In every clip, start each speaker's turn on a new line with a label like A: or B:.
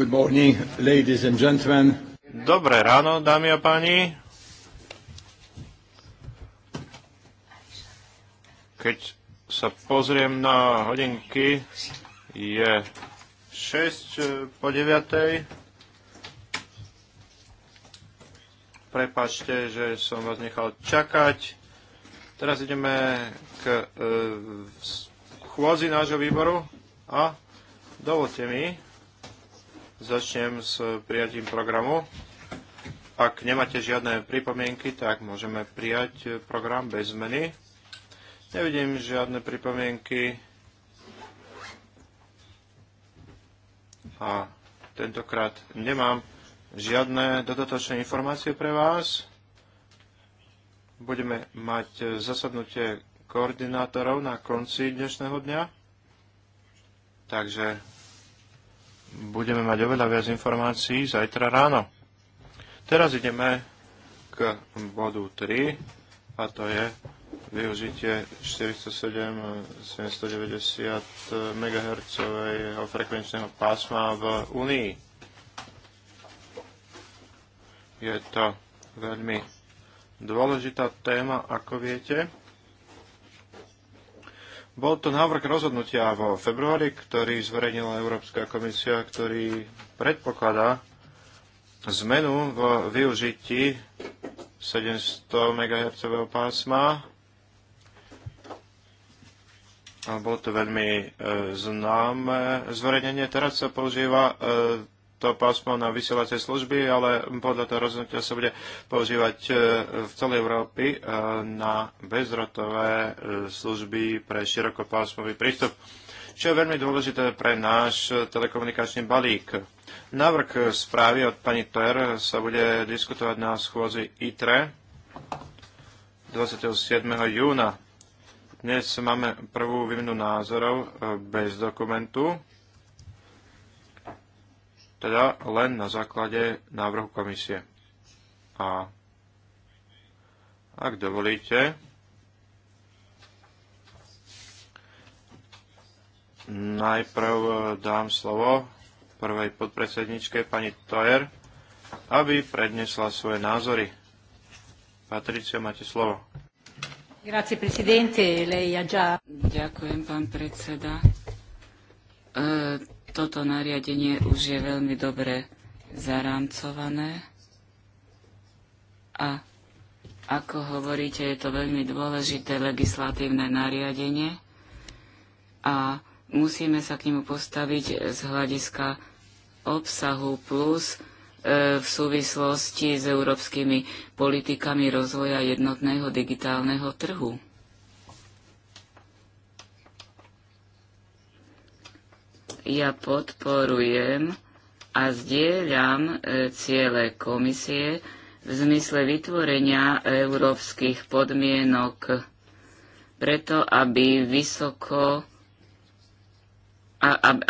A: Good morning, ladies and gentlemen. Dobré ráno, dámy a páni. Keď sa pozriem na hodinky, je 6 eh, po 9. Prepačte, že som vás nechal čakať. Teraz ideme k eh, chôzi nášho výboru a dovolte mi, Začnem s prijatím programu. Ak nemáte žiadne pripomienky, tak môžeme prijať program bez zmeny. Nevidím žiadne pripomienky. A tentokrát nemám žiadne dodatočné informácie pre vás. Budeme mať zasadnutie koordinátorov na konci dnešného dňa. Takže budeme mať oveľa viac informácií zajtra ráno. Teraz ideme k bodu 3 a to je využitie 407-790 MHz frekvenčného pásma v Unii. Je to veľmi dôležitá téma, ako viete. Bol to návrh rozhodnutia vo februári, ktorý zverejnila Európska komisia, ktorý predpokladá zmenu v využití 700 MHz pásma. bolo to veľmi e, známe zverejnenie. Teraz sa používa e, to pásmo na vysielacie služby, ale podľa toho rozhodnutia sa bude používať e, v celej Európy e, na bezrotové e, služby pre širokopásmový prístup, čo je veľmi dôležité pre náš telekomunikačný balík. Návrh správy od pani Toer sa bude diskutovať na schôzi ITRE 27. júna. Dnes máme prvú výmenu názorov bez dokumentu teda len na základe návrhu komisie. A ak dovolíte, najprv dám slovo prvej podpredsedničke pani Toer, aby prednesla svoje názory. Patricio, máte slovo.
B: Grazie, presidente. Lei ha già... Ďakujem, pán predseda. E toto nariadenie už je veľmi dobre zarámcované a ako hovoríte, je to veľmi dôležité legislatívne nariadenie a musíme sa k nemu postaviť z hľadiska obsahu plus e, v súvislosti s európskymi politikami rozvoja jednotného digitálneho trhu. Ja podporujem a zdieľam e, ciele komisie v zmysle vytvorenia európskych podmienok preto, aby vysoko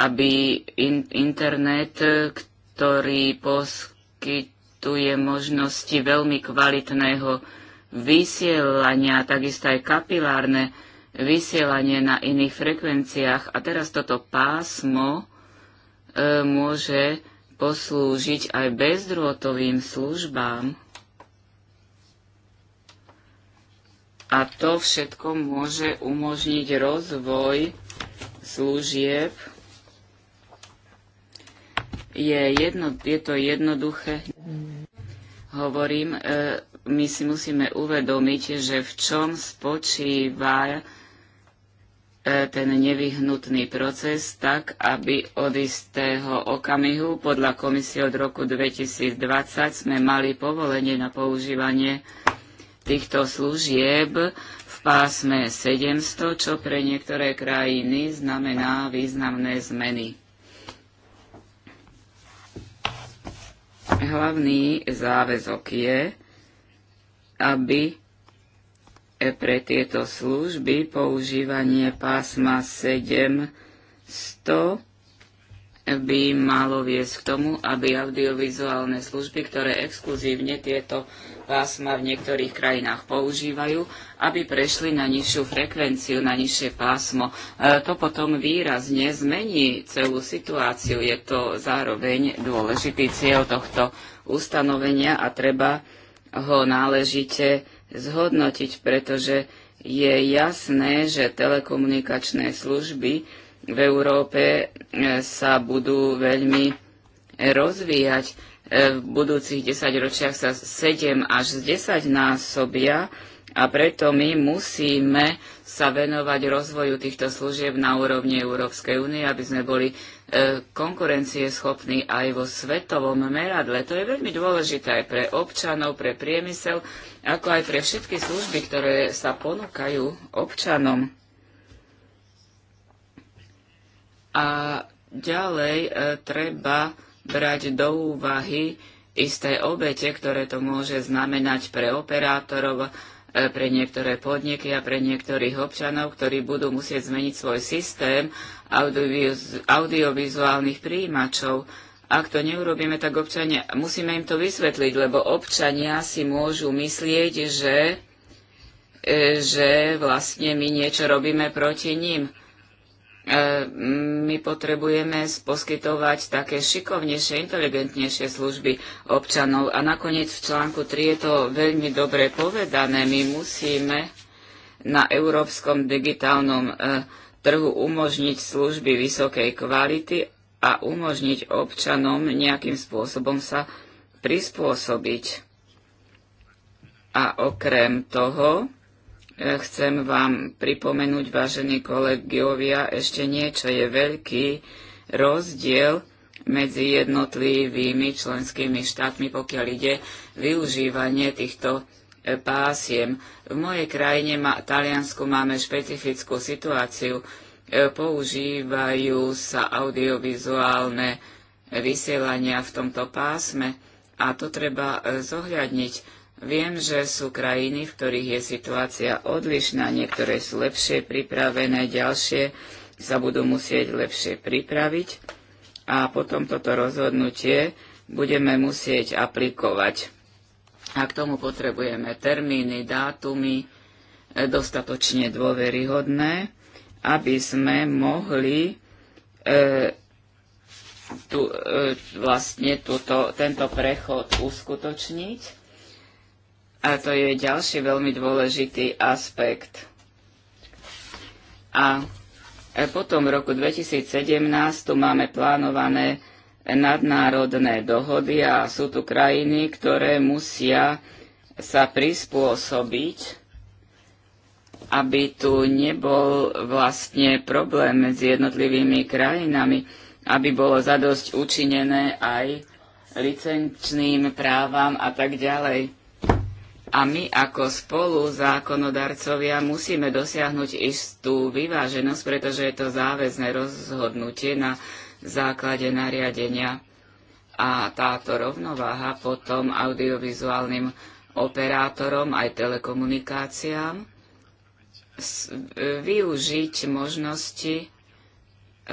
B: aby internet, ktorý poskytuje možnosti veľmi kvalitného vysielania, takisto aj kapilárne vysielanie na iných frekvenciách a teraz toto pásmo e, môže poslúžiť aj bezdrôtovým službám. A to všetko môže umožniť rozvoj služieb. Je, jedno, je to jednoduché. Hovorím, e, my si musíme uvedomiť, že v čom spočíva E, ten nevyhnutný proces tak, aby od istého okamihu podľa komisie od roku 2020 sme mali povolenie na používanie týchto služieb v pásme 700, čo pre niektoré krajiny znamená významné zmeny. Hlavný záväzok je, aby pre tieto služby používanie pásma 700 by malo viesť k tomu, aby audiovizuálne služby, ktoré exkluzívne tieto pásma v niektorých krajinách používajú, aby prešli na nižšiu frekvenciu, na nižšie pásmo. E, to potom výrazne zmení celú situáciu. Je to zároveň dôležitý cieľ tohto ustanovenia a treba ho náležite zhodnotiť, pretože je jasné, že telekomunikačné služby v Európe e, sa budú veľmi rozvíjať. E, v budúcich desaťročiach sa 7 až 10 násobia a preto my musíme sa venovať rozvoju týchto služieb na úrovni Európskej únie, aby sme boli konkurencieschopný aj vo svetovom meradle. To je veľmi dôležité aj pre občanov, pre priemysel, ako aj pre všetky služby, ktoré sa ponúkajú občanom. A ďalej e, treba brať do úvahy isté obete, ktoré to môže znamenať pre operátorov E, pre niektoré podniky a pre niektorých občanov, ktorí budú musieť zmeniť svoj systém audiovizuálnych príjimačov. Ak to neurobíme, tak občania, musíme im to vysvetliť, lebo občania si môžu myslieť, že, e, že vlastne my niečo robíme proti ním. E, my potrebujeme poskytovať také šikovnejšie, inteligentnejšie služby občanov. A nakoniec v článku 3 je to veľmi dobre povedané. My musíme na európskom digitálnom e, trhu umožniť služby vysokej kvality a umožniť občanom nejakým spôsobom sa prispôsobiť. A okrem toho, Chcem vám pripomenúť, vážení kolegiovia, ešte niečo je veľký rozdiel medzi jednotlivými členskými štátmi, pokiaľ ide využívanie týchto e, pásiem. V mojej krajine, Taliansku, máme špecifickú situáciu. E, používajú sa audiovizuálne vysielania v tomto pásme a to treba e, zohľadniť Viem, že sú krajiny, v ktorých je situácia odlišná, niektoré sú lepšie pripravené, ďalšie sa budú musieť lepšie pripraviť a potom toto rozhodnutie budeme musieť aplikovať. A k tomu potrebujeme termíny, dátumy e, dostatočne dôveryhodné, aby sme mohli e, tu, e, vlastne tuto, tento prechod uskutočniť a to je ďalší veľmi dôležitý aspekt. A e, potom v roku 2017 tu máme plánované nadnárodné dohody a sú tu krajiny, ktoré musia sa prispôsobiť, aby tu nebol vlastne problém medzi jednotlivými krajinami, aby bolo zadosť učinené aj licenčným právam a tak ďalej. A my ako spolu zákonodarcovia musíme dosiahnuť istú vyváženosť, pretože je to záväzné rozhodnutie na základe nariadenia. A táto rovnováha potom audiovizuálnym operátorom aj telekomunikáciám e, využiť možnosti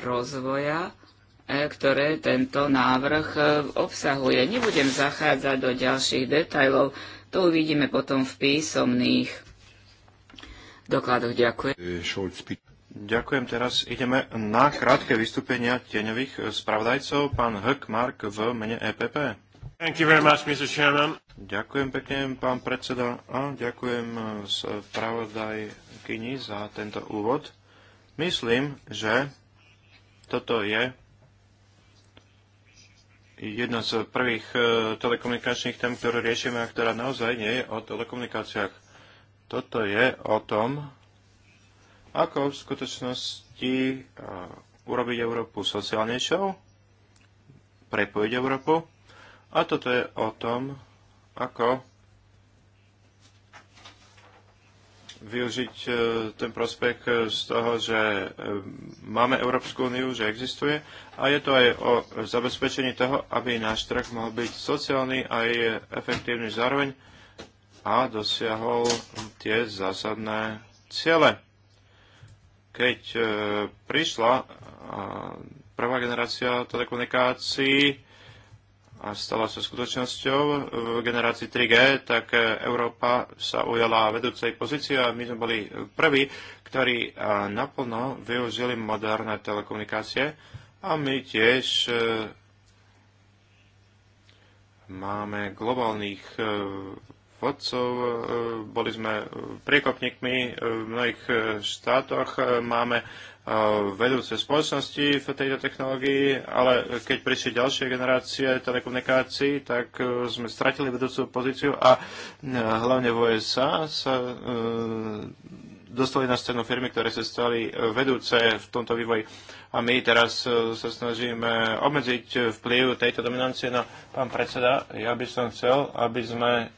B: rozvoja, e, ktoré tento návrh e, obsahuje. Nebudem zachádzať do ďalších detajlov, to uvidíme potom v písomných
A: dokladoch. Ďakujem. E, ďakujem. Teraz ideme na krátke vystúpenia tieňových spravodajcov. Pán Mark v mene EPP. Thank you very much, Mr. Chairman. Ďakujem pekne, pán predseda, a ďakujem e, spravodajkyni za tento úvod. Myslím, že toto je jedna z prvých e, telekomunikačných tém, ktorú riešime a ktorá naozaj nie je o telekomunikáciách. Toto je o tom, ako v skutočnosti e, urobiť Európu sociálnejšou, prepojiť Európu. A toto je o tom, ako využiť e, ten prospech e, z toho, že e, máme Európsku úniu, že existuje a je to aj o zabezpečení toho, aby náš trh mohol byť sociálny aj efektívny zároveň a dosiahol tie zásadné ciele. Keď prišla prvá generácia telekomunikácií, a stala sa skutočnosťou e, v generácii 3G, tak e, Európa sa ujala vedúcej pozície a my sme boli prví, ktorí e, naplno využili moderné telekomunikácie a my tiež máme globálnych vodcov, boli sme priekopníkmi v mnohých štátoch, máme vedúce spoločnosti v tejto technológii, ale keď prišli ďalšie generácie telekomunikácií, tak e, sme stratili vedúcu pozíciu a e, hlavne v USA sa e, dostali na scénu firmy, ktoré sa stali vedúce v tomto vývoji. A my teraz sa snažíme obmedziť vplyv tejto dominancie. No, pán predseda, ja by som chcel, aby sme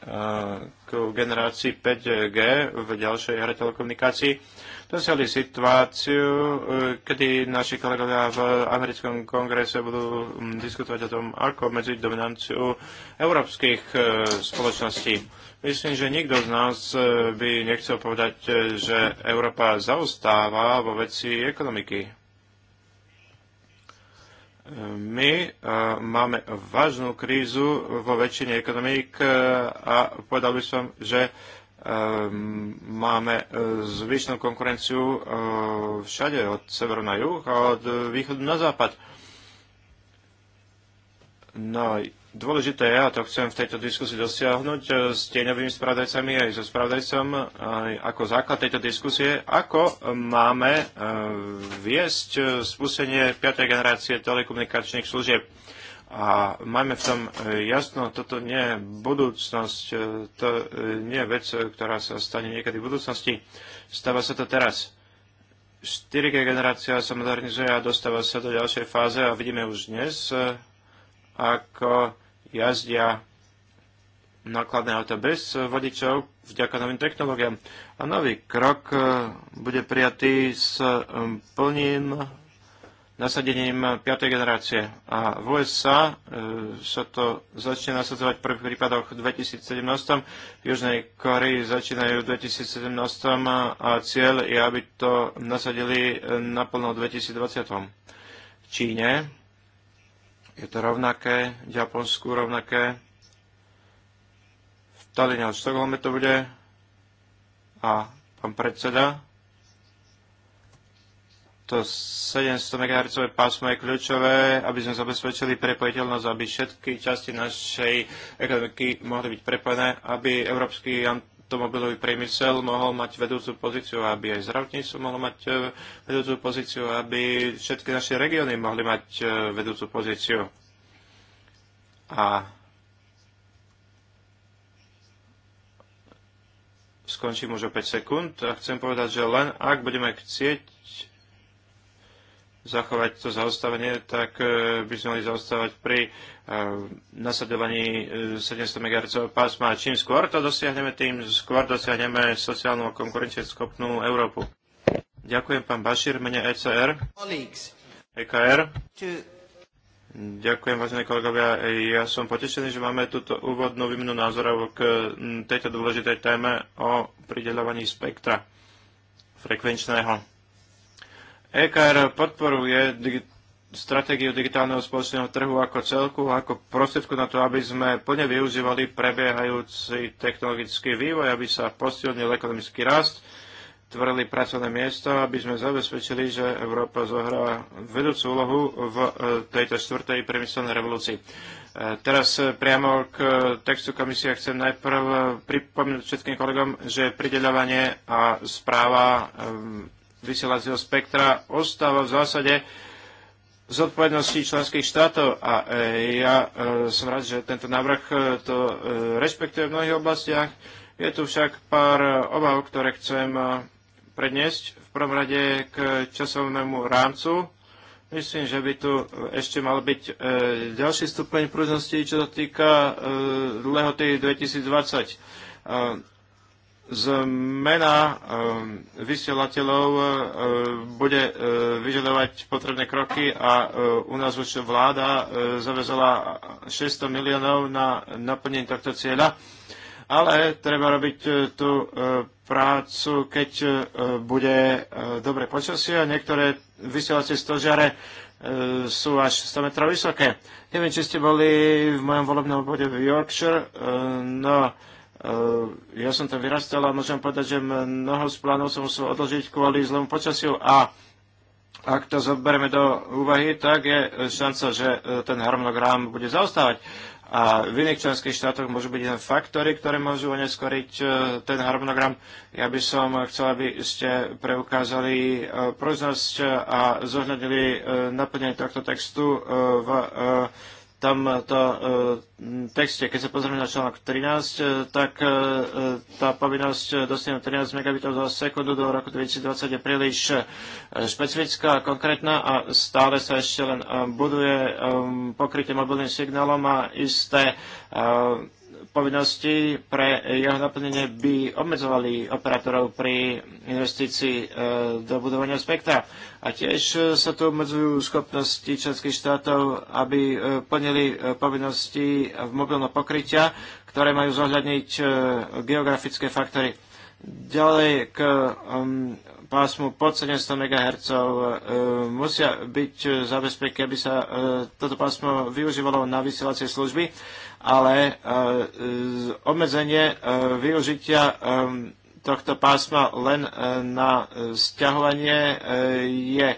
A: k generácii 5G v ďalšej hre telekomunikácií dosiahli situáciu, e, kedy naši kolegovia v americkom kongrese budú mm, diskutovať o tom, ako medzi dominanciu európskych e, spoločností. Myslím, že nikto z nás e, by nechcel povedať, že Európa zaostáva vo veci ekonomiky. My máme vážnu krízu vo väčšine ekonomík a povedal by som, že Ehm, máme e, zvyšnú konkurenciu e, všade, od severu na juh a od východu na západ. No, dôležité je, a to chcem v tejto diskusii dosiahnuť e, s tieňovými spravodajcami aj so spravodajcom, ako základ tejto diskusie, ako máme viesť spustenie 5. generácie telekomunikačných služieb a máme v tom e, jasno, toto nie je budúcnosť, e, to e, nie je vec, ktorá sa stane niekedy v budúcnosti. Stáva sa to teraz. 4G generácia sa modernizuje a dostáva sa do ďalšej fáze a vidíme už dnes, ako jazdia nákladné auto bez vodičov vďaka novým technológiám. A nový krok bude prijatý s plným nasadením 5. generácie. A v USA e, sa to začne nasadzovať v prvých prípadoch v 2017, v Južnej Koreji začínajú v 2017 a cieľ je, aby to nasadili e, naplno v 2020. V Číne je to rovnaké, v Japonsku rovnaké, v Taline od Štokholme to bude a pán predseda to 700 MHz pásmo je kľúčové, aby sme zabezpečili prepojiteľnosť, aby všetky časti našej ekonomiky mohli byť prepojené, aby európsky automobilový priemysel mohol mať vedúcu pozíciu, aby aj zdravotníctvo mohlo mať e, vedúcu pozíciu, aby všetky naše regióny mohli mať e, vedúcu pozíciu. A skončím už o 5 sekúnd a chcem povedať, že len ak budeme chcieť zachovať to zaostávanie, tak e, by sme mali zaostávať pri e, nasadovaní 700 e, MHz pásma. Čím skôr to dosiahneme, tým skôr dosiahneme sociálnu a konkurencieschopnú Európu. Ďakujem pán Bašír, mene ECR. EKR. Ďakujem, vážení kolegovia. Ja som potešený, že máme túto úvodnú výmenu názorov k tejto dôležitej téme o prideľovaní spektra frekvenčného. EKR podporuje digi- stratégiu digitálneho spoločného trhu ako celku, ako prostriedku na to, aby sme plne využívali prebiehajúci technologický vývoj, aby sa posilnil ekonomický rast, tvorili pracovné miesta, aby sme zabezpečili, že Európa zohrá vedúcu úlohu v e, tejto štvrtej priemyselnej revolúcii. E, teraz e, priamo k textu komisia chcem najprv pripomínať všetkým kolegom, že prideľovanie a správa vysielacieho spektra ostáva v zásade odpovednosti členských štátov a e, ja e, som rád, že tento návrh e, to rešpektuje v mnohých oblastiach. Je tu však pár obav, ktoré chcem predniesť. V prvom rade k časovnému rámcu. Myslím, že by tu ešte mal byť ďalší stupeň prúžnosti, čo sa týka lehoty 2020 zmena eh, vysielateľov eh, eh, bude vyžadovať potrebné kroky a u nás už vláda zavezala 600 miliónov na naplnenie tohto cieľa. Ale treba robiť tú prácu, keď bude dobre počasie a niektoré vysielacie stožiare sú až 100 metrov vysoké. Neviem, či ste boli v mojom volebnom obvode v Yorkshire, no Eh, ja som tam vyrastal a môžem povedať, že mnoho z plánov som musel odložiť kvôli zlomu počasiu a ak to zoberieme do úvahy, tak je šanca, že eh, ten harmonogram bude zaostávať. A v iných členských štátoch môžu byť len faktory, ktoré môžu oneskoriť eh, ten harmonogram. Ja by som chcel, aby ste preukázali prúznosť a zohľadnili naplnenie tohto textu v tam e, to, v e, texte, keď sa pozrieme na článok 13, e, tak tá povinnosť dostane 13 megabitov za sekundu do roku 2020 je príliš špecifická a konkrétna a stále sa ešte len buduje pokrytie mobilným signálom a isté povinnosti pre jeho naplnenie by obmedzovali operátorov pri investícii e, do budovania spektra. A tiež e, sa tu obmedzujú schopnosti členských štátov, aby e, plnili povinnosti v mobilnom pokrytia, ktoré majú zohľadniť geografické faktory. Ďalej k um, pásmu pod 700 MHz musia byť zabezpeky, aby sa toto pásmo využívalo na vysielacie služby ale e, obmedzenie e, využitia e, tohto pásma len na sťahovanie je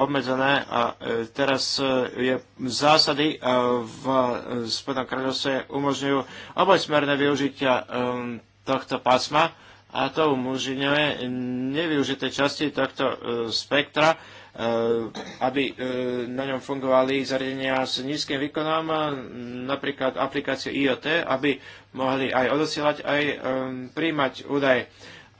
A: obmedzené a teraz je zásady v Spodnom kráľovstve umožňujú obojsmerné využitia tohto pásma a to umožňuje nevyužité časti tohto spektra Eh, aby eh, na ňom fungovali zariadenia s nízkym výkonom, napríklad aplikácie IoT, aby mohli aj odosielať, aj eh, príjmať údaje.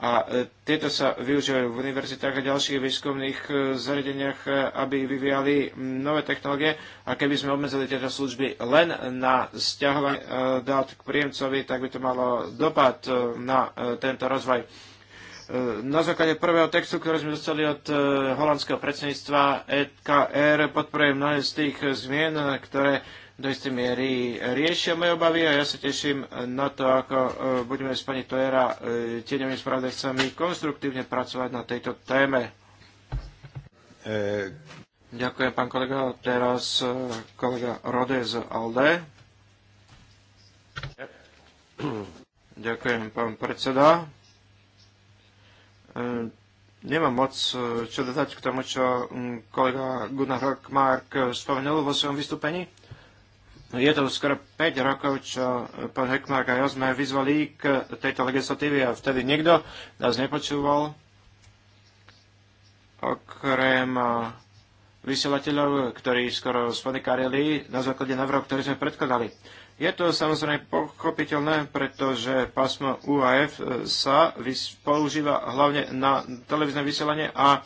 A: A tieto sa využívajú v univerzitách a ďalších výskumných zariadeniach, aby vyvíjali nové technológie. A keby sme obmedzili tieto služby len na stiahovanie dát k príjemcovi, tak by to malo dopad na tento rozvoj. E, na základe prvého textu, ktorý sme dostali od e, holandského predsedníctva EKR, podporujem mnohé z tých zmien, ktoré do istej miery riešia moje obavy a ja sa teším na to, ako e, budeme s pani Tojera tieňovým spravodajcami konstruktívne pracovať na tejto téme. E... Ďakujem, pán kolega. Teraz kolega Rode z ALDE. Ďakujem, pán predseda nemám moc eh, čo dodať k tomu, čo mm, kolega Gunnar Mark eh, spomenul vo svojom vystúpení. No, je to skoro 5 rokov, čo eh, pán Hekmark a ja sme vyzvali k tejto legislatíve a vtedy nikto nás nepočúval, okrem vysielateľov, ktorí skoro spanikarili na základe návrhov, ktorý sme predkladali. Je to samozrejme pochopiteľné, pretože pásmo UAF e, sa používa hlavne na televízne vysielanie a e,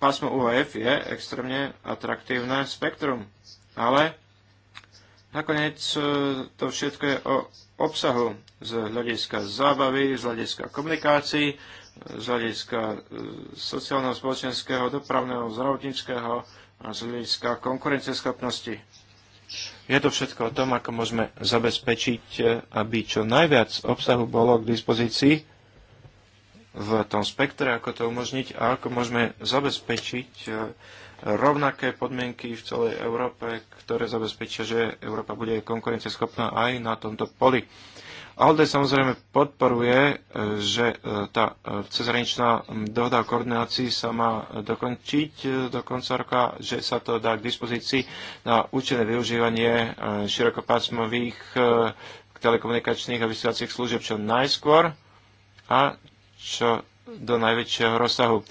A: pásmo UAF je extrémne atraktívne spektrum. Ale nakoniec e, to všetko je o obsahu z hľadiska zábavy, z hľadiska komunikácií, z hľadiska sociálneho, spoločenského, dopravného, zdravotníckého a z hľadiska konkurencieschopnosti. Je to všetko o tom, ako môžeme zabezpečiť, e, aby čo najviac obsahu bolo k dispozícii v tom spektre, ako to umožniť a ako môžeme zabezpečiť e, rovnaké podmienky v celej Európe, ktoré zabezpečia, že Európa bude konkurencieschopná aj na tomto poli. ALDE samozrejme podporuje, e, že e, tá e, cezhraničná dohoda o koordinácii sa má dokončiť do konca roka, že sa to dá k dispozícii na účinné využívanie širokopásmových telekomunikačných a vysielacích služieb čo najskôr a čo do najväčšieho rozsahu.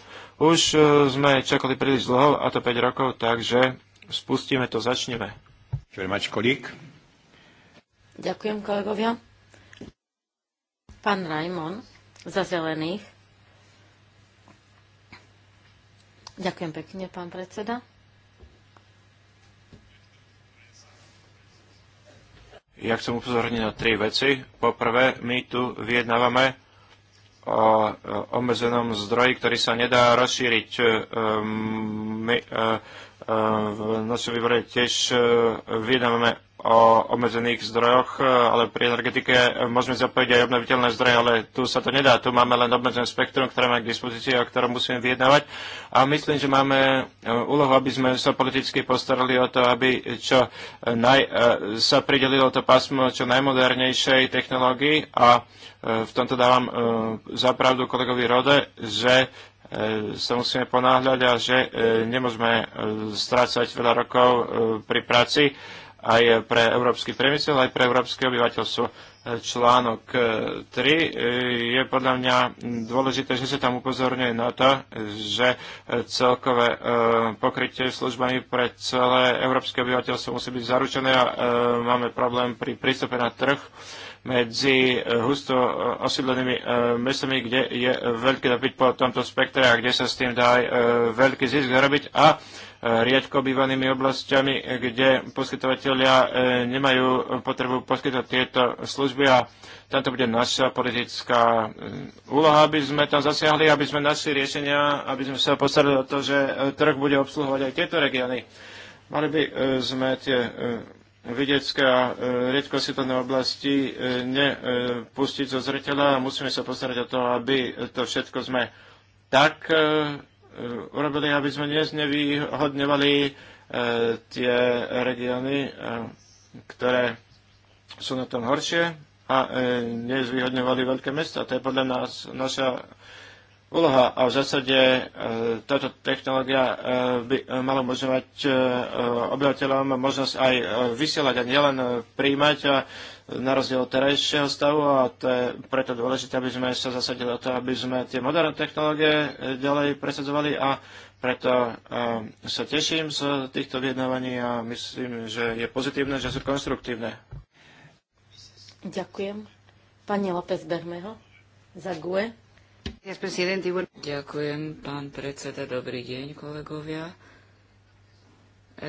A: Už sme čakali príliš dlho, a to 5 rokov, takže spustíme to, začneme.
C: Ďakujem, kolegovia. Pán Rajmon za zelených. Ďakujem pekne, pán predseda.
A: Ja chcem upozorniť na tri veci. Poprvé, my tu vyjednávame o obmedzenom zdroji, ktorý sa nedá rozšíriť. Ehm, my e, e, v našom výbore tiež e, vyjednávame o obmedzených zdrojoch, e, ale pri energetike môžeme zapojiť aj obnoviteľné zdroje, ale tu sa to nedá. Tu máme len obmedzené spektrum, ktoré máme k dispozícii a ktorom musíme vyjednávať. A myslím, že máme e, úlohu, aby sme sa politicky postarali o to, aby čo naj, e, sa pridelilo to pásmo čo najmodernejšej technológii a v tomto dávam zapravdu kolegovi Rode, že sa musíme ponáhľať a že nemôžeme strácať veľa rokov pri práci aj pre európsky priemysel, aj pre európske obyvateľstvo. Článok 3 eh, eh, je podľa mňa dôležité, že sa tam upozorňuje na to, že eh, celkové pokrytie službami pre celé európske obyvateľstvo musí byť zaručené a máme problém pri prístupe na trh medzi husto osídlenými mestami, kde je veľký dopyt po tomto spektre a kde sa s tým dá aj veľký zisk zarobiť a riadko bývanými oblastiami, kde poskytovateľia e, nemajú potrebu poskytovať tieto služby a tamto bude naša politická e, úloha, aby sme tam zasiahli, aby sme našli riešenia, aby sme sa postarali o to, že e, trh bude obsluhovať aj tieto regióny. Mali by sme tie vedecké a riedko osvetlené oblasti nepustiť zo zreteľa. a Musíme sa postarať o to, aby to všetko sme tak E, urobili, aby sme nevyhodňovali e, tie regióny, e, ktoré sú na tom horšie a vyhodňovali veľké mesta. To je podľa nás naša úloha a v zásade táto technológia by mala umožňovať obyvateľom možnosť aj vysielať a nielen príjmať a na rozdiel od terajšieho stavu a to je preto dôležité, aby sme sa zasadili o to, aby sme tie moderné technológie e, ďalej presadzovali a preto e, sa teším z týchto vyjednávaní a myslím, že je pozitívne, že sú konstruktívne.
C: Ďakujem. Pani López Bermeho za GUE.
B: Ďakujem, pán predseda. Dobrý deň, kolegovia.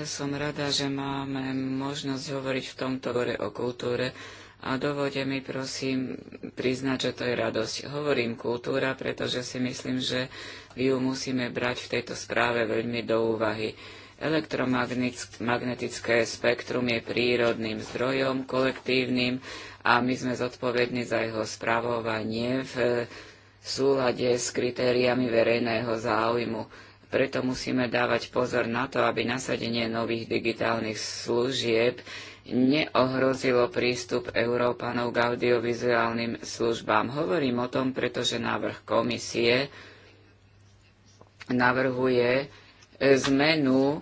B: Som rada, že máme možnosť hovoriť v tomto hore o kultúre a dovode mi prosím priznať, že to je radosť. Hovorím kultúra, pretože si myslím, že ju musíme brať v tejto správe veľmi do úvahy. Elektromagnetické spektrum je prírodným zdrojom, kolektívnym a my sme zodpovední za jeho správovanie v súlade s kritériami verejného záujmu. Preto musíme dávať pozor na to, aby nasadenie nových digitálnych služieb neohrozilo prístup Európanov k audiovizuálnym službám. Hovorím o tom, pretože návrh komisie navrhuje zmenu e,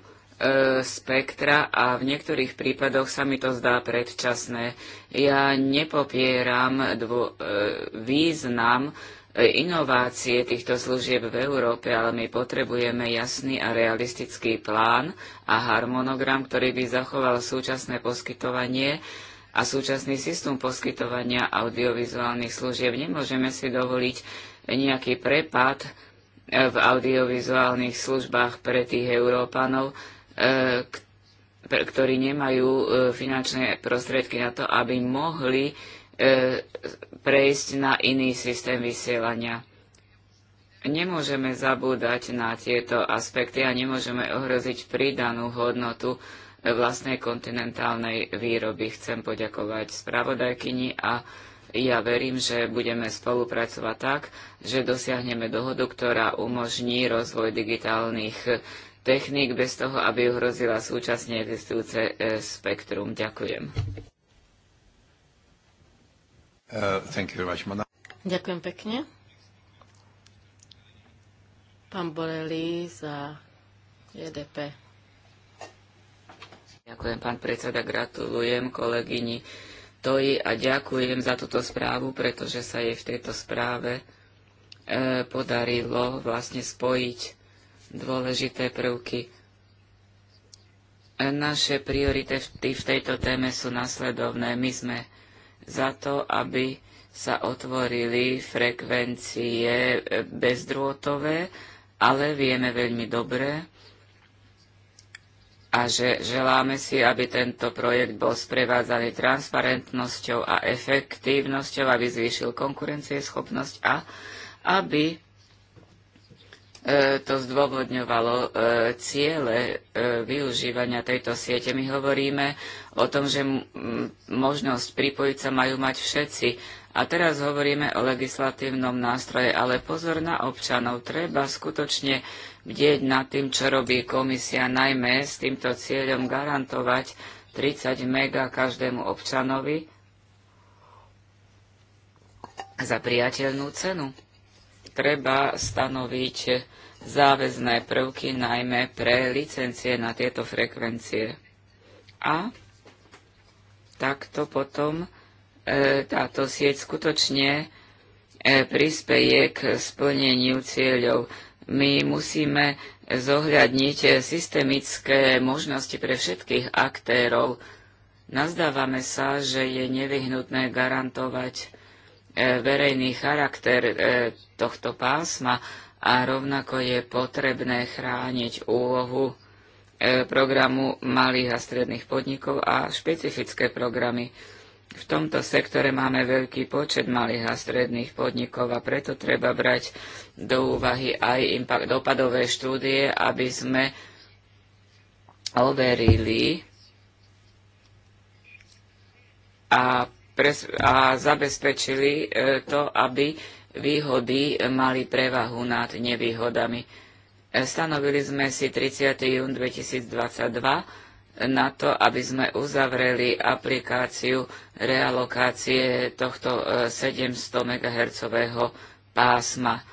B: spektra a v niektorých prípadoch sa mi to zdá predčasné. Ja nepopieram dvo, e, význam inovácie týchto služieb v Európe, ale my potrebujeme jasný a realistický plán a harmonogram, ktorý by zachoval súčasné poskytovanie a súčasný systém poskytovania audiovizuálnych služieb. Nemôžeme si dovoliť nejaký prepad e, v audiovizuálnych službách pre tých Európanov, e, ktorí nemajú e, finančné prostriedky na to, aby mohli E, prejsť na iný systém vysielania. Nemôžeme zabúdať na tieto aspekty a nemôžeme ohroziť pridanú hodnotu vlastnej kontinentálnej výroby. Chcem poďakovať spravodajkyni a ja verím, že budeme spolupracovať tak, že dosiahneme dohodu, ktorá umožní rozvoj digitálnych techník bez toho, aby ohrozila súčasne existujúce e, spektrum. Ďakujem. Uh, much, Ďakujem pekne. Pán
C: Borelli za JDP.
B: E ďakujem, pán predseda, gratulujem kolegyni Toji a ďakujem za túto správu, pretože sa jej v tejto správe e, podarilo vlastne spojiť dôležité prvky. E, naše priority v tejto téme sú nasledovné. My sme za to, aby sa otvorili frekvencie e, bezdrôtové, ale vieme veľmi dobre a že želáme si, aby tento projekt bol sprevádzaný transparentnosťou a efektívnosťou, aby zvýšil konkurencieschopnosť a aby E, to zdôvodňovalo e, ciele e, využívania tejto siete. My hovoríme o tom, že možnosť pripojiť sa majú mať všetci. A teraz hovoríme o legislatívnom nástroje, ale pozor na občanov. Treba skutočne bdieť nad tým, čo robí komisia, najmä s týmto cieľom garantovať 30 mega každému občanovi za priateľnú cenu treba stanoviť záväzné prvky najmä pre licencie na tieto frekvencie. A takto potom e, táto sieť skutočne e, prispeje k splneniu cieľov. My musíme zohľadniť systemické možnosti pre všetkých aktérov. Nazdávame sa, že je nevyhnutné garantovať E, verejný charakter e, tohto pásma a rovnako je potrebné chrániť úlohu e, programu malých a stredných podnikov a špecifické programy. V tomto sektore máme veľký počet malých a stredných podnikov a preto treba brať do úvahy aj impact, dopadové štúdie, aby sme overili a a zabezpečili e, to, aby výhody mali prevahu nad nevýhodami. E, stanovili sme si 30. jún 2022 na to, aby sme uzavreli aplikáciu realokácie tohto 700 e, MHz pásma.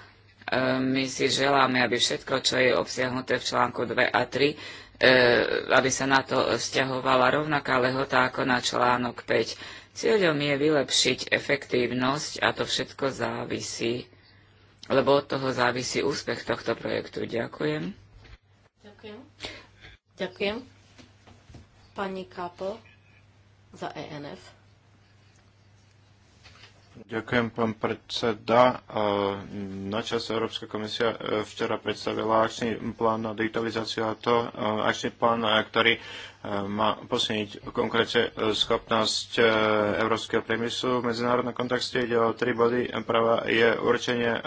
B: My si želáme, aby všetko, čo je obsiahnuté v článku 2 a 3, aby sa na to vzťahovala rovnaká lehota ako na článok 5 Cieľom je vylepšiť efektívnosť a to všetko závisí, lebo od toho závisí úspech tohto projektu. Ďakujem.
C: Ďakujem. Ďakujem. Pani Kápo za ENF.
A: Ďakujem, pán predseda. E, na čas Európska komisia e, včera predstavila akčný plán na digitalizáciu a to e, akčný plán, ktorý má posilniť konkrétne e, schopnosť e, európskeho priemyslu v medzinárodnom kontexte. Ide o tri body. Práva je určenie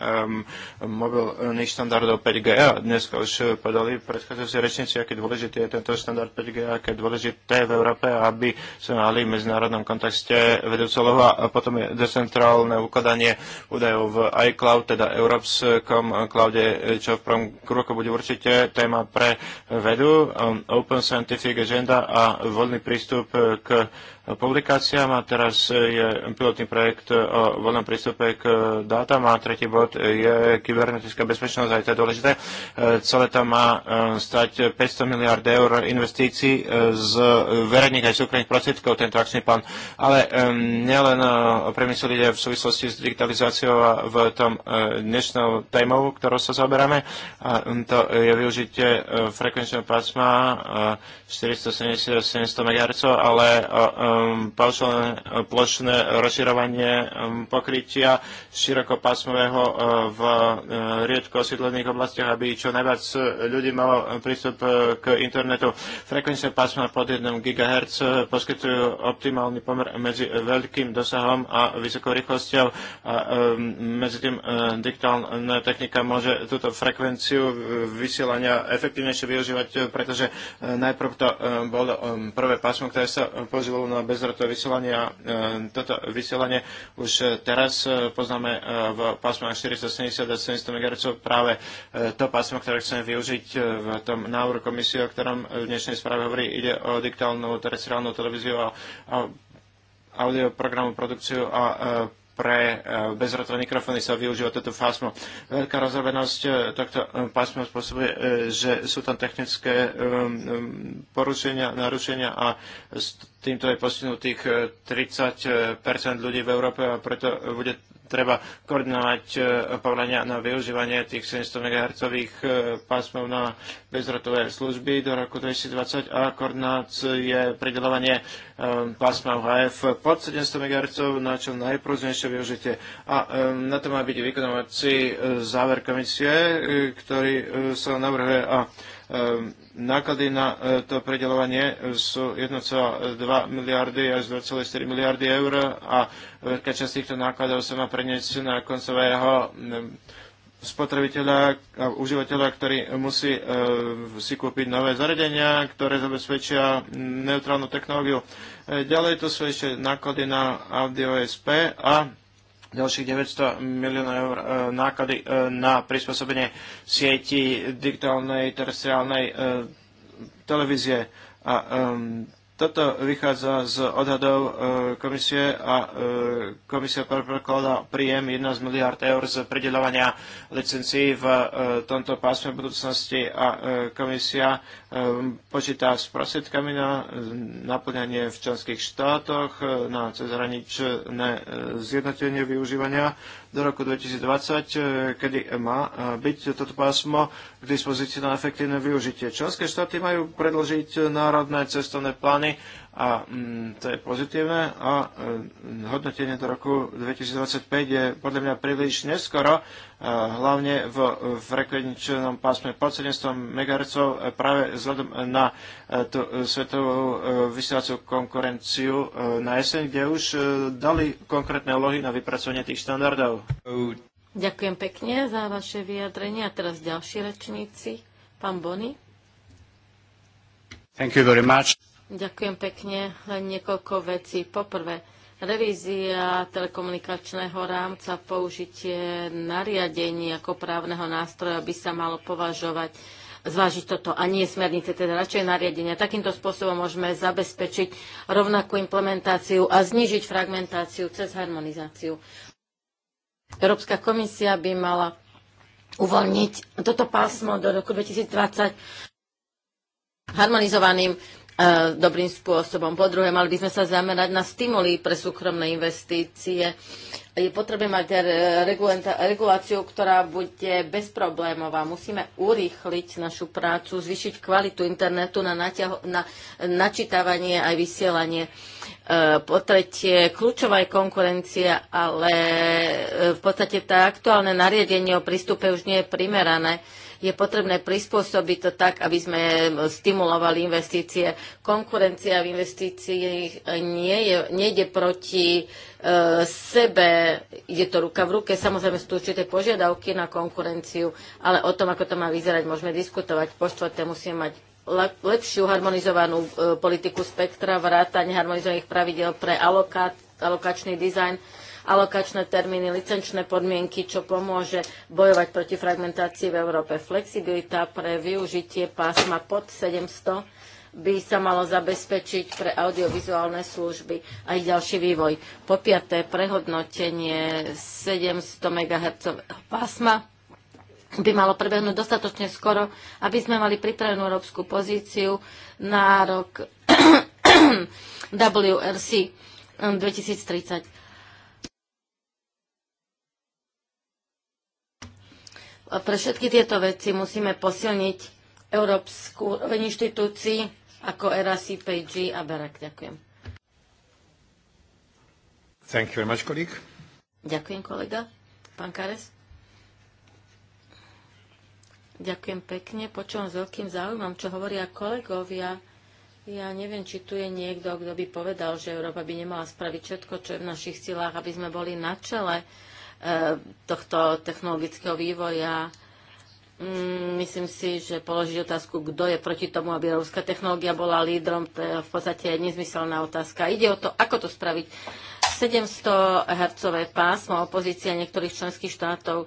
A: mobilných štandardov 5G. A dnes už podali predchádzajúci rečníci, aký dôležitý je tento štandard 5G, aké dôležité v Európe, aby sme mali v medzinárodnom kontexte vedúcu lohu a potom je decentrálne ukladanie údajov v iCloud, teda Európskom cloude, čo v prvom kroku bude určite téma pre vedu. Open Scientific Agenda agenda a voľný prístup k publikáciám a teraz eh, je pilotný projekt eh, o voľnom prístupe k eh, dátam a tretí bod je kybernetická bezpečnosť, aj to je dôležité. Celé to má stať 500 miliard eur investícií z verejných aj súkromných prostriedkov, tento akčný plán. Ale nielen o priemysel ide v súvislosti s digitalizáciou a v tom dnešnou témou, ktorou sa zaoberáme, a to je využitie frekvenčného pásma 470-700 MHz, ale o Um, paušálne eh, plošné rozširovanie um, pokrytia širokopásmového eh, v eh, riedko osídlených oblastiach, aby čo najviac ľudí malo prístup k internetu. Frekvencie pásma pod 1 GHz poskytujú optimálny pomer medzi veľkým dosahom a vysokou rýchlosťou a medzi tým digitálna technika môže túto frekvenciu vysielania efektívnejšie využívať, pretože najprv to bolo prvé pásmo, ktoré sa používalo na bezrotové vysielanie a toto vysielanie už teraz e, poznáme e, v pásme 470 a 700 MHz práve e, to pásmo, ktoré chceme využiť v tom návrhu komisie, o ktorom v dnešnej správe hovorí, ide o digitálnu terestriálnu televíziu a, a audioprogramu produkciu a pre e, bezrotové mikrofóny sa využíva toto pásmo. Veľká rozrobenosť e, tohto e, pásma spôsobuje, že sú tam technické porušenia, narušenia a s týmto je postihnutých 30 ľudí v Európe a preto bude treba koordinovať povolenia na využívanie tých 700 MHz pásmov na bezrotové služby do roku 2020 a koordinácie pridelovanie Um, pásma HF pod 700 MHz na čo najprúznejšie využite. A um, na to má byť vykonovací e, záver komisie, e, ktorý e, sa navrhuje a náklady na to predelovanie sú 1,2 miliardy až 2,4 miliardy eur a veľká časť týchto nákladov sa má preniesť na koncového spotrebiteľa a užívateľa, ktorý musí e, si kúpiť nové zariadenia, ktoré zabezpečia neutrálnu technológiu. E, ďalej tu sú ešte náklady na Audio SP a ďalších 900 miliónov eur e, náklady e, na prispôsobenie sieti digitálnej, terestriálnej e, televízie. A e, toto vychádza z odhadov e, komisie a e, komisia predpokladá príjem 1 z miliard eur z predelovania licencií v e, tomto pásme budúcnosti a komisia počíta s prosvedkami na naplňanie v členských štátoch, na cezhraničné zjednotenie využívania do roku 2020, e, kedy má e, byť toto pásmo k dispozícii na efektívne využitie. Členské štáty majú predložiť národné cestovné plány a mm, to je pozitívne a e, hodnotenie do roku 2025 je podľa mňa príliš neskoro, e, hlavne v frekvenčnom pásme pod 700 MHz e, práve vzhľadom na tú svetovú vysielaciu konkurenciu na jeseň, kde už dali konkrétne lohy na vypracovanie tých štandardov.
C: Ďakujem pekne za vaše vyjadrenie a teraz ďalší rečníci. Pán Bony.
A: Thank you very much.
C: Ďakujem pekne. Len niekoľko vecí. Poprvé, revízia telekomunikačného rámca, použitie nariadení ako právneho nástroja by sa malo považovať zvážiť toto a nie smernice, teda radšej nariadenia. Takýmto spôsobom môžeme zabezpečiť rovnakú implementáciu a znižiť fragmentáciu cez harmonizáciu. Európska komisia by mala uvoľniť toto pásmo do roku 2020 harmonizovaným E, dobrým spôsobom. Po druhé, mali by sme sa zamerať na stimuly pre súkromné investície. Je potrebné mať reguláciu, ktorá bude bezproblémová. Musíme urýchliť našu prácu, zvyšiť kvalitu internetu na, natiaho- na načítavanie aj vysielanie. E, po tretie, kľúčová je konkurencia, ale e, v podstate tá aktuálne nariadenie o prístupe už nie je primerané je potrebné prispôsobiť to tak, aby sme stimulovali investície. Konkurencia v investíciách nie je, nejde proti e, sebe, ide to ruka v ruke, samozrejme sú určité požiadavky na konkurenciu, ale o tom, ako to má vyzerať, môžeme diskutovať. Po štvrté musíme mať lepšiu harmonizovanú e, politiku spektra, vrátanie harmonizovaných pravidel pre alokát, alokačný dizajn alokačné termíny, licenčné podmienky, čo pomôže bojovať proti fragmentácii v Európe. Flexibilita pre využitie pásma pod 700 by sa malo zabezpečiť pre audiovizuálne služby a ich ďalší vývoj. Po piaté, prehodnotenie 700 MHz pásma by malo prebehnúť dostatočne skoro, aby sme mali pripravenú európsku pozíciu na rok WRC 2030 eh, Pre všetky tieto veci musíme posilniť európsku úroveň inštitúcií ako ERASI, PG a BERAC. Ďakujem.
A: Thank you very much, colleague.
C: Ďakujem, kolega. Pán Kares? Ďakujem pekne. Počúvam s veľkým záujmom, čo hovoria kolegovia. Ja neviem, či tu je niekto, kto by povedal, že Európa by nemala spraviť všetko, čo je v našich silách, aby sme boli na čele tohto technologického vývoja. Mm, myslím si, že položiť otázku, kto je proti tomu, aby európska technológia bola lídrom, to je v podstate nezmyselná otázka. Ide o to, ako to spraviť. 700 hercové pásmo opozícia niektorých členských štátov e,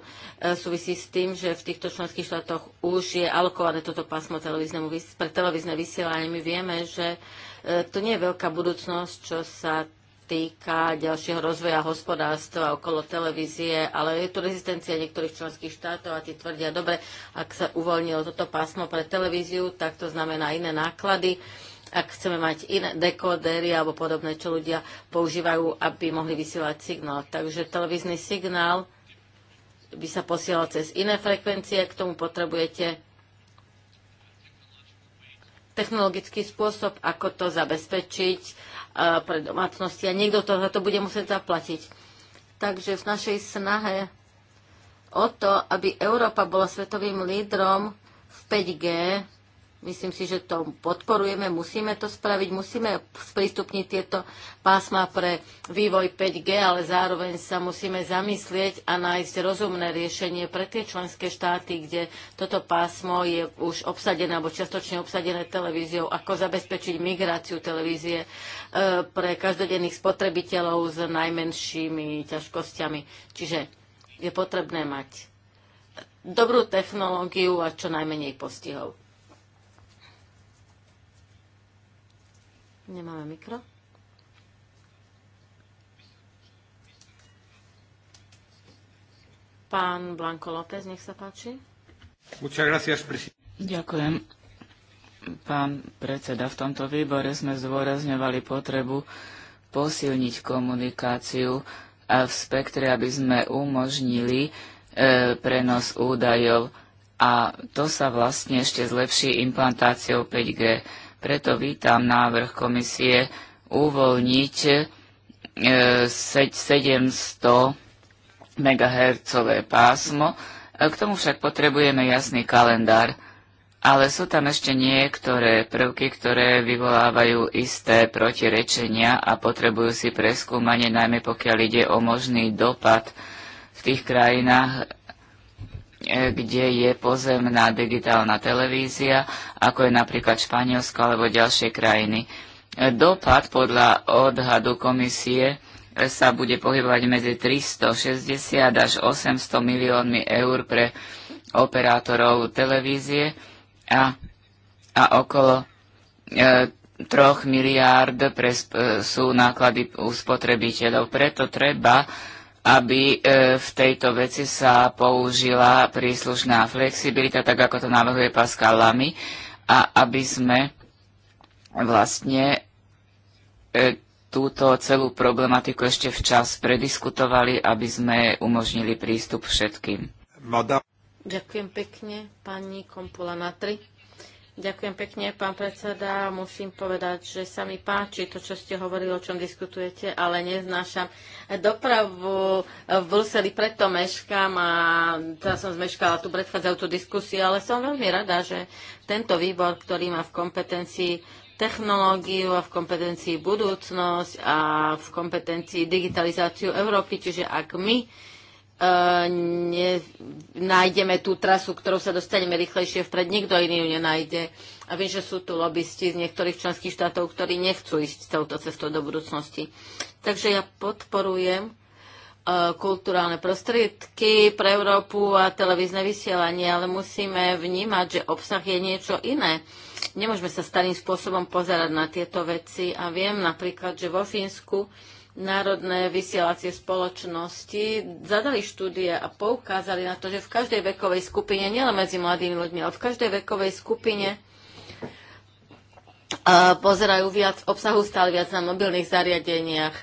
C: súvisí s tým, že v týchto členských štátoch už je alokované toto pásmo pre televízne vysielanie. My vieme, že e, to nie je veľká budúcnosť, čo sa týka ďalšieho rozvoja hospodárstva okolo televízie, ale je tu rezistencia niektorých členských štátov a tí tvrdia, dobre, ak sa uvoľnilo toto pásmo pre televíziu, tak to znamená iné náklady ak chceme mať iné dekodery alebo podobné, čo ľudia používajú, aby mohli vysielať signál. Takže televízny signál by sa posielal cez iné frekvencie, k tomu potrebujete technologický spôsob, ako to zabezpečiť pre domácnosti a niekto to, to bude musieť zaplatiť. Takže v našej snahe o to, aby Európa bola svetovým lídrom v 5G, Myslím si, že to podporujeme, musíme to spraviť, musíme sprístupniť tieto pásma pre vývoj 5G, ale zároveň sa musíme zamyslieť a nájsť rozumné riešenie pre tie členské štáty, kde toto pásmo je už obsadené alebo čiastočne obsadené televíziou, ako zabezpečiť migráciu televízie e, pre každodenných spotrebiteľov s najmenšími ťažkosťami. Čiže je potrebné mať dobrú technológiu a čo najmenej postihov. Nemáme mikro. Pán Blanko López, nech sa páči.
B: Ďakujem. Pán predseda, v tomto výbore sme zdôrazňovali potrebu posilniť komunikáciu v spektre, aby sme umožnili e, prenos údajov a to sa vlastne ešte zlepší implantáciou 5G. Preto vítam návrh komisie uvoľniť 700 e, MHz pásmo. E, k tomu však potrebujeme jasný kalendár. Ale sú tam ešte niektoré prvky, ktoré vyvolávajú isté protirečenia a potrebujú si preskúmanie, najmä pokiaľ ide o možný dopad v tých krajinách E, kde je pozemná digitálna televízia, ako je napríklad Španielsko alebo ďalšie krajiny. E, dopad podľa odhadu komisie e, sa bude pohybovať medzi 360 až 800 miliónmi eur pre operátorov televízie a, a okolo e, 3 miliárd pre, sú náklady u spotrebiteľov. Preto treba e, aby e, v tejto veci sa použila príslušná flexibilita, tak ako to navrhuje Pascal Lamy, a aby sme vlastne e, túto celú problematiku ešte včas prediskutovali, aby sme umožnili prístup všetkým.
C: Ďakujem pekne, pani Kompola Natri. Ďakujem pekne, pán predseda. Musím povedať, že sa mi páči to, čo ste hovorili, o čom diskutujete, ale neznášam dopravu v Bruseli, preto meškám a teraz som zmeškala tú predchádzajúcu diskusiu, ale som veľmi rada, že tento výbor, ktorý má v kompetencii technológiu a v kompetencii budúcnosť a v kompetencii digitalizáciu Európy, čiže ak my E, ne, nájdeme tú trasu, ktorou sa dostaneme rýchlejšie vpred, nikto iný ju nenájde. A viem, že sú tu lobbysti z niektorých členských štátov, ktorí nechcú ísť touto cestou do budúcnosti. Takže ja podporujem e, kulturálne prostriedky pre Európu a televízne vysielanie, ale musíme vnímať, že obsah je niečo iné. Nemôžeme sa starým spôsobom pozerať na tieto veci a viem napríklad, že vo Fínsku uh, národné vysielacie spoločnosti zadali štúdie a poukázali na to, že v každej vekovej skupine, nielen medzi mladými ľuďmi, ale v každej vekovej skupine pozerajú viac obsahu stále viac na mobilných zariadeniach.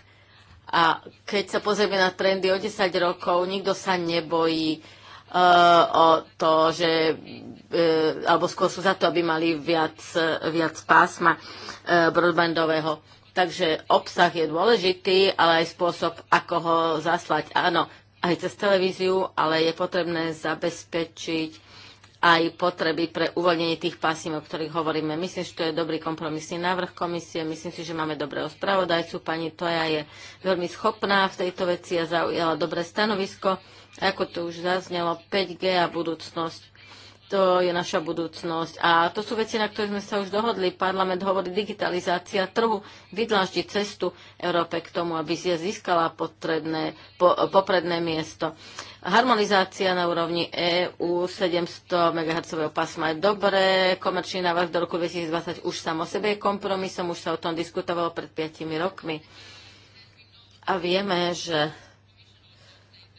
C: A keď sa pozrieme na trendy o 10 rokov, nikto sa nebojí e, o to, že e, alebo skôr sú za to, aby mali viac, e, viac pásma broadbandového Takže obsah je dôležitý, ale aj spôsob, ako ho zaslať. Áno, aj cez televíziu, ale je potrebné zabezpečiť aj potreby pre uvoľnenie tých pásim, o ktorých hovoríme. Myslím, že to je dobrý kompromisný návrh komisie. Myslím si, že máme dobrého spravodajcu. Pani Toja je veľmi schopná v tejto veci a zaujala dobré stanovisko. A ako to už zaznelo, 5G a budúcnosť to je naša budúcnosť. A to sú veci, na ktoré sme sa už dohodli. Parlament hovorí digitalizácia trhu, vydláždi cestu Európe k tomu, aby si získala potredné, po, popredné miesto. Harmonizácia na úrovni EU 700 MHz pásma je dobré. Komerčný návrh do roku 2020 už sám o sebe je kompromisom, už sa o tom diskutovalo pred 5 rokmi. A vieme, že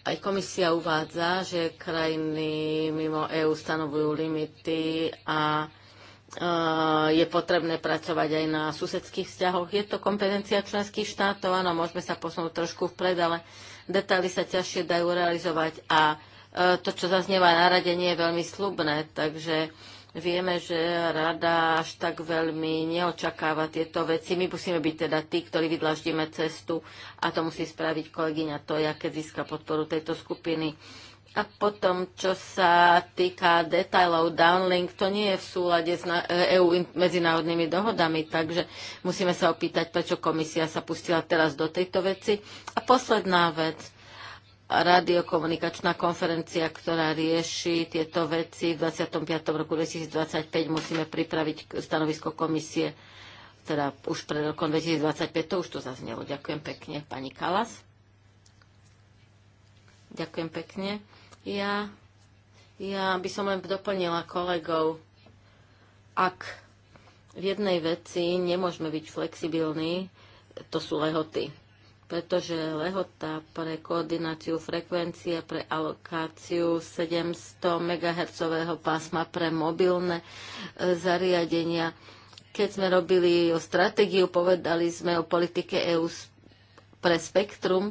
C: aj komisia uvádza, že krajiny mimo EÚ stanovujú limity a e, je potrebné pracovať aj na susedských vzťahoch. Je to kompetencia členských štátov, áno, môžeme sa posunúť trošku vpred, ale detaily sa ťažšie dajú realizovať a e, to, čo zaznieva na rade, nie je veľmi slubné, takže Vieme, že rada až tak veľmi neočakáva tieto veci. My musíme byť teda tí, ktorí vydlaždíme cestu a to musí spraviť kolegyňa to, keď získa podporu tejto skupiny. A potom, čo sa týka detailov, downlink, to nie je v súlade s EU medzinárodnými dohodami, takže musíme sa opýtať, prečo komisia sa pustila teraz do tejto veci. A posledná vec, radiokomunikačná konferencia, ktorá rieši tieto veci. V 25. roku 2025 musíme pripraviť stanovisko komisie, teda už pred rokom 2025. To už to zaznelo. Ďakujem pekne, pani Kalas. Ďakujem pekne. Ja, ja by som len doplnila kolegov, ak v jednej veci nemôžeme byť flexibilní, to sú lehoty pretože lehota pre koordináciu frekvencie pre alokáciu 700 MHz pásma pre mobilné e, zariadenia. Keď sme robili o stratégiu, povedali sme o politike EU pre spektrum,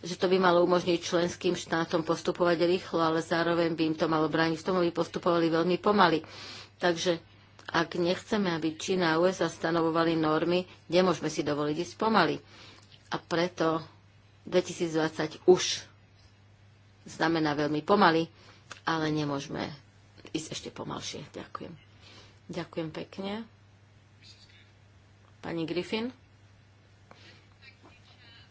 C: že to by malo umožniť členským štátom postupovať rýchlo, ale zároveň by im to malo brániť v tom, aby postupovali veľmi pomaly. Takže ak nechceme, aby Čína a USA stanovovali normy, nemôžeme si dovoliť ísť pomaly a preto 2020 už znamená veľmi pomaly, ale nemôžeme ísť ešte pomalšie. Ďakujem. Ďakujem pekne. Pani Griffin.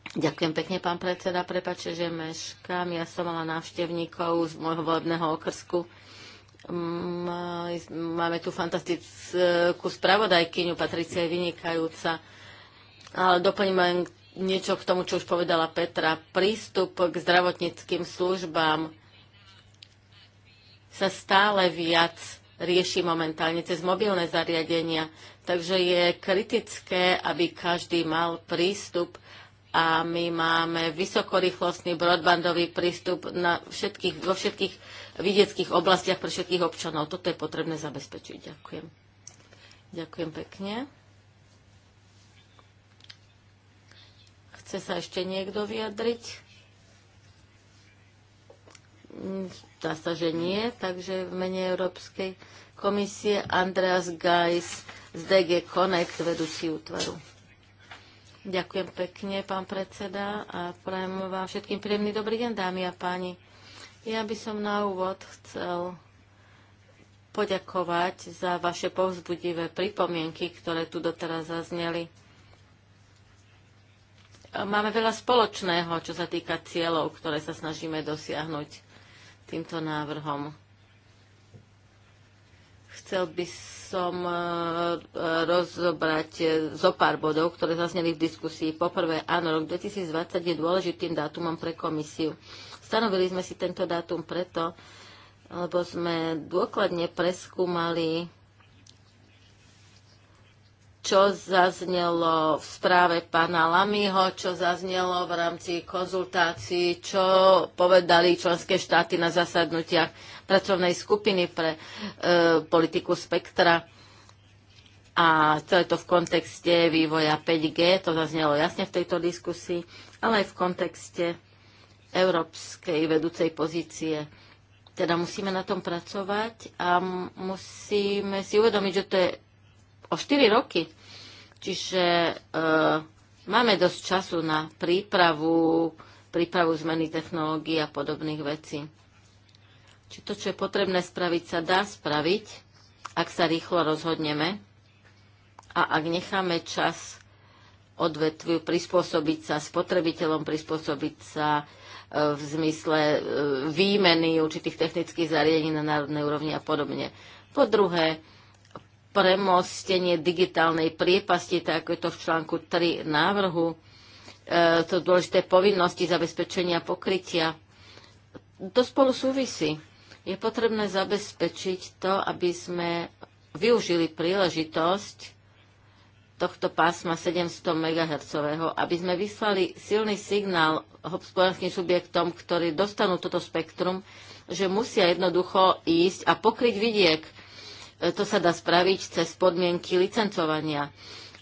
C: Ďakujem pekne, pán predseda. Prepače, že meškám. Ja som mala návštevníkov z môjho volebného okrsku. Mm, máme tu fantastickú spravodajkyňu, Patricia je vynikajúca. Ale doplním len k niečo k tomu, čo už povedala Petra. Prístup k zdravotníckým službám sa stále viac rieši momentálne cez mobilné zariadenia. Takže je kritické, aby každý mal prístup a my máme vysokorýchlostný broadbandový prístup na všetkých, vo všetkých vidieckých oblastiach pre všetkých občanov. Toto je potrebné zabezpečiť. Ďakujem. Ďakujem pekne. Chce sa ešte niekto vyjadriť? Zdá sa, že nie, takže v mene Európskej komisie Andreas Geis z DG Connect, vedúci útvaru. Ďakujem pekne, pán predseda, a prajem vám všetkým príjemný dobrý deň, dámy a páni. Ja by som na úvod chcel poďakovať za vaše povzbudivé pripomienky, ktoré tu doteraz zazneli. Máme veľa spoločného, čo sa týka cieľov, ktoré sa snažíme dosiahnuť týmto návrhom. Chcel by som e, rozobrať e, zo pár bodov, ktoré zazneli v diskusii. Poprvé, áno, rok 2020 je dôležitým dátumom pre komisiu. Stanovili sme si tento dátum preto, lebo sme dôkladne preskúmali čo zaznelo v správe pána Lamyho, čo zaznelo v rámci konzultácií, čo povedali členské štáty na zasadnutiach pracovnej skupiny pre e, politiku spektra. A je to v kontexte vývoja 5G, to zaznelo jasne v tejto diskusii, ale aj v kontexte európskej vedúcej pozície teda musíme na tom pracovať a musíme si uvedomiť, že to je o 4 roky. Čiže e, máme dosť času na prípravu, prípravu zmeny technológií a podobných vecí. Či to, čo je potrebné spraviť, sa dá spraviť, ak sa rýchlo rozhodneme a ak necháme čas odvetviu prispôsobiť sa spotrebiteľom, prispôsobiť sa e, v zmysle e, výmeny určitých technických zariadení na národnej úrovni a podobne. Po druhé, premostenie digitálnej priepasti, tak ako je to v článku 3 návrhu, e, to dôležité povinnosti zabezpečenia pokrytia. To spolu súvisí. Je potrebné zabezpečiť to, aby sme využili príležitosť tohto pásma 700 MHz, aby sme vyslali silný signál hospodárským subjektom, ktorí dostanú toto spektrum, že musia jednoducho ísť a pokryť vidiek to sa dá spraviť cez podmienky licencovania.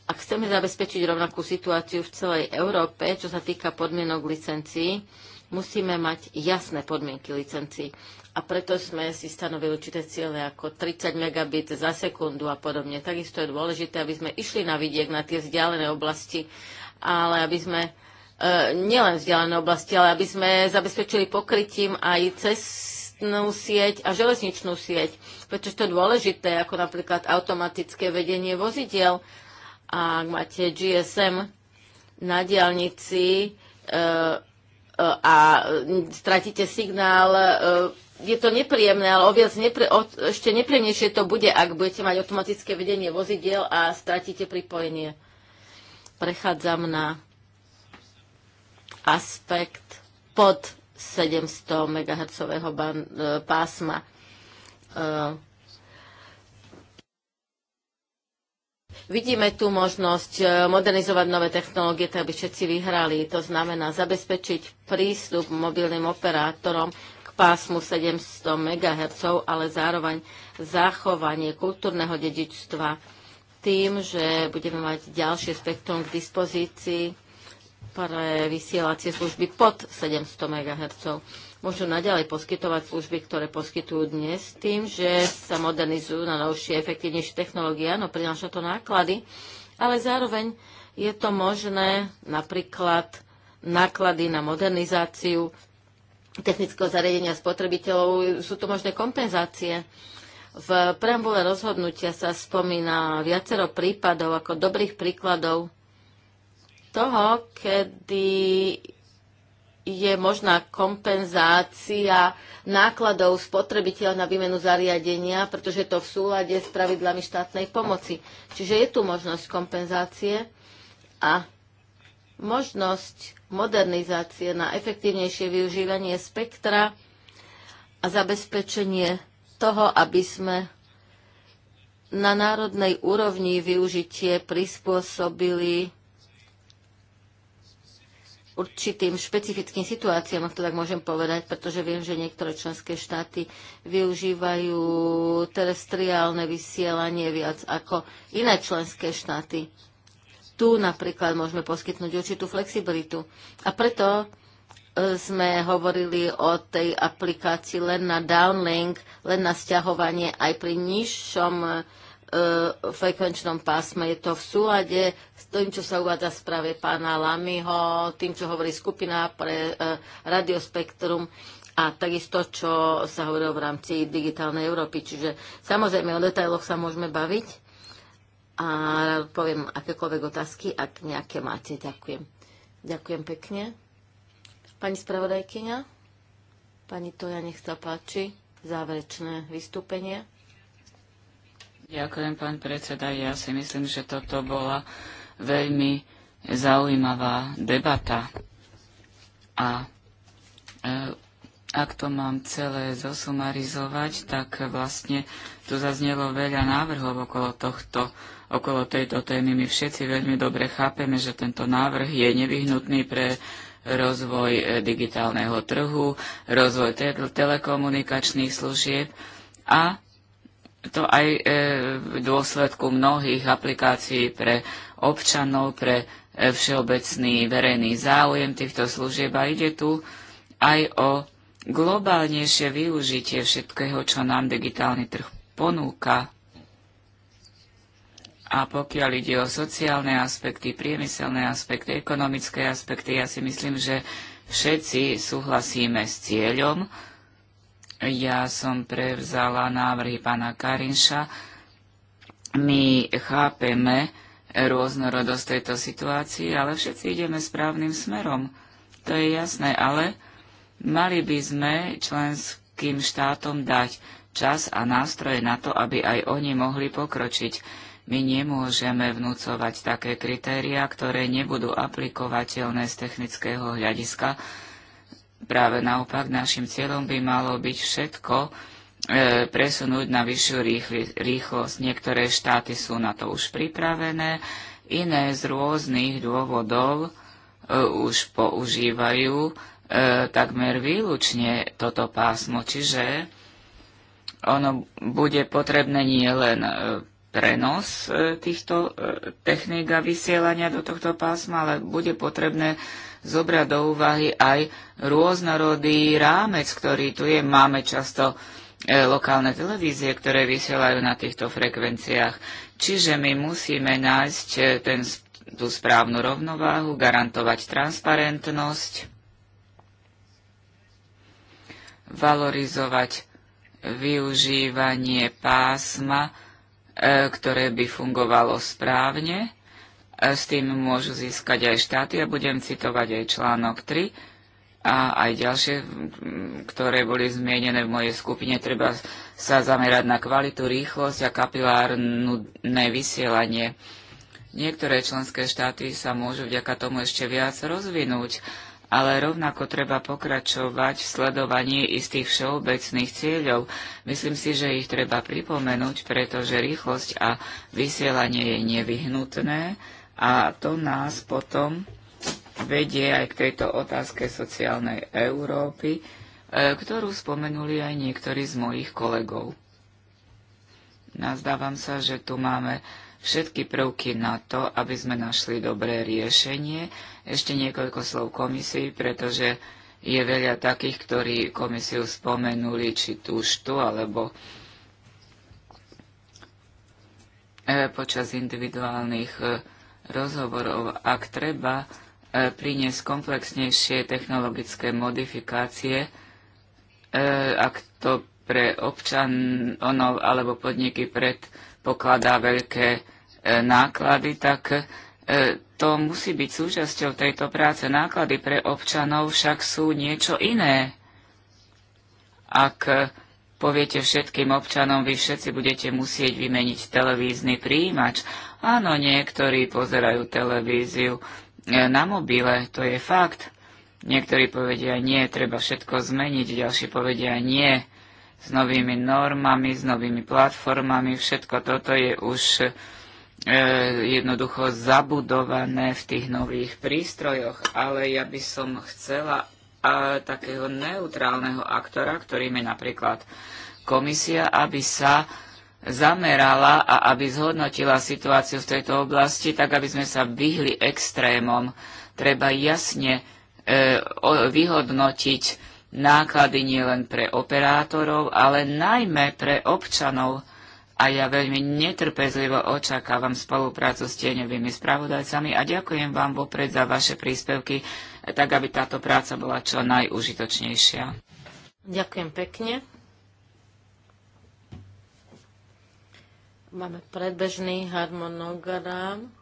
C: Ak chceme zabezpečiť rovnakú situáciu v celej Európe, čo sa týka podmienok licencií, musíme mať jasné podmienky licencií. A preto sme si stanovili určité ciele ako 30 megabit za sekundu a podobne. Takisto je dôležité, aby sme išli na vidiek, na tie vzdialené oblasti, ale aby sme e, nielen vzdialené oblasti, ale aby sme zabezpečili pokrytím aj cez cestnú sieť a železničnú sieť, Prečo to je dôležité, ako napríklad automatické vedenie vozidiel. A ak máte GSM na diálnici e, e, a stratíte signál, e, je to nepríjemné, ale oviac nepr- o, ešte nepríjemnejšie to bude, ak budete mať automatické vedenie vozidiel a stratíte pripojenie. Prechádzam na aspekt pod 700 MHz e, pásma. E, vidíme tu možnosť e, modernizovať nové technológie, tak aby všetci vyhrali. To znamená zabezpečiť prístup mobilným operátorom k pásmu 700 MHz, ale zároveň zachovanie kultúrneho dedičstva tým, že budeme mať ďalšie spektrum k dispozícii pre vysielacie služby pod 700 MHz. Môžu naďalej poskytovať služby, ktoré poskytujú dnes tým, že sa modernizujú na novšie, efektívnejšie technológie. Áno, prináša to náklady, ale zároveň je to možné napríklad náklady na modernizáciu technického zariadenia spotrebiteľov, sú to možné kompenzácie. V preambule rozhodnutia sa spomína viacero prípadov ako dobrých príkladov toho, kedy je možná kompenzácia nákladov spotrebiteľa na výmenu zariadenia, pretože je to v súlade s pravidlami štátnej pomoci. Čiže je tu možnosť kompenzácie a možnosť modernizácie na efektívnejšie využívanie spektra a zabezpečenie toho, aby sme na národnej úrovni využitie prispôsobili určitým špecifickým situáciám, ak to tak môžem povedať, pretože viem, že niektoré členské štáty využívajú terestriálne vysielanie viac ako iné členské štáty. Tu napríklad môžeme poskytnúť určitú flexibilitu. A preto e, sme hovorili o tej aplikácii len na downlink, len na stiahovanie aj pri nižšom E, frekvenčnom pásme. Je to v súlade s tým, čo sa uvádza v správe pána Lamyho, tým, čo hovorí skupina pre e, radiospektrum a takisto, čo sa hovorilo v rámci digitálnej Európy. Čiže samozrejme o detailoch sa môžeme baviť a poviem akékoľvek otázky, ak nejaké máte. Ďakujem. Ďakujem pekne. Pani spravodajkyňa, pani Toja, nech sa páči, záverečné vystúpenie.
B: Ďakujem, pán predseda. Ja si myslím, že toto bola veľmi zaujímavá debata. A e, ak to mám celé zosumarizovať, tak vlastne tu zaznelo veľa návrhov okolo tohto okolo tejto témy. My všetci veľmi dobre chápeme, že tento návrh je nevyhnutný pre rozvoj e, digitálneho trhu, rozvoj te telekomunikačných služieb a to aj e, v dôsledku mnohých aplikácií pre občanov, pre e, všeobecný verejný záujem týchto služieb a ide tu aj o globálnejšie využitie všetkého, čo nám digitálny trh ponúka. A pokiaľ ide o sociálne aspekty, priemyselné aspekty, ekonomické aspekty, ja si myslím, že všetci súhlasíme s cieľom, ja som prevzala návrhy pána Karinša. My chápeme rôznorodosť tejto situácii, ale všetci ideme správnym smerom. To je jasné, ale mali by sme členským štátom dať čas a nástroje na to, aby aj oni mohli pokročiť. My nemôžeme vnúcovať také kritériá, ktoré nebudú aplikovateľné z technického hľadiska, Práve naopak, našim cieľom by malo byť všetko e, presunúť na vyššiu rýchlosť. Niektoré štáty sú na to už pripravené, iné z rôznych dôvodov e, už používajú e, takmer výlučne toto pásmo, čiže ono bude potrebné nie len e, prenos e, týchto e, techník a vysielania do tohto pásma, ale bude potrebné zobrať do úvahy aj rôznorodý rámec, ktorý tu je. Máme často e, lokálne televízie, ktoré vysielajú na týchto frekvenciách. Čiže my musíme nájsť e, ten, tú správnu rovnováhu, garantovať transparentnosť, valorizovať využívanie pásma, e, ktoré by fungovalo správne E, s tým môžu získať aj štáty a budem citovať aj článok 3 a aj ďalšie, ktoré boli zmienené v mojej skupine. Treba sa zamerať na kvalitu, rýchlosť a kapilárne vysielanie. Niektoré členské štáty sa môžu vďaka tomu ešte viac rozvinúť, ale rovnako treba pokračovať v sledovaní istých všeobecných cieľov. Myslím si, že ich treba pripomenúť, pretože rýchlosť a vysielanie je nevyhnutné a to nás potom vedie aj k tejto otázke sociálnej Európy, e, ktorú spomenuli aj niektorí z mojich kolegov. Nazdávam sa, že tu máme všetky prvky na to, aby sme našli dobré riešenie. Ešte niekoľko slov komisii, pretože je veľa takých, ktorí komisiu spomenuli, či tu už tu, alebo e, počas individuálnych e, rozhovorov. Ak treba e, priniesť komplexnejšie technologické modifikácie, e, ak to pre občanov alebo podniky predpokladá veľké e, náklady, tak e, to musí byť súčasťou tejto práce. Náklady pre občanov však sú niečo iné. Ak e, poviete všetkým občanom, vy všetci budete musieť vymeniť televízny príjimač Áno, niektorí pozerajú televíziu e, na mobile, to je fakt. Niektorí povedia nie, treba všetko zmeniť, ďalší povedia nie, s novými normami, s novými platformami, všetko toto je už e, jednoducho zabudované v tých nových prístrojoch, ale ja by som chcela a, takého neutrálneho aktora, ktorým je napríklad komisia, aby sa zamerala a aby zhodnotila situáciu v tejto oblasti, tak aby sme sa vyhli extrémom. Treba jasne e, vyhodnotiť náklady nielen pre operátorov, ale najmä pre občanov. A ja veľmi netrpezlivo očakávam spoluprácu s tieňovými spravodajcami a ďakujem vám vopred za vaše príspevky, tak aby táto práca bola čo najúžitočnejšia.
C: Ďakujem pekne. Máme predbežný harmonogram,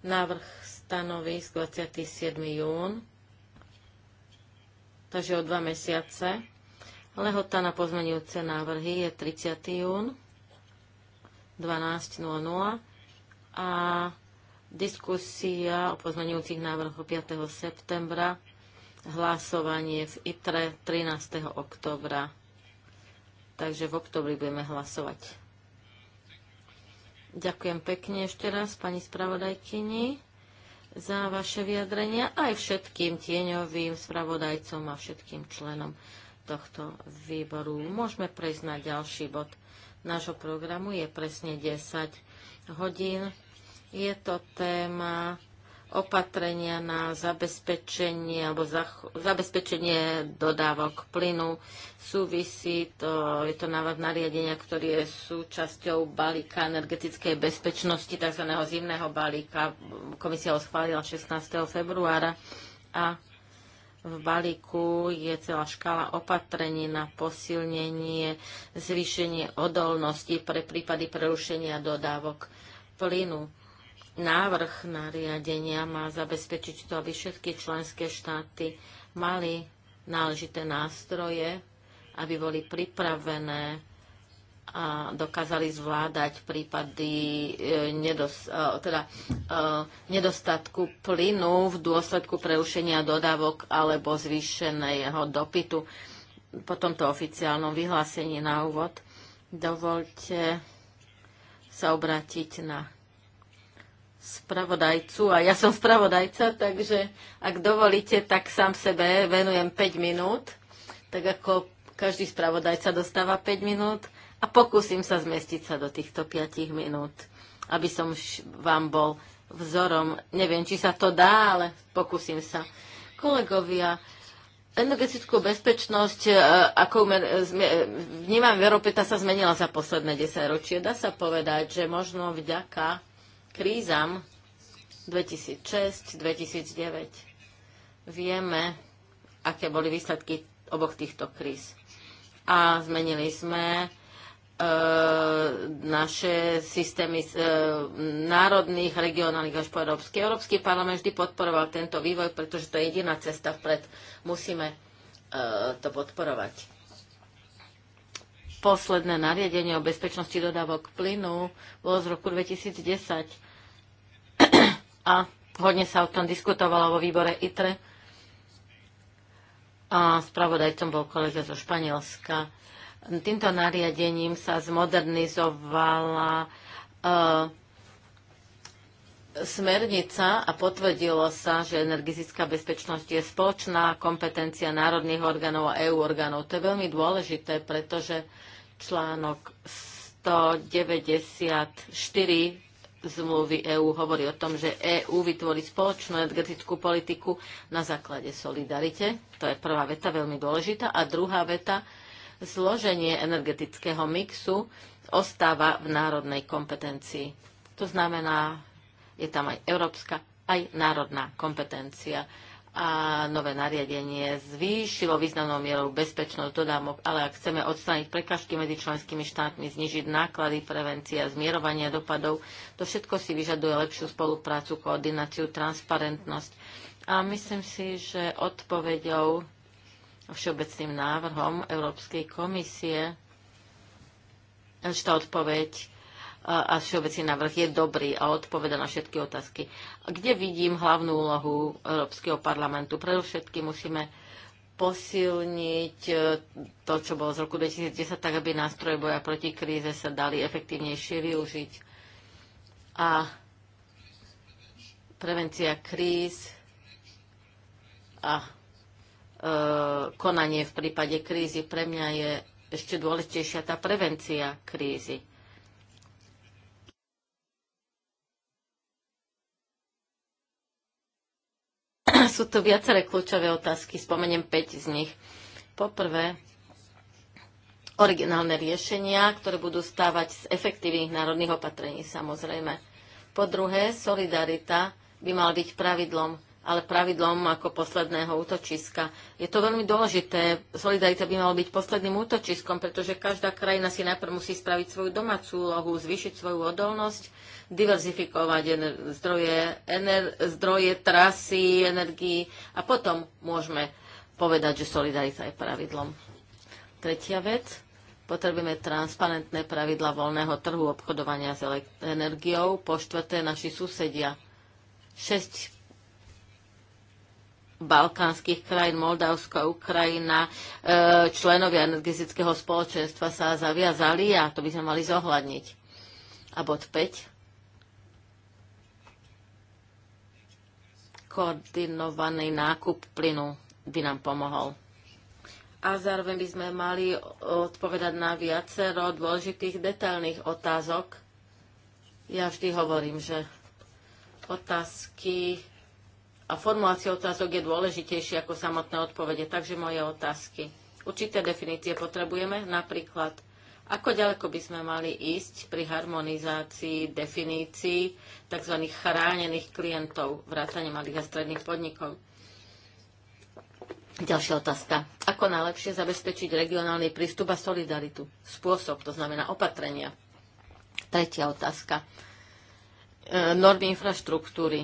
C: návrh stanovisk 27. jún, takže o dva mesiace. Lehota na pozmenujúce návrhy je 30. jún 12.00 a diskusia o pozmenujúcich návrhoch 5. septembra, hlasovanie v ITRE 13. oktobra. Takže v oktobri budeme hlasovať. Ďakujem pekne ešte raz pani spravodajkyni za vaše vyjadrenia aj všetkým tieňovým spravodajcom a všetkým členom tohto výboru. Môžeme prejsť na ďalší bod nášho programu. Je presne 10 hodín. Je to téma opatrenia na zabezpečenie alebo zabezpečenie dodávok plynu. Súvisí to, je to návrh nariadenia, ktorý je súčasťou balíka energetickej bezpečnosti, tzv. zimného balíka. Komisia ho schválila 16. februára a v balíku je celá škála opatrení na posilnenie, zvýšenie odolnosti pre prípady prerušenia dodávok plynu návrh nariadenia má zabezpečiť to, aby všetky členské štáty mali náležité nástroje, aby boli pripravené a dokázali zvládať prípady e, nedos, e, teda, e, nedostatku plynu v dôsledku preušenia dodávok alebo zvýšeného dopytu. Po tomto oficiálnom vyhlásení na úvod dovolte sa obrátiť na spravodajcu a ja som spravodajca, takže ak dovolíte, tak sám sebe venujem 5 minút, tak ako každý spravodajca dostáva 5 minút a pokúsim sa zmestiť sa do týchto 5 minút, aby som vám bol vzorom. Neviem, či sa to dá, ale pokúsim sa. Kolegovia, energetickú bezpečnosť, e, ako e, vnímam v tá sa zmenila za posledné 10 ročie. Dá sa povedať, že možno vďaka krízam 2006-2009. Vieme, aké boli výsledky oboch týchto kríz. A zmenili sme e, naše systémy z, e, národných, regionálnych až po európsky. Európsky parlament vždy podporoval tento vývoj, pretože to je jediná cesta vpred. Musíme e, to podporovať. Posledné nariadenie o bezpečnosti dodávok plynu bolo z roku 2010 a hodne sa o tom diskutovalo vo výbore ITRE. A spravodajcom bol kolega zo Španielska. Týmto nariadením sa zmodernizovala uh, smernica a potvrdilo sa, že energetická bezpečnosť je spoločná kompetencia národných orgánov a EU orgánov. To je veľmi dôležité, pretože článok 194 zmluvy EÚ hovorí o tom, že EÚ vytvorí spoločnú energetickú politiku na základe solidarite. To je prvá veta, veľmi dôležitá. A druhá veta, zloženie energetického mixu ostáva v národnej kompetencii. To znamená, je tam aj európska, aj národná kompetencia a nové nariadenie zvýšilo významnou mierou bezpečnosť dodávok, ale ak chceme odstrániť prekažky medzi členskými štátmi, znižiť náklady, prevencia, zmierovania dopadov, to všetko si vyžaduje lepšiu spoluprácu, koordináciu, transparentnosť. A myslím si, že odpoveďou všeobecným návrhom Európskej komisie že tá odpoveď a všeobecný návrh je dobrý a odpoveda na všetky otázky. Kde vidím hlavnú úlohu Európskeho parlamentu? Predovšetkým musíme posilniť e, to, čo bolo z roku 2010, tak aby nástroje boja proti kríze sa dali efektívnejšie využiť. A prevencia kríz a e, konanie v prípade krízy pre mňa je ešte dôležitejšia tá prevencia krízy sú tu viaceré kľúčové otázky, spomeniem 5 z nich. Poprvé, originálne riešenia, ktoré budú stávať z efektívnych národných opatrení, samozrejme. Po druhé, solidarita by mal byť pravidlom, ale pravidlom ako posledného útočiska. Je to veľmi dôležité. Solidarita by mala byť posledným útočiskom, pretože každá krajina si najprv musí spraviť svoju domácu úlohu, zvýšiť svoju odolnosť diverzifikovať zdroje, ener, zdroje trasy, energii a potom môžeme povedať, že solidarita je pravidlom. Tretia vec. Potrebujeme transparentné pravidla voľného trhu obchodovania s energiou. Po štvrté, naši susedia. Šesť balkánskych krajín, Moldavská Ukrajina, e, členovia energetického spoločenstva sa zaviazali a to by sme mali zohľadniť. A bod 5. koordinovaný nákup plynu by nám pomohol. A zároveň by sme mali odpovedať na viacero dôležitých detailných otázok. Ja vždy hovorím, že otázky a formulácia otázok je dôležitejšia ako samotné odpovede. Takže moje otázky. Určité definície potrebujeme, napríklad ako ďaleko by sme mali ísť pri harmonizácii definícií tzv. chránených klientov, vrátane malých a stredných podnikov? Ďalšia otázka. Ako najlepšie zabezpečiť regionálny prístup a solidaritu? Spôsob, to znamená opatrenia. Tretia otázka. E, normy infraštruktúry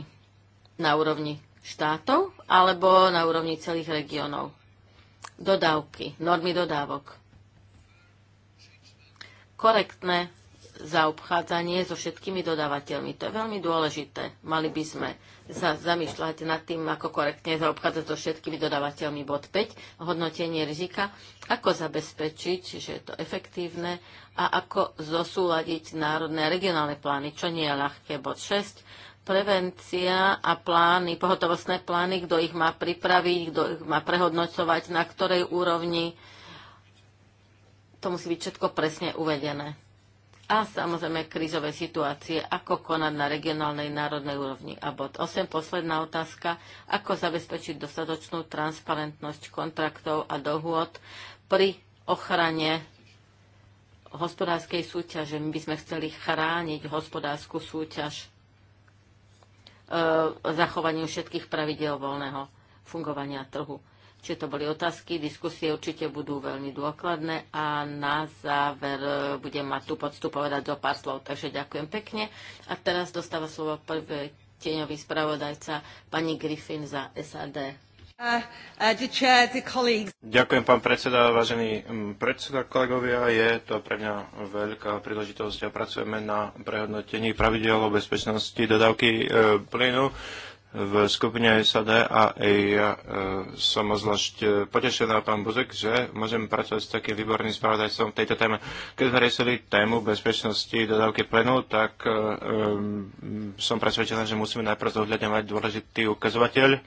C: na úrovni štátov alebo na úrovni celých regiónov? Dodávky, normy dodávok korektné zaobchádzanie so všetkými dodávateľmi. To je veľmi dôležité. Mali by sme sa zamýšľať nad tým, ako korektne zaobchádzať so všetkými dodávateľmi. Bod 5. Hodnotenie rizika. Ako zabezpečiť, že je to efektívne a ako zosúľadiť národné a regionálne plány, čo nie je ľahké. Bod 6 prevencia a plány, pohotovostné plány, kto ich má pripraviť, kto ich má prehodnocovať, na ktorej úrovni to musí byť všetko presne uvedené. A samozrejme krízové situácie, ako konať na regionálnej národnej úrovni. A bod 8, posledná otázka, ako zabezpečiť dostatočnú transparentnosť kontraktov a dohôd pri ochrane hospodárskej súťaže. My by sme chceli chrániť hospodárskú súťaž e, zachovaním všetkých pravidel voľného fungovania trhu. Čiže to boli otázky, diskusie určite budú veľmi dôkladné a na záver e, budem mať tú poctu povedať zo pár slov, takže ďakujem pekne. A teraz dostáva slovo prvé tieňový spravodajca pani Griffin za SAD. Uh, uh,
A: ďakujem, pán predseda, vážený predseda, kolegovia. Je to pre mňa veľká príležitosť a pracujeme na prehodnotení pravidel o bezpečnosti dodávky e, plynu. E, v skupine SAD a ja e, som zvlášť e, potešená, pán Buzek, že môžem pracovať s takým výborným spravodajcom v tejto téme. Keď sme riešili tému bezpečnosti dodávky plynu, tak e, som presvedčená, že musíme najprv zohľadňovať dôležitý ukazovateľ,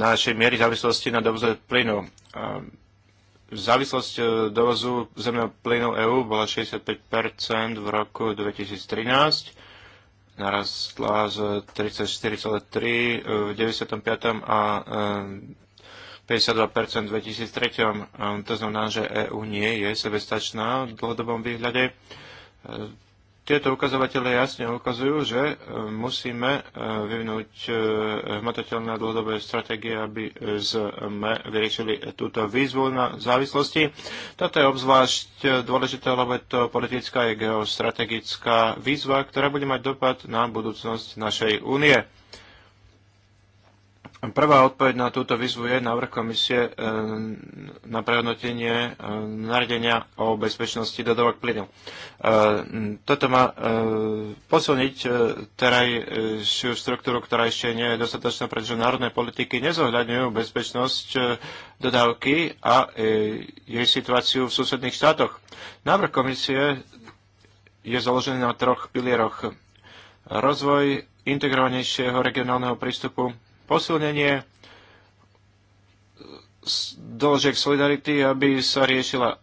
A: našej miery závislosti na dovoze plynu. Závislosť dovozu zemného plynu EÚ bola 65% v roku 2013 narastla z 34,3 e, v 95. a 52% e, v 2003. E, to znamená, že EÚ nie je sebestačná v dlhodobom výhľade. Tieto ukazovatele jasne ukazujú, že e, musíme e, vyvinúť e, hmatateľné dlhodobé stratégie, aby sme vyriešili túto výzvu na závislosti. Toto je obzvlášť dôležité, lebo je to politická a geostrategická výzva, ktorá bude mať dopad na budúcnosť našej únie. Prvá odpoveď na túto výzvu je návrh komisie eh, na prehodnotenie eh, nariadenia o bezpečnosti dodávok plynu. Eh, toto má posilniť terajšiu štruktúru, ktorá ešte nie je dostatočná, pretože národné politiky nezohľadňujú bezpečnosť dodávky a jej situáciu v susedných štátoch. Návrh komisie je založený na troch pilieroch. Rozvoj integrovanejšieho regionálneho prístupu posilnenie doložiek solidarity, aby sa riešila e,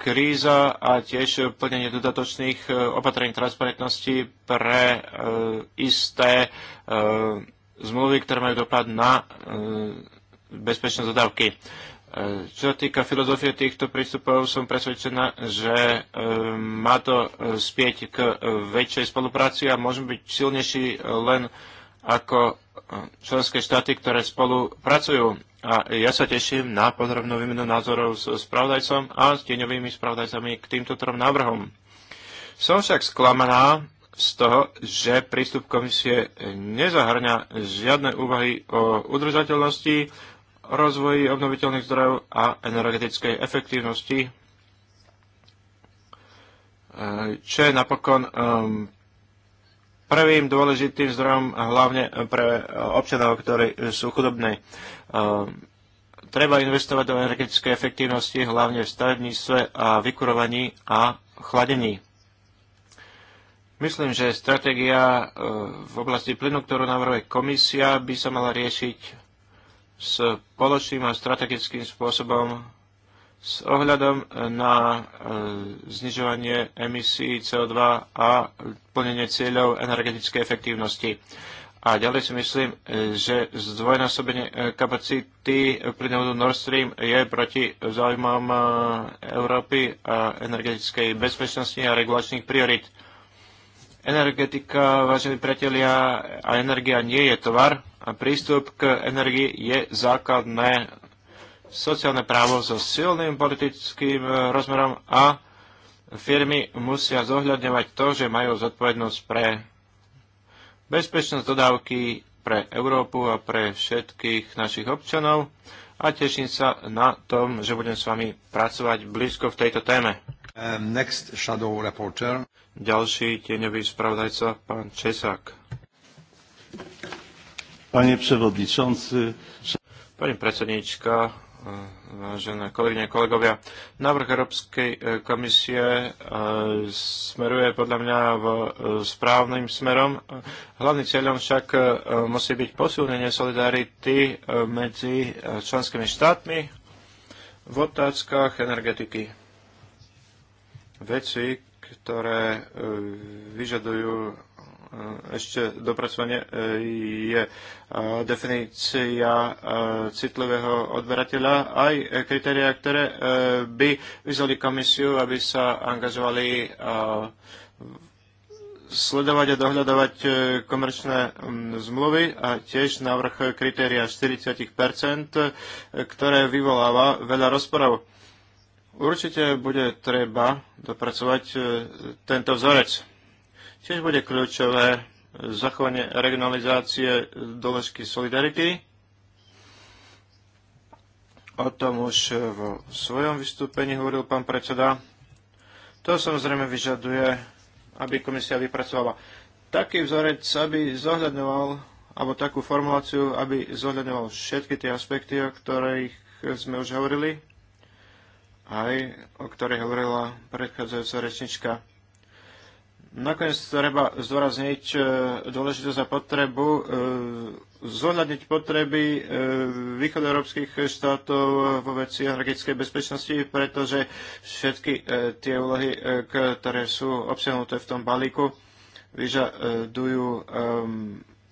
A: kríza a tiež plnenie dodatočných e, opatrení transparentnosti pre e, isté e, zmluvy, ktoré majú dopad na e, bezpečnosť dodávky. E, čo sa týka filozofie týchto prístupov, som presvedčená, že e, má to e, spieť k e, väčšej spolupráci a môžeme byť silnejší len ako členské štáty, ktoré spolu pracujú. A ja sa teším na podrobnú výmenu názorov s spravodajcom a s tieňovými spravodajcami k týmto trom návrhom. Som však sklamaná z toho, že prístup komisie nezahrňa žiadne úvahy o udržateľnosti, rozvoji obnoviteľných zdrojov a energetickej efektívnosti čo je napokon um, prvým dôležitým zdrojom hlavne pre e, občanov, ktorí e, sú chudobní. E, treba investovať do energetickej efektívnosti, hlavne v stavebníctve a vykurovaní a chladení. Myslím, že stratégia v oblasti plynu, ktorú navrhuje komisia, by sa mala riešiť spoločným a strategickým spôsobom s ohľadom e, na e, znižovanie emisí CO2 a plnenie cieľov energetickej efektívnosti. A ďalej si myslím, e, že zdvojnásobenie kapacity plynovodu Nord Stream je proti záujmom Európy a energetickej bezpečnosti a regulačných priorit. Energetika, vážení priatelia, a energia nie je tovar a prístup k energii je základné sociálne právo so silným politickým e, rozmerom a firmy musia zohľadňovať to, že majú zodpovednosť pre bezpečnosť dodávky pre Európu a pre všetkých našich občanov a teším sa na tom, že budem s vami pracovať blízko v tejto téme. Um, next shadow reporter. Ďalší tieňový spravodajca, pán Česák. Panie Pani predsednička, vážené kolegyne, kolegovia. Návrh Európskej e, komisie e, smeruje podľa mňa v e, správnym smerom. Hlavným cieľom však musí byť posilnenie solidarity medzi členskými štátmi v otázkach energetiky. Veci, ktoré vyžadujú Eh, ešte dopracovanie eh, je eh, definícia citlivého odberateľa, aj kritéria, ktoré by vyzvali komisiu, aby sa angažovali sledovať a dohľadovať komerčné mm, zmluvy a tiež návrh kritéria 40%, ktoré vyvoláva veľa rozporov. Určite bude treba dopracovať tento vzorec. Tiež bude kľúčové zachovanie regionalizácie doložky Solidarity. O tom už vo svojom vystúpení hovoril pán predseda. To samozrejme vyžaduje, aby komisia vypracovala taký vzorec, aby zohľadňoval, alebo takú formuláciu, aby zohľadňoval všetky tie aspekty, o ktorých sme už hovorili, aj o ktorých hovorila predchádzajúca rečnička. Nakoniec treba zdôrazniť e, dôležitosť a potrebu e, zohľadniť potreby e, východoeurópskych štátov vo veci energetickej bezpečnosti, pretože všetky tie úlohy, ktoré sú obsiahnuté v tom balíku, vyžadujú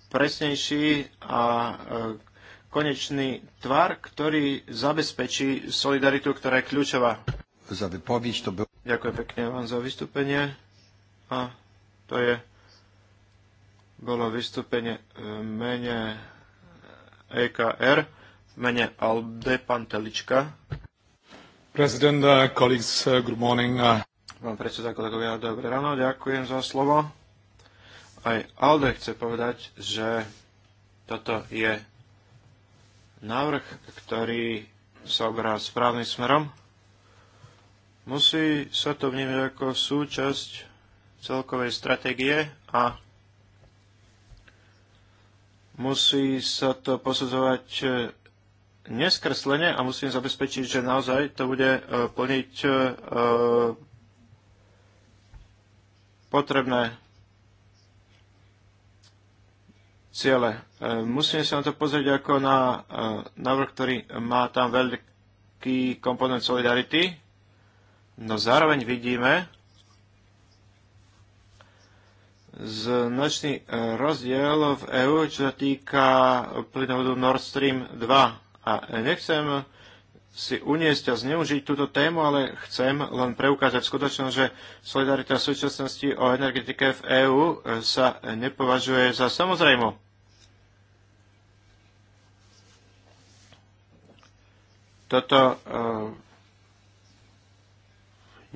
A: presnejší a konečný tvar, ktorý zabezpečí solidaritu, ktorá je kľúčová. Za vypoviť to Ďakujem pekne vám za vystúpenie. A to je bolo vystúpenie e, mene EKR, mene Alde Pantelička. Prezident, uh, colleagues, uh, good morning. Uh. Pán predseda, kolegovia, dobré ráno, ďakujem za slovo. Aj Alde chce povedať, že toto je návrh, ktorý sa obrá správnym smerom. Musí sa to vnímať ako súčasť celkovej stratégie a musí sa to posudzovať e, neskreslene a musím zabezpečiť, že naozaj to bude e, plniť e, potrebné ciele. Musím sa na to pozrieť ako na návrh, ktorý má tam veľký komponent solidarity, no zároveň vidíme, značný e, rozdiel v EU čo sa týka plynovodu Nord Stream 2. A nechcem si uniesť a zneužiť túto tému, ale chcem len preukázať skutočnosť, že solidarita v súčasnosti o energetike v EÚ e, sa nepovažuje za samozrejmo. Toto e,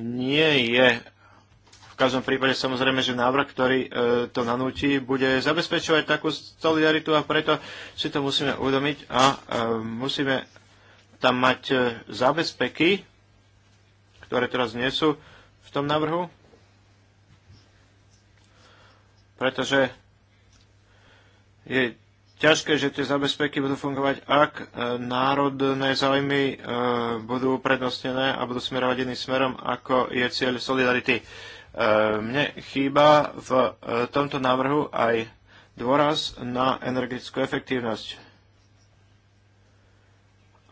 A: nie je každom prípade samozrejme, že návrh, ktorý e, to nanúti, bude zabezpečovať takú solidaritu a preto si to musíme uvedomiť a e, musíme tam mať e, zabezpeky, ktoré teraz nie sú v tom návrhu, pretože je ťažké, že tie zabezpeky budú fungovať, ak e, národné záujmy e, budú uprednostnené a budú smerovať iným smerom, ako je cieľ solidarity. Mne chýba v e, tomto návrhu aj dôraz na energetickú efektívnosť.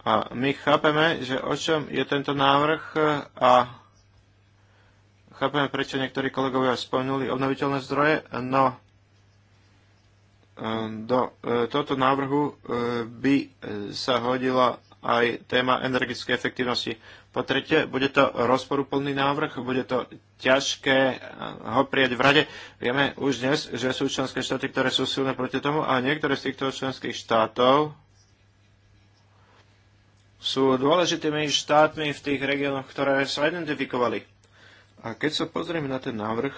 A: A my chápeme, že o čom je tento návrh e, a chápeme, prečo niektorí kolegovia spomenuli obnoviteľné zdroje, no e, do tohto návrhu by sa hodila aj téma energetickej efektivnosti. Po tretie, bude to rozporúplný návrh, bude to ťažké eh, ho prijať v rade. Vieme už dnes, že sú členské štáty, ktoré sú silné proti tomu a niektoré z týchto členských štátov sú dôležitými štátmi v tých regiónoch, ktoré sa identifikovali. A keď sa pozrieme na ten návrh,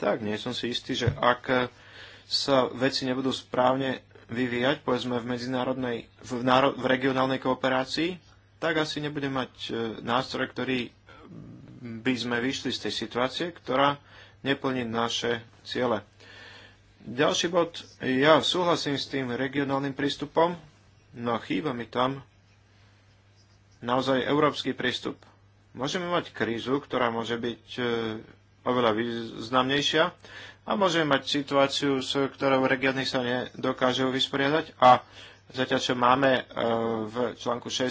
A: tak nie som si istý, že ak sa veci nebudú správne vyvíjať, povedzme v medzinárodnej, v, náro, v regionálnej kooperácii, tak asi nebudeme mať e, nástroj, ktorý by sme vyšli z tej situácie, ktorá neplní naše ciele. Ďalší bod, ja súhlasím s tým regionálnym prístupom, no chýba mi tam naozaj európsky prístup. Môžeme mať krízu, ktorá môže byť e, oveľa významnejšia a môžeme mať situáciu, s ktorou regióny sa nedokážu vysporiadať a Zatiaľ, čo máme e, v článku 6 e,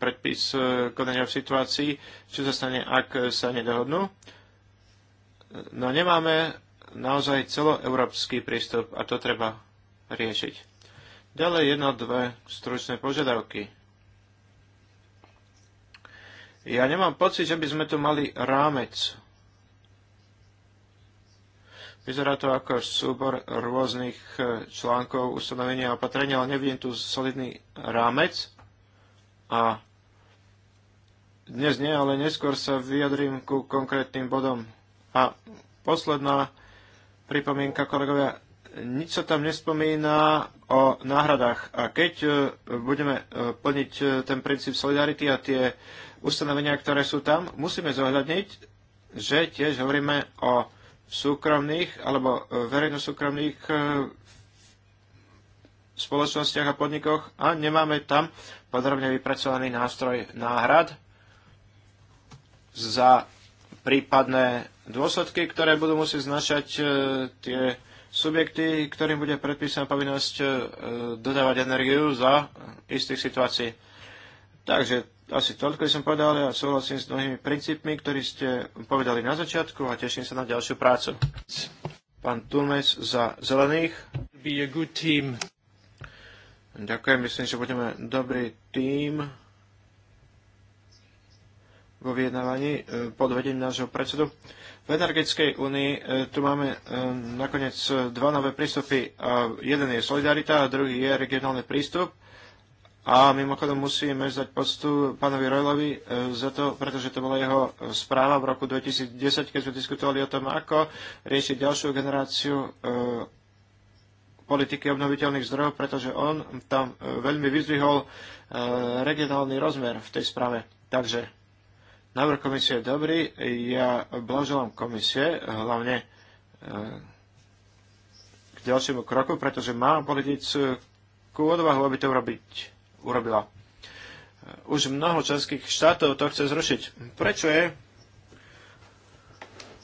A: predpis e, konania v situácii, čo sa stane, ak sa nedohodnú. No nemáme naozaj celoeurópsky prístup a to treba riešiť. Ďalej jedno, dve stručné požiadavky. Ja nemám pocit, že by sme tu mali rámec Vyzerá to ako súbor rôznych e, článkov ustanovenia a opatrenia, ale nevidím tu solidný rámec. A dnes nie, ale neskôr sa vyjadrím ku konkrétnym bodom. A posledná pripomienka, kolegovia, nič sa tam nespomína o náhradách. A keď e, budeme e, plniť ten princíp solidarity a tie ustanovenia, ktoré sú tam, musíme zohľadniť, že tiež hovoríme o súkromných alebo e, verejno-súkromných e, spoločnostiach a podnikoch a nemáme tam podrobne vypracovaný nástroj náhrad za prípadné dôsledky, ktoré budú musieť znašať e, tie subjekty, ktorým bude predpísaná povinnosť dodávať energiu za istých situácií. Takže asi toľko som povedal, ja súhlasím s mnohými princípmi, ktorí ste povedali na začiatku a teším sa na ďalšiu prácu. Pán Tumes za zelených. Be a good team. Ďakujem, myslím, že budeme dobrý tím vo vyjednávaní eh, pod vedením nášho predsedu. V energetickej únii eh, tu máme eh, nakoniec dva nové prístupy. Jeden je solidarita a druhý je regionálny prístup a mimochodom musíme zdať poctu pánovi Rojlovi eh, za to, pretože to bola jeho eh, správa v roku 2010, keď sme diskutovali o tom, ako riešiť ďalšiu generáciu eh, politiky obnoviteľných zdrojov, pretože on tam veľmi vyzvihol regionálny rozmer v tej správe. Takže návrh komisie je dobrý. Ja blaželám komisie, hlavne k ďalšiemu kroku, pretože má politickú odvahu, aby to urobiť urobila. Už mnoho členských štátov to chce zrušiť. Prečo je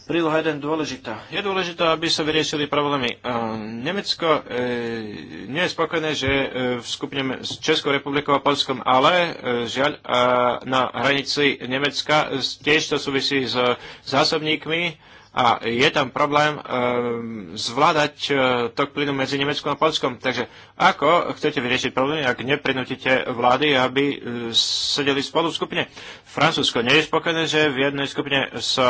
A: príloha 1 dôležitá? Je dôležité, aby sa vyriešili problémy. Nemecko e, nie je spokojné, že e, v skupine s Českou republikou a Polskom, ale e, žiaľ na hranici Nemecka tiež to súvisí s zásobníkmi a je tam problém e, zvládať e, tok plynu medzi Nemeckom a Polskom. Takže ako chcete vyriešiť problémy, ak neprinútite vlády, aby e, sedeli spolu v skupine? Francúzsko nie je spokojné, že v jednej skupine s e,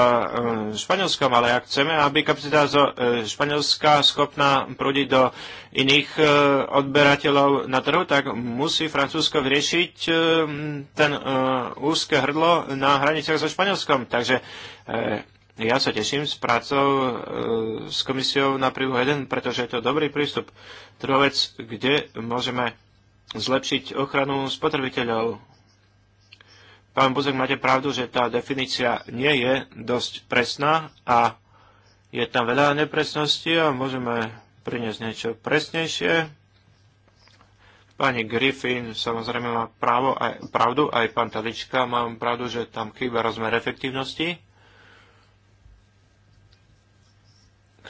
A: Španielskom, ale ak chceme, aby kapacita zo e, Španielska schopná prúdiť do iných e, odberateľov na trhu, tak musí Francúzsko vyriešiť e, ten e, úzke hrdlo na hraniciach so Španielskom. Takže e, ja sa teším s prácou e, s komisiou na prílohu 1, pretože je to dobrý prístup. Druhá vec, kde môžeme zlepšiť ochranu spotrebiteľov. Pán Buzek, máte pravdu, že tá definícia nie je dosť presná a je tam veľa nepresností a môžeme priniesť niečo presnejšie. Pani Griffin samozrejme má právo, aj, pravdu, aj pán Talička má pravdu, že tam chýba rozmer efektívnosti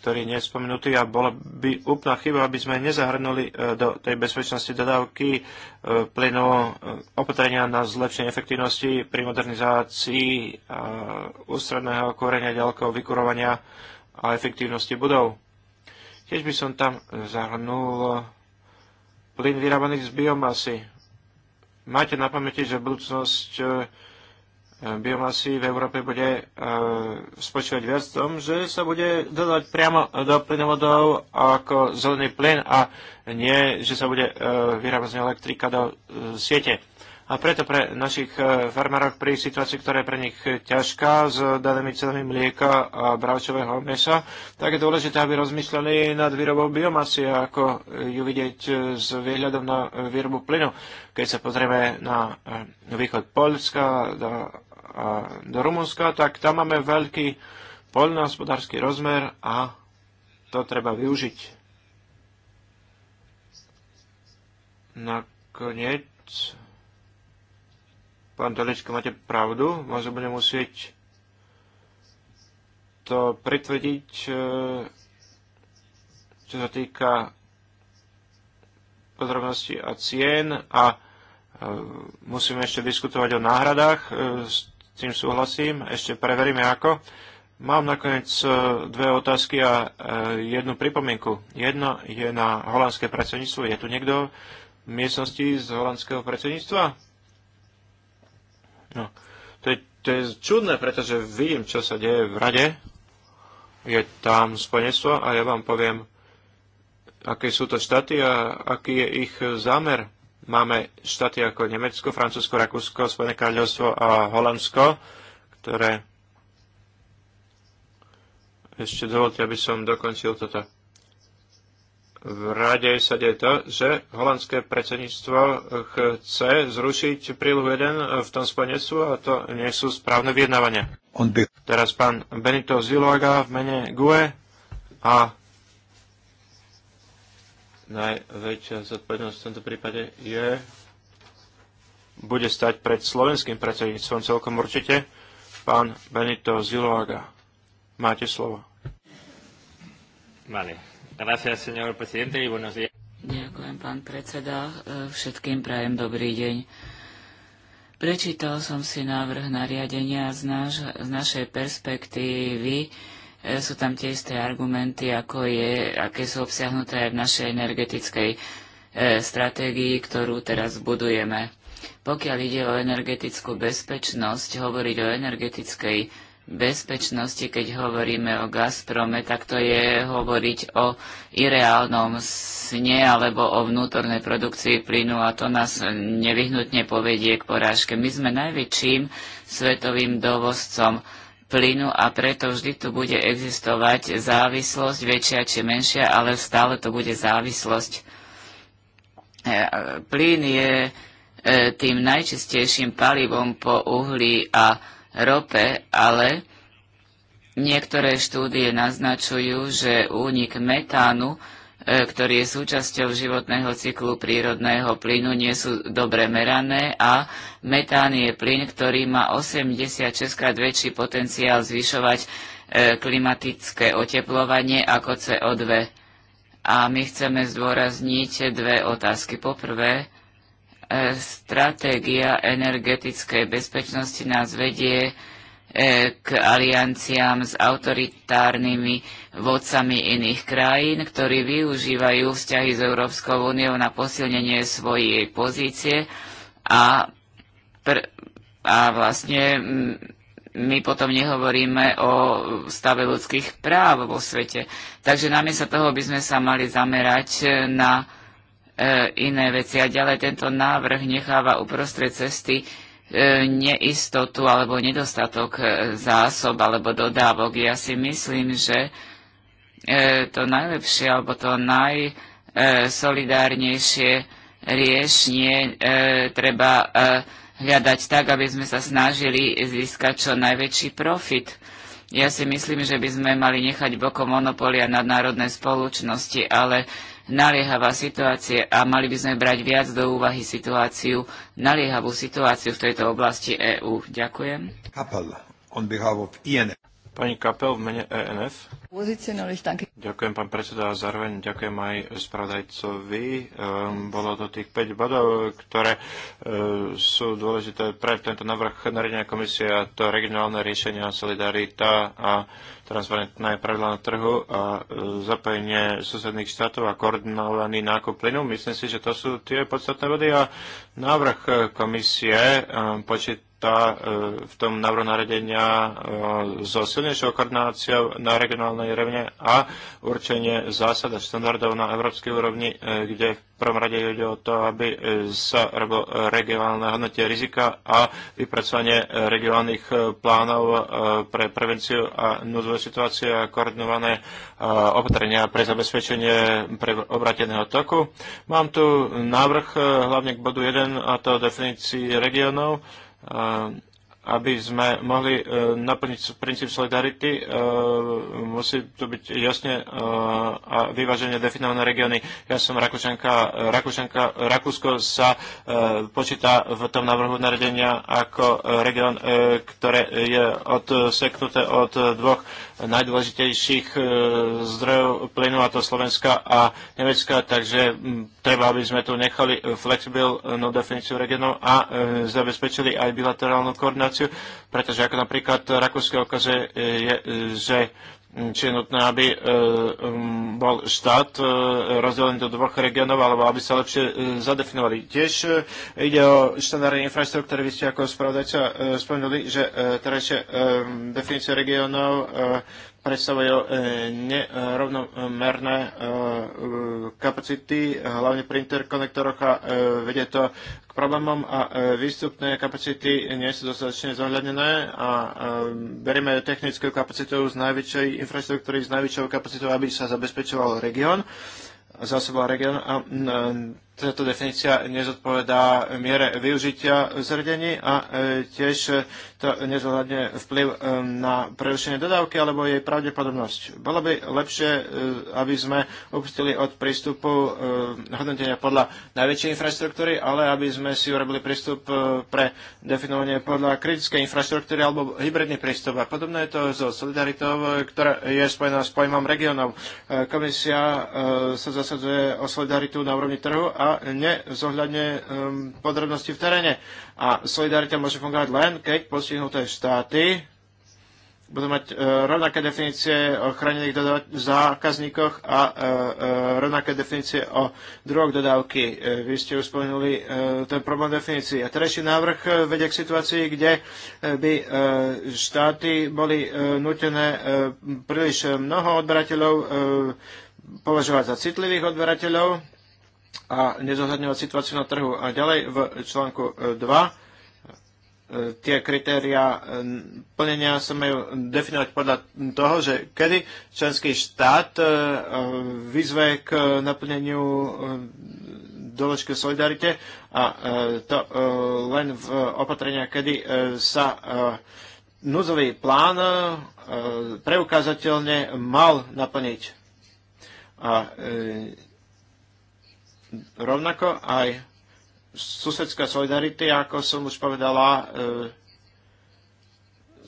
A: ktorý nie je spomenutý a bola by úplná chyba, aby sme nezahrnuli e, do tej bezpečnosti dodávky e, plynu e, opatrenia na zlepšenie efektivnosti pri modernizácii ústredného korenia ďalkého vykurovania a efektívnosti budov. Tiež by som tam zahrnul plyn vyrábaný z biomasy. Máte na pamäti, že budúcnosť biomasy v Európe bude e, spočívať viac v tom, že sa bude dodať priamo do plynovodov ako zelený plyn a nie, že sa bude e, vyrábať z elektrika do e, siete. A preto pre našich farmárov pri situácii, ktorá je pre nich ťažká s danými cenami mlieka a bravčového mesa, tak je dôležité, aby rozmýšľali nad výrobou biomasy, ako ju vidieť s výhľadom na výrobu plynu. Keď sa pozrieme na východ Polska, do do Rumunska, tak tam máme veľký poľnohospodársky rozmer a to treba využiť. Nakoniec, pán Toličko, máte pravdu, možno budem musieť to pritvrdiť, e, čo sa týka podrobností a cien a e, musíme ešte diskutovať o náhradách. Z e, tým súhlasím. Ešte preveríme ako. Mám nakoniec e, dve otázky a e, jednu pripomienku. Jedno je na holandské predsedníctvo. Je tu niekto v miestnosti z holandského predsedníctva? No, to je, to je čudné, pretože vidím, čo sa deje v rade. Je tam spojenstvo a ja vám poviem, aké sú to štáty a aký je ich zámer máme štáty ako Nemecko, Francúzsko, Rakúsko, Spojené kráľovstvo a Holandsko, ktoré ešte dovolte, aby som dokončil toto. V rade sa deje to, že holandské predsedníctvo chce zrušiť prílohu 1 v tom spojenectvu a to nie sú správne vyjednávania. Teraz pán Benito Ziloaga v mene GUE a najväčšia zodpovednosť v tomto prípade je bude stať pred slovenským predsedníctvom celkom určite. Pán Benito Ziloaga, máte slovo. Vale. Gracias, señor presidente, y buenos días.
B: Ďakujem, pán predseda. E, všetkým prajem dobrý deň. Prečítal som si návrh nariadenia z, naš, z našej perspektívy E, sú tam tie isté argumenty, ako je, aké sú obsiahnuté aj v našej energetickej e, stratégii, ktorú teraz budujeme. Pokiaľ ide o energetickú bezpečnosť, hovoriť o energetickej bezpečnosti, keď hovoríme o Gazprome, tak to je hovoriť o ireálnom sne alebo o vnútornej produkcii plynu a to nás nevyhnutne povedie k porážke. My sme najväčším svetovým dovozcom plynu a preto vždy tu bude existovať závislosť, väčšia či menšia, ale stále to bude závislosť. E, plyn je e, tým najčistejším palivom po uhlí a rope, ale niektoré štúdie naznačujú, že únik metánu E, ktorý je súčasťou životného cyklu prírodného plynu, nie sú dobre merané a metán je plyn, ktorý má 86 krát väčší potenciál zvyšovať e, klimatické oteplovanie ako CO2. A my chceme zdôrazniť dve otázky. Poprvé, e, stratégia energetickej bezpečnosti nás vedie E, k alianciám s autoritárnymi vodcami iných krajín, ktorí využívajú vzťahy s Európskou úniou na posilnenie svojej pozície a, pr- a vlastne my potom nehovoríme o stave ľudských práv vo svete. Takže namiesto toho by sme sa mali zamerať na e, iné veci. A ďalej tento návrh necháva uprostred cesty E, neistotu alebo nedostatok e, zásob alebo dodávok. Ja si myslím, že e, to najlepšie alebo to najsolidárnejšie riešenie treba hľadať tak, aby sme sa snažili získať čo najväčší profit. Ja si myslím, že by sme mali nechať bokom monopolia nadnárodné spoločnosti, ale naliehavá situácia a mali by sme brať viac do úvahy situáciu, naliehavú situáciu v
A: tejto oblasti EÚ. Ďakujem. Kapel, on e Pani Kapel v mene ENF. Ďakujem, pán predseda, a zároveň ďakujem aj spravodajcovi. Ehm, bolo to tých 5 bodov, ktoré e, sú dôležité pre tento návrh nariadenia komisie a to regionálne riešenia, solidarita a transparentné pravidla na trhu a e, zapojenie susedných štátov a koordinovaný nákup plynu. Myslím si, že to sú tie podstatné vody a návrh e, komisie e, počet tá e, v tom návrhu naredenia e, so silnejšou koordináciou na regionálnej rovne a určenie zásad a štandardov na európskej úrovni, e, kde v prvom rade ide o to, aby sa robilo regionálne hodnotie rizika a vypracovanie regionálnych plánov pre prevenciu a núdzové situácie a koordinované opatrenia pre zabezpečenie pre obrateného toku. Mám tu návrh hlavne k bodu 1 a to definícii regionov aby sme mohli e, naplniť princíp solidarity, e, musí to byť jasne e, a vyváženie definované regióny. Ja som Rakúšanka, Rakúšanka, Rakúsko sa počíta v tom návrhu naredenia ako región, ktoré je odseknuté od dvoch najdôležitejších zdrojov plynu, a to Slovenska a Nemecka, takže treba, aby sme tu nechali eh, flexibilnú definíciu regionov a eh, zabezpečili aj bilaterálnu koordináciu, pretože ako napríklad Rakúske okaze je, eh, že Mm, či je nutné, aby e, um, bol štát e, rozdelený do dvoch regionov, alebo aby sa lepšie e, zadefinovali. Tiež ide o štandardné infraštruktúry, vy ste ako spravodajca spomenuli, že terajšie definície regionov predstavujú nerovnomerné kapacity, hlavne pri interkonektoroch a vedie to problémom a e, výstupné kapacity nie sú dostatočne zohľadnené a e, berieme technickú kapacitu z najväčšej infraštruktúry, s najväčšou kapacitou, aby sa zabezpečoval región, zásoboval región a e, táto definícia nezodpovedá miere využitia zrdení a e, tiež to nezohľadne vplyv e, na prerušenie dodávky alebo jej pravdepodobnosť. Bolo by lepšie, e, aby sme upustili od prístupu hodnotenia podľa najväčšej infraštruktúry, ale aby sme si urobili prístup pre definovanie podľa kritickej infraštruktúry alebo hybridný prístup. A podobné je to so solidaritou, ktorá je spojená s pojmom regionov. Komisia sa zasadzuje o solidaritu na úrovni trhu a a um, podrobnosti v teréne. A solidarita môže fungovať len, keď postihnuté štáty budú mať uh, rovnaké definície o chránených zákazníkoch a uh, uh, rovnaké definície o druhoch dodávky. Vy ste už spomenuli ten problém definícií. A terajší návrh vedie k situácii, kde by štáty boli nutené príliš mnoho odberateľov považovať za citlivých odberateľov a nezohľadňovať situáciu na trhu. A ďalej v článku 2 e, e, tie kritéria e, plnenia sa majú definovať podľa toho, že kedy členský štát vyzve k naplneniu doložky solidarite a to len v opatrenia, kedy sa núzový plán preukázateľne mal naplniť. A rovnako aj susedská solidarity, ako som už povedala, e,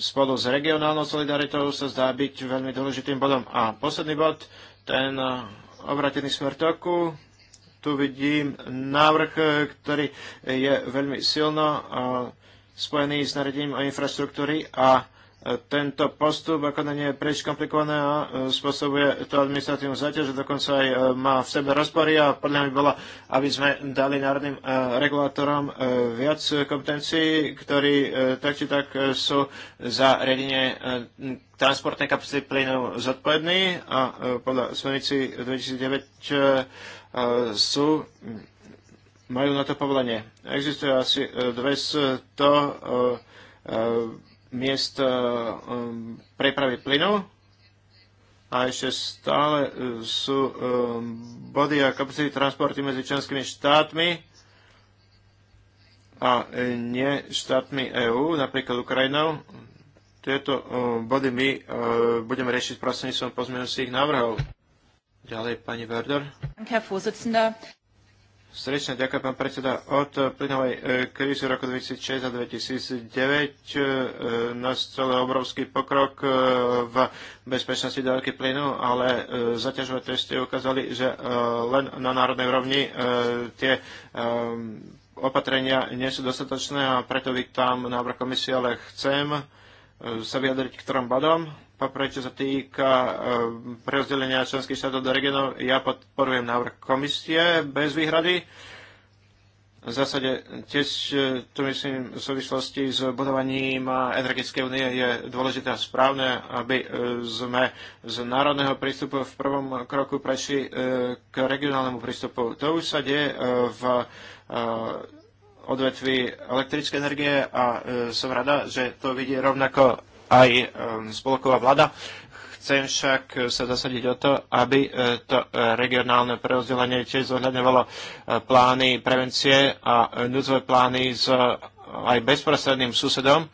A: spolu s regionálnou solidaritou sa zdá byť veľmi dôležitým bodom. A posledný bod, ten obratený smer toku. Tu vidím návrh, ktorý je veľmi silno e, spojený s naredením o infraštruktúry a tento postup ako nie je príliš komplikované a e, spôsobuje to administratívnu záťaž a dokonca aj e, má v sebe rozpory a podľa mňa by bolo, aby sme dali národným e, regulátorom viac kompetencií, ktorí tak či tak sú za riadenie transportnej kapacity plynu zodpovední a podľa smernici 2009 sú majú na to povolenie. Existuje asi 200 miest eh, eh, prepravy plynov a ešte stále eh, sú body a kapacity transporty medzi členskými štátmi a nie štátmi EÚ, napríklad Ukrajinou. Tieto body my budeme riešiť prostredníctvom pozmeňujúcich návrhov. Ďalej pani Werder. Srečne ďakujem, pán predseda. Od eh, plynovej eh, krízy roku 2006 a 2009 celý eh, obrovský pokrok v bezpečnosti dávky plynu, ale zaťažové testy ukázali, že len na národnej rovni tie opatrenia nie sú dostatočné a preto vítam návrh komisie, ale chcem sa vyjadriť k trom bodom poprvé, čo sa týka e, prerozdelenia členských štátov do regionov, ja podporujem návrh komisie bez výhrady. V zásade tiež e, tu myslím v súvislosti s budovaním energetickej únie je dôležité a správne, aby e, sme z národného prístupu v prvom kroku prešli k regionálnemu prístupu. To už sa deje v odvetvi elektrické energie a som rada, že to vidí rovnako aj e, spolková vláda. Chcem však e, sa zasadiť o to, aby e, to regionálne preozdelenie tiež zohľadňovalo plány prevencie a núdzové plány s aj bezprostredným susedom,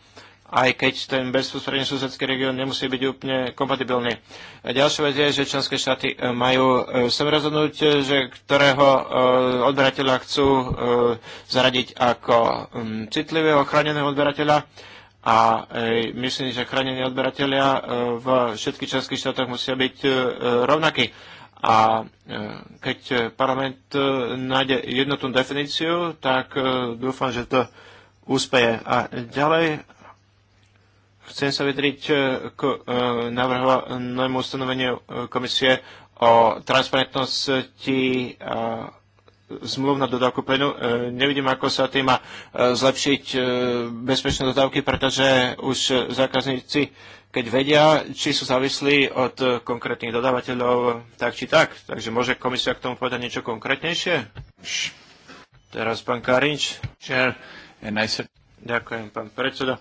A: aj keď ten bezprostredný susedský región nemusí byť úplne kompatibilný. Ďalšia vec je, že členské štáty majú sem rozhodnúť, že ktorého odberateľa chcú zaradiť ako mm, citlivého ochraneného odberateľa a myslím, že chránení odberatelia e, v všetkých členských štátoch musia byť e, rovnakí. A e, keď parlament nájde jednotnú definíciu, tak dúfam, že to úspeje. A ďalej chcem sa vydriť k navrhovanému ustanoveniu komisie o transparentnosti zmluv na dodávku plynu. E, nevidím, ako sa tým má e, zlepšiť e, bezpečné dodávky, pretože už zákazníci, keď vedia, či sú závislí od konkrétnych dodávateľov, tak či tak. Takže môže komisia k tomu povedať niečo konkrétnejšie? Teraz pán Karinč. Ďakujem, pán predseda.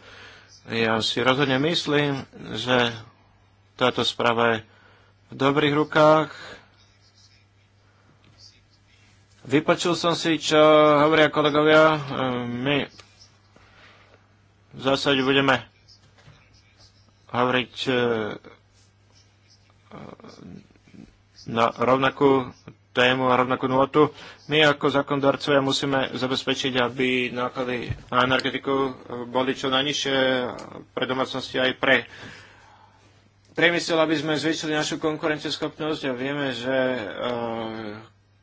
A: Ja si rozhodne myslím, že táto správa je v dobrých rukách Vypočul som si, čo hovoria kolegovia. E, my v zásade budeme hovoriť e, na rovnakú tému a rovnakú nôtu. My ako zákondarcovia musíme zabezpečiť, aby náklady na energetiku e, boli čo najnižšie pre domácnosti aj pre priemysel, aby sme zvýšili našu konkurencieschopnosť a vieme, že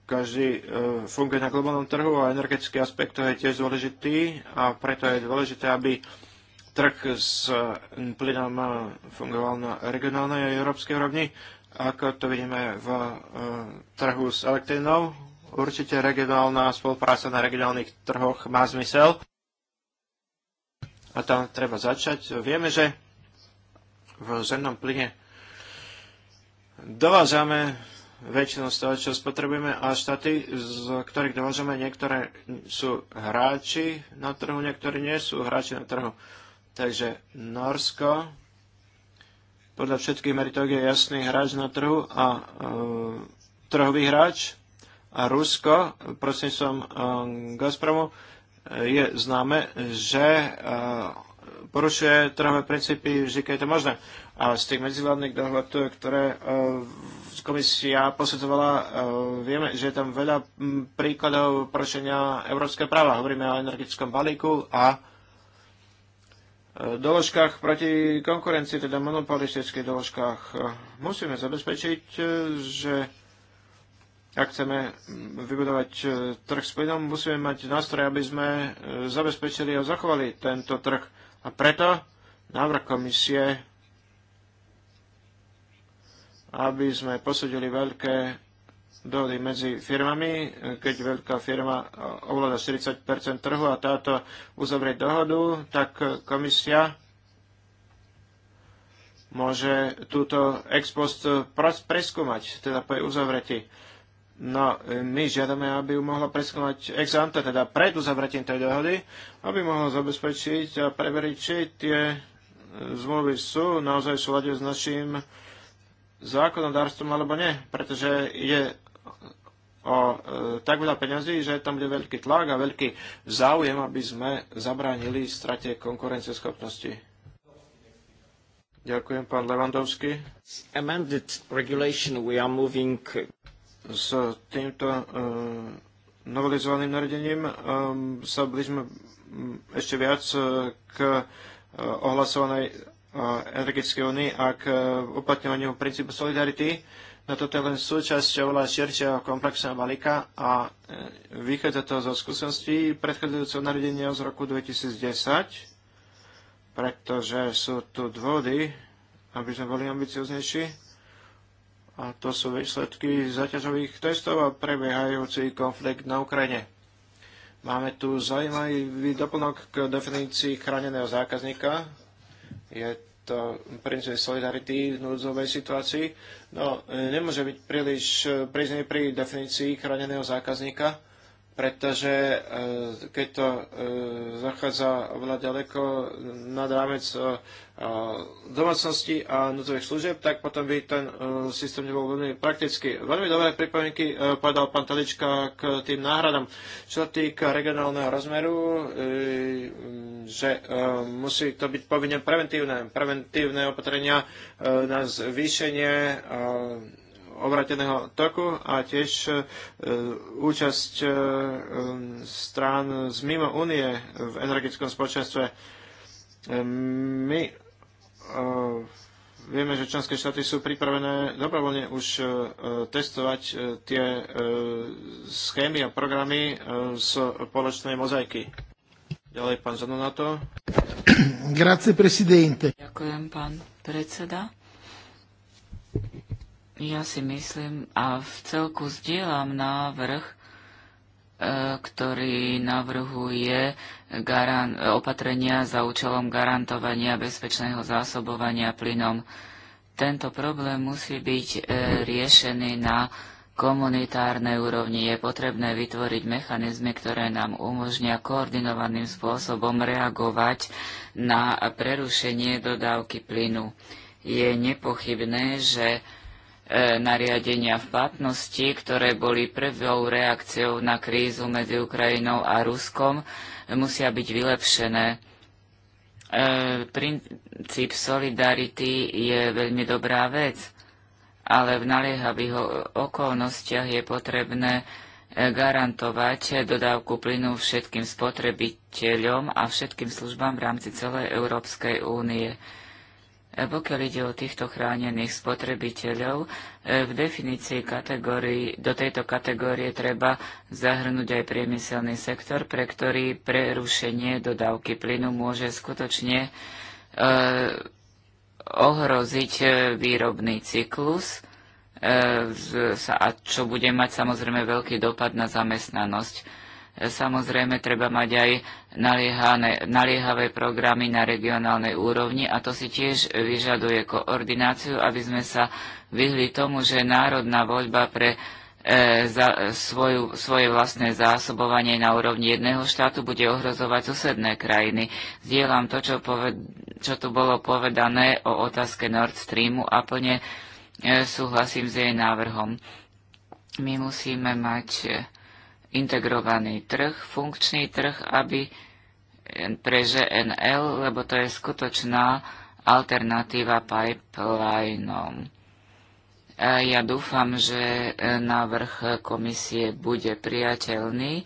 A: každý e, funguje na globálnom trhu a energetický aspekt to je tiež dôležitý a preto je dôležité, aby trh s plynom fungoval na regionálnej a európskej úrovni, ako to vidíme v e, trhu s elektrínou. Určite regionálna spolupráca na regionálnych trhoch má zmysel a tam treba začať. Vieme, že v zemnom plyne dovážame väčšinu z toho, čo spotrebujeme a štáty, z ktorých dovážame, niektoré sú hráči na trhu, niektorí nie sú hráči na trhu. Takže Norsko podľa všetkých meritok je jasný hráč na trhu a e, trhový hráč a Rusko som e, Gazpromu e, je známe, že e, porušuje trhové princípy vždy, keď je to možné. A z tých medzivládnych dohľadov, ktoré e, komisia posudzovala, e, vieme, že je tam veľa príkladov porušenia európskeho práva. Hovoríme o energetickom balíku a e, doložkách proti konkurencii, teda monopolistických doložkách. Musíme zabezpečiť, že ak chceme vybudovať trh s plynom, musíme mať nástroj, aby sme zabezpečili a zachovali tento trh. A preto návrh komisie aby sme posúdili veľké dohody medzi firmami, keď veľká firma ovláda 40 trhu a táto uzavrie dohodu, tak komisia môže túto ex post preskúmať, teda po jej uzavretí. No, my žiadame, aby ju mohla preskúmať ex ante, teda pred uzavretím tej dohody, aby mohla zabezpečiť a preveriť, či tie zmluvy sú naozaj v s našim zákonodárstvom alebo nie, pretože je o e, tak veľa peňazí, že tam bude veľký tlak a veľký záujem, aby sme zabránili strate konkurencieschopnosti. Ďakujem, pán Levandovský. Moving... S týmto e, novelizovaným nariadením e, sa blížme ešte viac e, k e, ohlasovanej energetickej únii a k e, uplatňovaniu princípu solidarity. No toto je len súčasť oveľa širšieho komplexného balíka a e, vychádza to zo skúseností predchádzajúceho nariadenia z roku 2010, pretože sú tu dôvody, aby sme boli ambicioznejší. A to sú výsledky zaťažových testov a prebiehajúci konflikt na Ukrajine. Máme tu zaujímavý doplnok k definícii chráneného zákazníka, je to princíp solidarity v núdzovej situácii. No, e, nemôže byť príliš e, príznej pri definícii chráneného zákazníka pretože e, keď to e, zachádza oveľa ďaleko nad rámec e, domácnosti a nutových služieb, tak potom by ten systém nebol veľmi praktický. Veľmi dobré pripomienky povedal pán Talička k tým náhradám. Čo týka regionálneho rozmeru, že musí to byť povinne preventívne. Preventívne opatrenia na zvýšenie obrateného toku a tiež e, účasť e, um, strán z mimo únie v energetickom spoločenstve. E, my vieme, že členské štáty sú pripravené dobrovoľne už testovať tie schémy a programy z spoločnej mozaiky. Ďalej pán Zanonato. Grazie, presidente. Ďakujem, pán predseda.
B: Ja si myslím a v celku zdieľam návrh, e, ktorý navrhuje opatrenia za účelom garantovania bezpečného zásobovania plynom. Tento problém musí byť e, riešený na komunitárnej úrovni. Je potrebné vytvoriť mechanizmy, ktoré nám umožnia koordinovaným spôsobom reagovať na prerušenie dodávky plynu. Je nepochybné, že E, nariadenia v platnosti, ktoré boli prvou reakciou na krízu medzi Ukrajinou a Ruskom, musia byť vylepšené. E, princíp solidarity je veľmi dobrá vec, ale v naliehavých okolnostiach je potrebné e, garantovať dodávku plynu všetkým spotrebiteľom a všetkým službám v rámci celej Európskej únie. Pokiaľ ide o týchto chránených spotrebiteľov, e, v definícii kategórii, do tejto kategórie treba zahrnúť aj priemyselný sektor, pre ktorý prerušenie dodávky plynu môže skutočne e, ohroziť e, výrobný cyklus a čo bude mať samozrejme veľký dopad na zamestnanosť Samozrejme, treba mať aj naliehavé programy na regionálnej úrovni a to si tiež vyžaduje koordináciu, aby sme sa vyhli tomu, že národná voľba pre e, za, svoju, svoje vlastné zásobovanie na úrovni jedného štátu bude ohrozovať susedné krajiny. Zdieľam to, čo, poved, čo tu bolo povedané o otázke Nord Streamu a plne e, súhlasím s jej návrhom. My musíme mať. E, integrovaný trh, funkčný trh, aby eh, pre ŽNL, lebo to je skutočná alternatíva pipelinom. Ja dúfam, že eh, návrh komisie bude priateľný,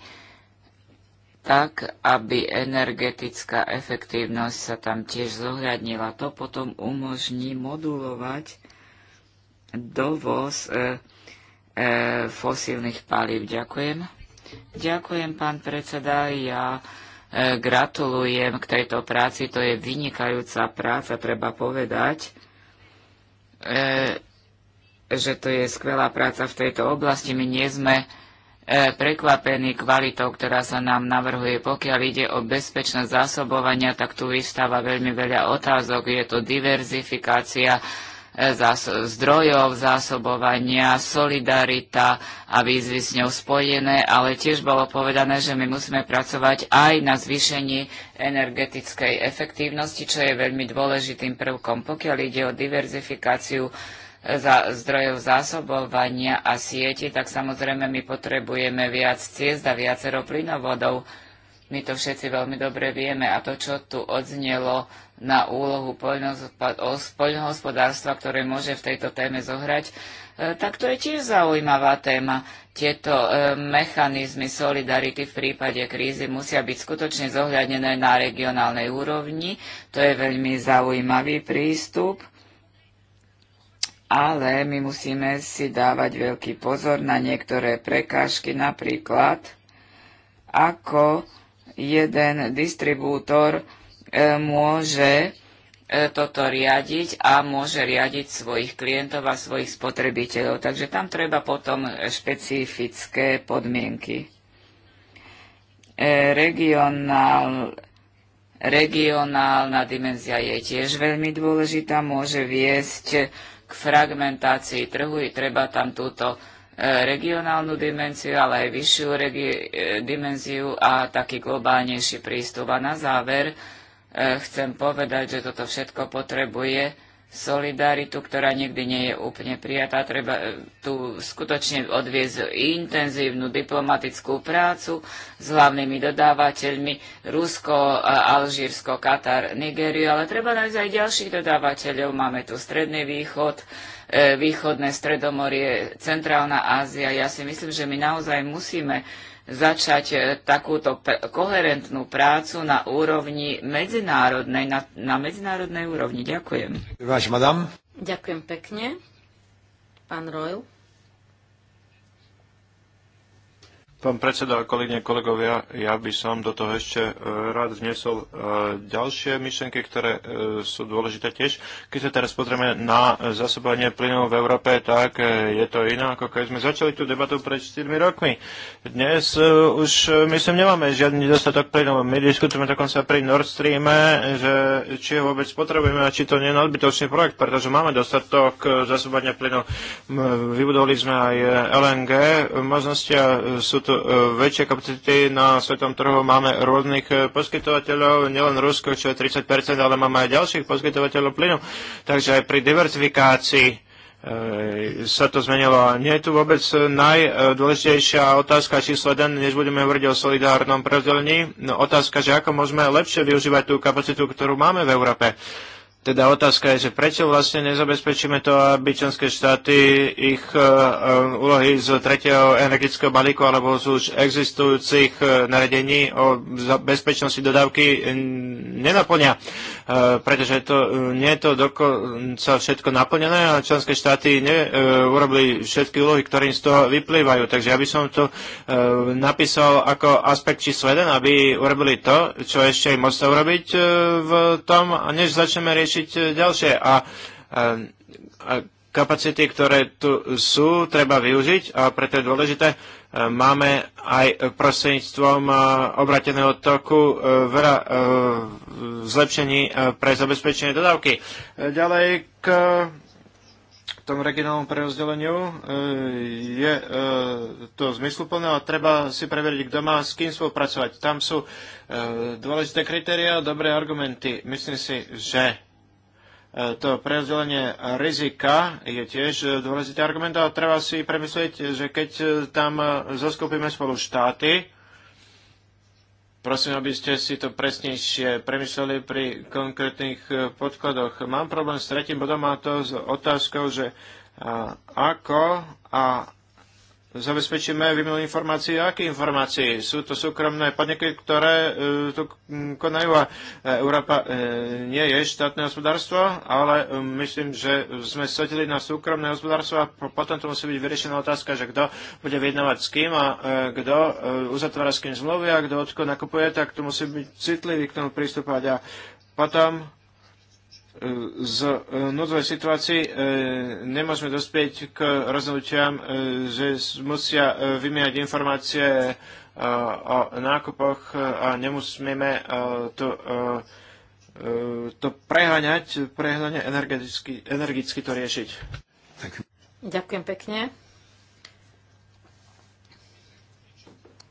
B: tak aby energetická efektívnosť sa tam tiež zohľadnila. To potom umožní modulovať dovoz e, e, fosílnych palív. Ďakujem. Ďakujem, pán predseda. Ja e, gratulujem k tejto práci. To je vynikajúca práca, treba povedať, e, že to je skvelá práca v tejto oblasti. My nie sme e, prekvapení kvalitou, ktorá sa nám navrhuje. Pokiaľ ide o bezpečnosť zásobovania, tak tu vystáva veľmi veľa otázok. Je to diverzifikácia zás zdrojov, zásobovania, solidarita a výzvy s ňou spojené, ale tiež bolo povedané, že my musíme pracovať aj na zvýšení energetickej efektívnosti, čo je veľmi dôležitým prvkom. Pokiaľ ide o diverzifikáciu e, za zdrojov zásobovania a sieti, tak samozrejme my potrebujeme viac ciest a viacero plynovodov. My to všetci veľmi dobre vieme a to, čo tu odznelo na úlohu poľnohospodárstva, ktoré môže v tejto téme zohrať, e, tak to je tiež zaujímavá téma. Tieto e, mechanizmy solidarity v prípade krízy musia byť skutočne zohľadnené na regionálnej úrovni. To je veľmi zaujímavý prístup. Ale my musíme si dávať veľký pozor na niektoré prekážky, napríklad ako jeden distribútor E, môže e, toto riadiť a môže riadiť svojich klientov a svojich spotrebiteľov. Takže tam treba potom špecifické podmienky. E, regionál, regionálna dimenzia je tiež veľmi dôležitá, môže viesť k fragmentácii trhu i treba tam túto regionálnu dimenziu, ale aj vyššiu dimenziu a taký globálnejší prístup. A na záver, E, chcem povedať, že toto všetko potrebuje solidaritu, ktorá nikdy nie je úplne prijatá. Treba e, tu skutočne odviezť intenzívnu diplomatickú prácu s hlavnými dodávateľmi Rusko, e, Alžírsko, Katar, Nigériu, ale treba nájsť aj ďalších dodávateľov. Máme tu Stredný východ, východné Stredomorie, Centrálna Ázia. Ja si myslím, že my naozaj musíme začať e, takúto koherentnú prácu na úrovni medzinárodnej, na, na medzinárodnej úrovni. Ďakujem. Váš, madam.
C: Ďakujem pekne. Pán Royal.
A: Pán predseda, kolegyne, kolegovia, ja by som do toho ešte e, rád vnesol e, ďalšie myšlenky, ktoré e, sú dôležité tiež. Keď sa teraz pozrieme na zasobanie plynov v Európe, tak je to iné, ako keď sme začali tú debatu pred 4 rokmi. Dnes už myslím nemáme žiadny nedostatok plynov. My diskutujeme dokonca pri Nord Stream, že či ho vôbec potrebujeme a či to nie je nadbytočný projekt, pretože máme dostatok zasobania plynov. Vybudovali sme aj LNG možnosti sú to E, väčšie kapacity na svetom trhu. Máme rôznych e, poskytovateľov, nielen Rusko, čo je 30%, ale máme aj ďalších poskytovateľov plynu. Takže aj pri diversifikácii e, sa to zmenilo. Nie je tu vôbec najdôležitejšia otázka číslo 1, než budeme hovoriť o solidárnom prezdelení. No, otázka, že ako môžeme lepšie využívať tú kapacitu, ktorú máme v Európe. Teda otázka je, že prečo vlastne nezabezpečíme to, aby členské štáty ich e, e, úlohy z tretieho energetického balíku alebo z už existujúcich e, naredení o bezpečnosti dodávky nenaplňa. Pretože to, nie je to dokonca všetko naplnené a členské štáty neurobili všetky úlohy, ktoré im z toho vyplývajú. Takže ja by som to napísal ako aspekt číslo 1, aby urobili to, čo ešte aj môžete urobiť v tom, než začneme riešiť riešiť e, ďalšie. A, a, a kapacity, ktoré tu sú, treba využiť a preto je dôležité. E, máme aj prostredníctvom e, obrateného toku veľa zlepšení pre zabezpečenie dodávky. Ďalej k tom regionálnom prerozdeleniu je to zmysluplné a treba si preveriť, kto má s kým spolupracovať. Tam sú dôležité kritéria, dobré argumenty. Myslím si, že E, to preozdelenie rizika je tiež e, dôležitý argument a treba si premyslieť, že keď e, tam zoskupíme spolu štáty, prosím, aby ste si to presnejšie premysleli pri konkrétnych podkladoch. Mám problém s tretím bodom a to s otázkou, že ako a zabezpečíme výmenu informácií. Aké informácií? Sú to súkromné podniky, ktoré e, eh, tu konajú a Európa eh, e, eh, nie je štátne hospodárstvo, ale e, myslím, že sme sedeli na súkromné hospodárstvo a potom to musí byť vyriešená otázka, že kto bude vyjednávať s kým a e, kto e, uzatvára s kým zmluvy a kto odko nakupuje, tak to musí byť citlivý k tomu prístupovať A potom z e, núdzovej situácii e, nemôžeme dospieť k rozhodnutiam, e, že musia vymieňať informácie o nákupoch a nemusíme to, to preháňať, preháňať energeticky, energicky to riešiť.
C: Ďakujem pekne.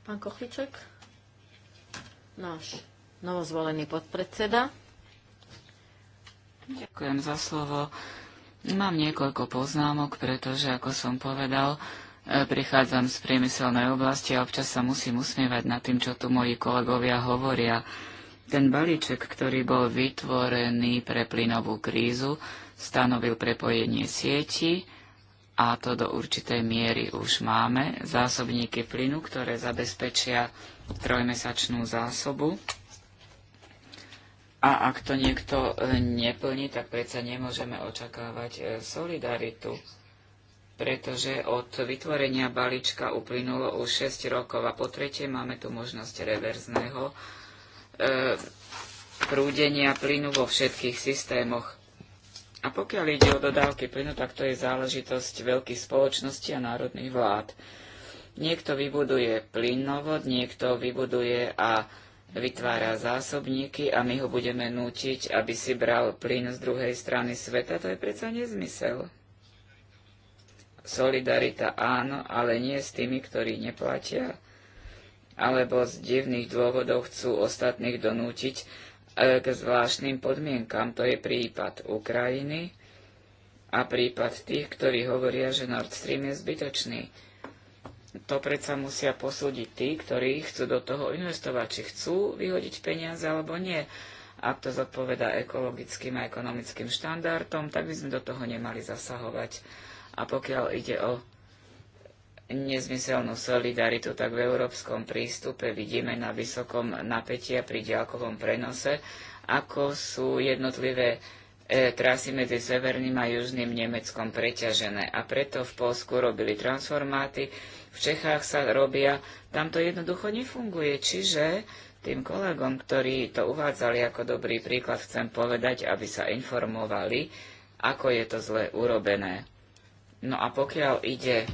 C: Pán Kochliček, náš novozvolený podpredseda.
B: Ďakujem za slovo. Mám niekoľko poznámok, pretože, ako som povedal, e, prichádzam z priemyselnej oblasti a občas sa musím usmievať nad tým, čo tu moji kolegovia hovoria. Ten balíček, ktorý bol vytvorený pre plynovú krízu, stanovil prepojenie sieti a to do určitej miery už máme. Zásobníky plynu, ktoré zabezpečia trojmesačnú zásobu a ak to niekto e, neplní, tak predsa nemôžeme očakávať e, solidaritu, pretože od vytvorenia balíčka uplynulo už 6 rokov a po tretie máme tu možnosť reverzného e, prúdenia plynu vo všetkých systémoch. A pokiaľ ide o dodávky plynu, tak to je záležitosť veľkých spoločností a národných vlád. Niekto vybuduje plynovod, niekto vybuduje a vytvára zásobníky a my ho budeme nútiť, aby si bral plyn z druhej strany sveta, to je predsa nezmysel. Solidarita áno, ale nie s tými, ktorí neplatia, alebo z divných dôvodov chcú ostatných donútiť e, k zvláštnym podmienkam. To je prípad Ukrajiny a prípad tých, ktorí hovoria, že Nord Stream je zbytočný to predsa musia posúdiť tí, ktorí chcú do toho investovať, či chcú vyhodiť peniaze alebo nie. Ak to zodpoveda ekologickým a ekonomickým štandardom, tak by sme do toho nemali zasahovať. A pokiaľ ide o nezmyselnú solidaritu, tak v európskom prístupe vidíme na vysokom napätí a pri diaľkovom prenose, ako sú jednotlivé e, trasy medzi severným a južným Nemeckom preťažené. A preto v Polsku robili transformáty, v Čechách sa robia, tam to jednoducho nefunguje. Čiže tým kolegom, ktorí to uvádzali ako dobrý príklad, chcem povedať, aby sa informovali, ako je to zle urobené. No a pokiaľ ide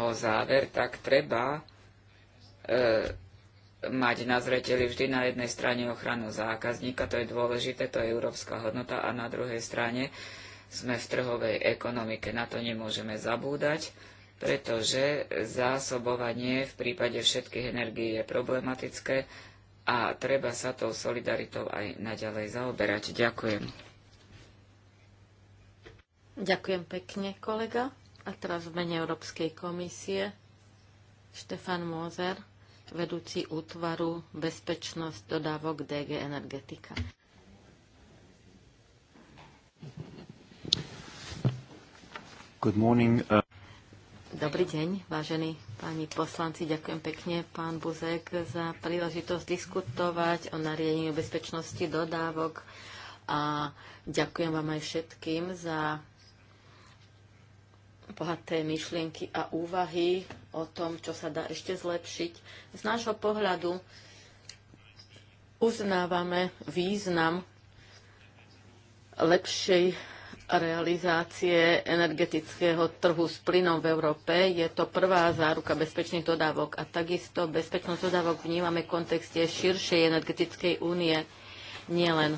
B: o záver, tak treba e, mať na zreteli vždy na jednej strane ochranu zákazníka, to je dôležité, to je európska hodnota, a na druhej strane sme v trhovej ekonomike, na to nemôžeme zabúdať pretože zásobovanie v prípade všetkých energií je problematické a treba sa tou solidaritou aj naďalej zaoberať. Ďakujem.
C: Ďakujem pekne, kolega. A teraz v mene Európskej komisie Štefan Mozer, vedúci útvaru Bezpečnosť dodávok DG Energetika.
A: Good morning. Uh...
C: Dobrý deň, vážení páni poslanci. Ďakujem pekne, pán Buzek, za príležitosť diskutovať o nariadení o bezpečnosti dodávok a ďakujem vám aj všetkým za bohaté myšlienky a úvahy o tom, čo sa dá ešte zlepšiť. Z nášho pohľadu uznávame význam lepšej realizácie energetického trhu s plynom v Európe. Je to prvá záruka bezpečných dodávok a takisto bezpečnosť dodávok vnímame v kontexte širšej energetickej únie, nielen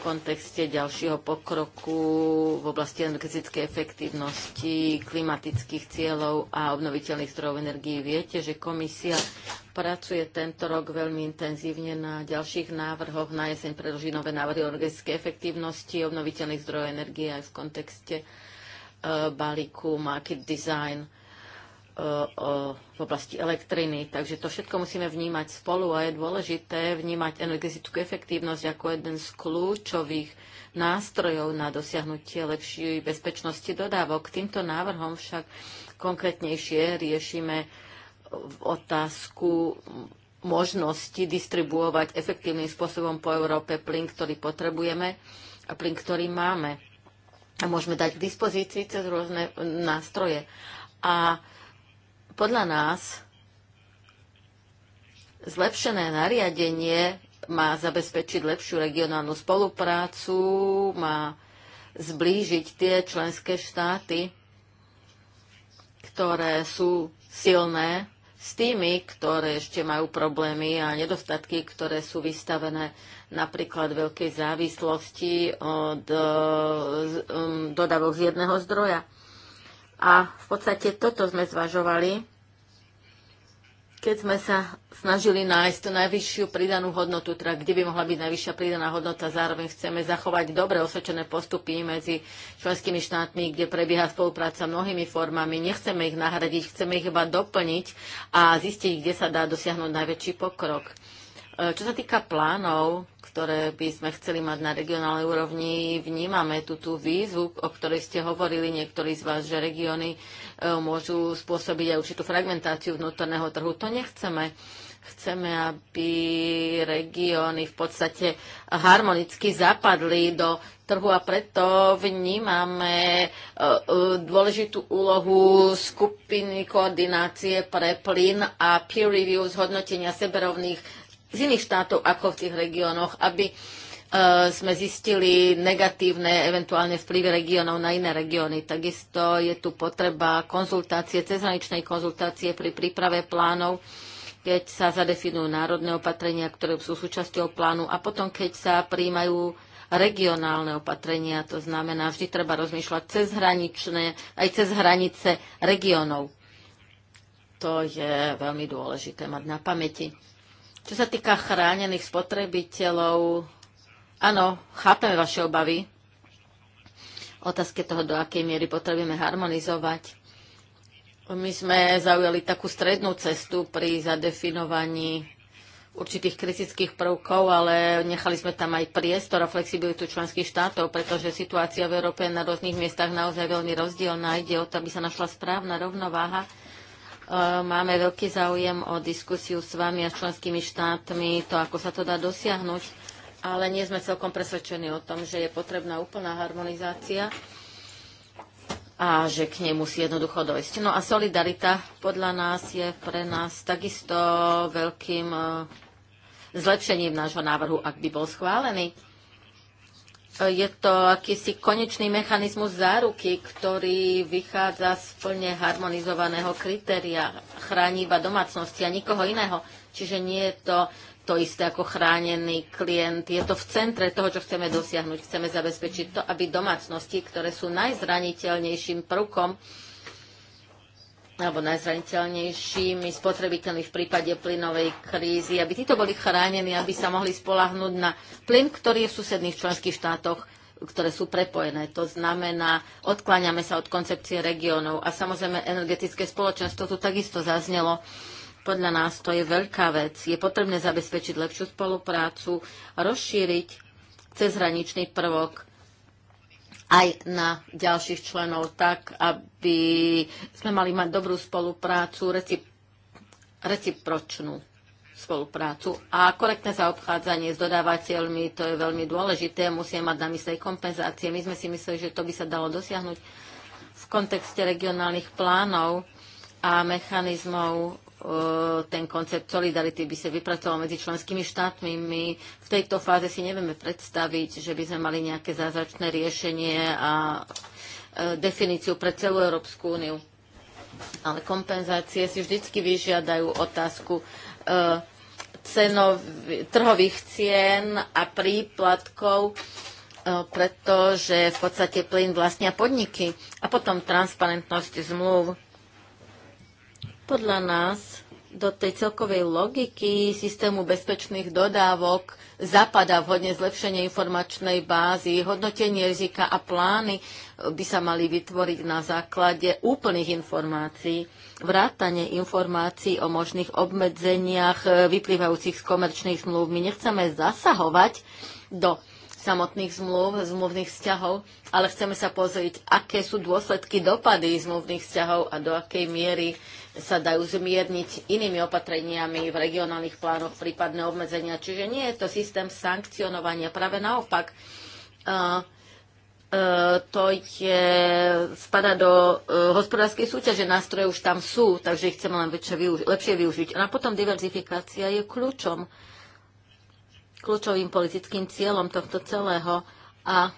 C: kontexte ďalšieho pokroku v oblasti energetickej efektívnosti, klimatických cieľov a obnoviteľných zdrojov energií. Viete, že komisia pracuje tento rok veľmi intenzívne na ďalších návrhoch. Na jeseň predloží nové návrhy o energetickej efektívnosti, obnoviteľných zdrojov energie aj v kontexte e, balíku Market Design v oblasti elektriny. Takže to všetko musíme vnímať spolu a je dôležité vnímať energetickú efektívnosť ako jeden z kľúčových nástrojov na dosiahnutie lepšej bezpečnosti dodávok. Týmto návrhom však konkrétnejšie riešime otázku možnosti distribuovať efektívnym spôsobom po Európe plyn, ktorý potrebujeme a plyn, ktorý máme. A môžeme dať k dispozícii cez rôzne nástroje. A podľa nás zlepšené nariadenie má zabezpečiť lepšiu regionálnu spoluprácu, má zblížiť tie členské štáty, ktoré sú silné s tými, ktoré ešte majú problémy a nedostatky, ktoré sú vystavené napríklad veľkej závislosti od eh, mm, dodavok z jedného zdroja. A v podstate toto sme zvažovali, keď sme sa snažili nájsť tú najvyššiu pridanú hodnotu, teda kde by mohla byť najvyššia pridaná hodnota. Zároveň chceme zachovať dobre osvedčené postupy medzi členskými štátmi, kde prebieha spolupráca mnohými formami. Nechceme ich nahradiť, chceme ich iba doplniť a zistiť, kde sa dá dosiahnuť najväčší pokrok. Čo sa týka plánov, ktoré by sme chceli mať na regionálnej úrovni, vnímame tú, tú výzvu, o ktorej ste hovorili niektorí z vás, že regióny e, môžu spôsobiť aj určitú fragmentáciu vnútorného trhu. To nechceme chceme, aby regióny v podstate harmonicky zapadli do trhu a preto vnímame e, e, dôležitú úlohu skupiny koordinácie pre plyn a peer review zhodnotenia seberovných z iných štátov ako v tých regiónoch, aby e, sme zistili negatívne eventuálne vplyvy regiónov na iné regióny. Takisto je tu potreba konzultácie, cezhraničnej konzultácie pri príprave plánov, keď sa zadefinujú národné opatrenia, ktoré sú súčasťou plánu a potom, keď sa príjmajú regionálne opatrenia, to znamená, vždy treba rozmýšľať cezhraničné, aj cez hranice regiónov. To je veľmi dôležité mať na pamäti. Čo sa týka chránených spotrebiteľov, áno, chápeme vaše obavy. Otázke toho, do akej miery potrebujeme harmonizovať. My sme zaujali takú strednú cestu pri zadefinovaní určitých kritických prvkov, ale nechali sme tam aj priestor a flexibilitu členských štátov, pretože situácia v Európe na rôznych miestach naozaj veľmi rozdielna. Ide o to, aby sa našla správna rovnováha E, máme veľký záujem o diskusiu s vami a s členskými štátmi, to, ako sa to dá dosiahnuť, ale nie sme celkom presvedčení o tom, že je potrebná úplná harmonizácia a že k nej musí jednoducho dojsť. No a solidarita podľa nás je pre nás takisto veľkým e, zlepšením nášho návrhu, ak by bol schválený je to akýsi konečný mechanizmus záruky, ktorý vychádza z plne harmonizovaného kritéria. Chráni iba domácnosti a nikoho iného. Čiže nie je to to isté ako chránený klient. Je to v centre toho, čo chceme dosiahnuť. Chceme zabezpečiť to, aby domácnosti, ktoré sú najzraniteľnejším prvkom, alebo najzraniteľnejšími spotrebiteľmi v prípade plynovej krízy, aby títo boli chránení, aby sa mohli spolahnúť na plyn, ktorý je v susedných členských štátoch ktoré sú prepojené. To znamená, odkláňame sa od koncepcie regiónov a samozrejme energetické spoločenstvo tu takisto zaznelo. Podľa nás to je veľká vec. Je potrebné zabezpečiť lepšiu spoluprácu, rozšíriť cezhraničný prvok aj na ďalších členov, tak aby sme mali mať dobrú spoluprácu, recipročnú spoluprácu. A korektné zaobchádzanie s dodávateľmi, to je veľmi dôležité, musíme mať na mysle aj kompenzácie. My sme si mysleli, že to by sa dalo dosiahnuť v kontekste regionálnych plánov a mechanizmov E, ten koncept solidarity by sa vypracoval medzi členskými štátmi. My v tejto fáze si nevieme predstaviť, že by sme mali nejaké zázračné riešenie a e, definíciu pre celú Európsku úniu. Ale kompenzácie si vždycky vyžiadajú otázku e, cenov, trhových cien a príplatkov pretože v podstate plyn vlastnia podniky a potom transparentnosť zmluv podľa nás do tej celkovej logiky systému bezpečných dodávok zapadá vhodne zlepšenie informačnej bázy, hodnotenie rizika a plány by sa mali vytvoriť na základe úplných informácií, vrátanie informácií o možných obmedzeniach e, vyplývajúcich z komerčných zmluv. My nechceme zasahovať do samotných zmluv, zmluvných vzťahov, ale chceme sa pozrieť, aké sú dôsledky dopady zmluvných vzťahov a do akej miery sa dajú zmierniť inými opatreniami v regionálnych plánoch, prípadné obmedzenia. Čiže nie je to systém sankcionovania, práve naopak. E, e, to je, spada do e, hospodárskej súťaže, nástroje už tam sú, takže ich chceme len väčšie lepšie využiť. A potom diverzifikácia je kľúčom, kľúčovým politickým cieľom tohto celého a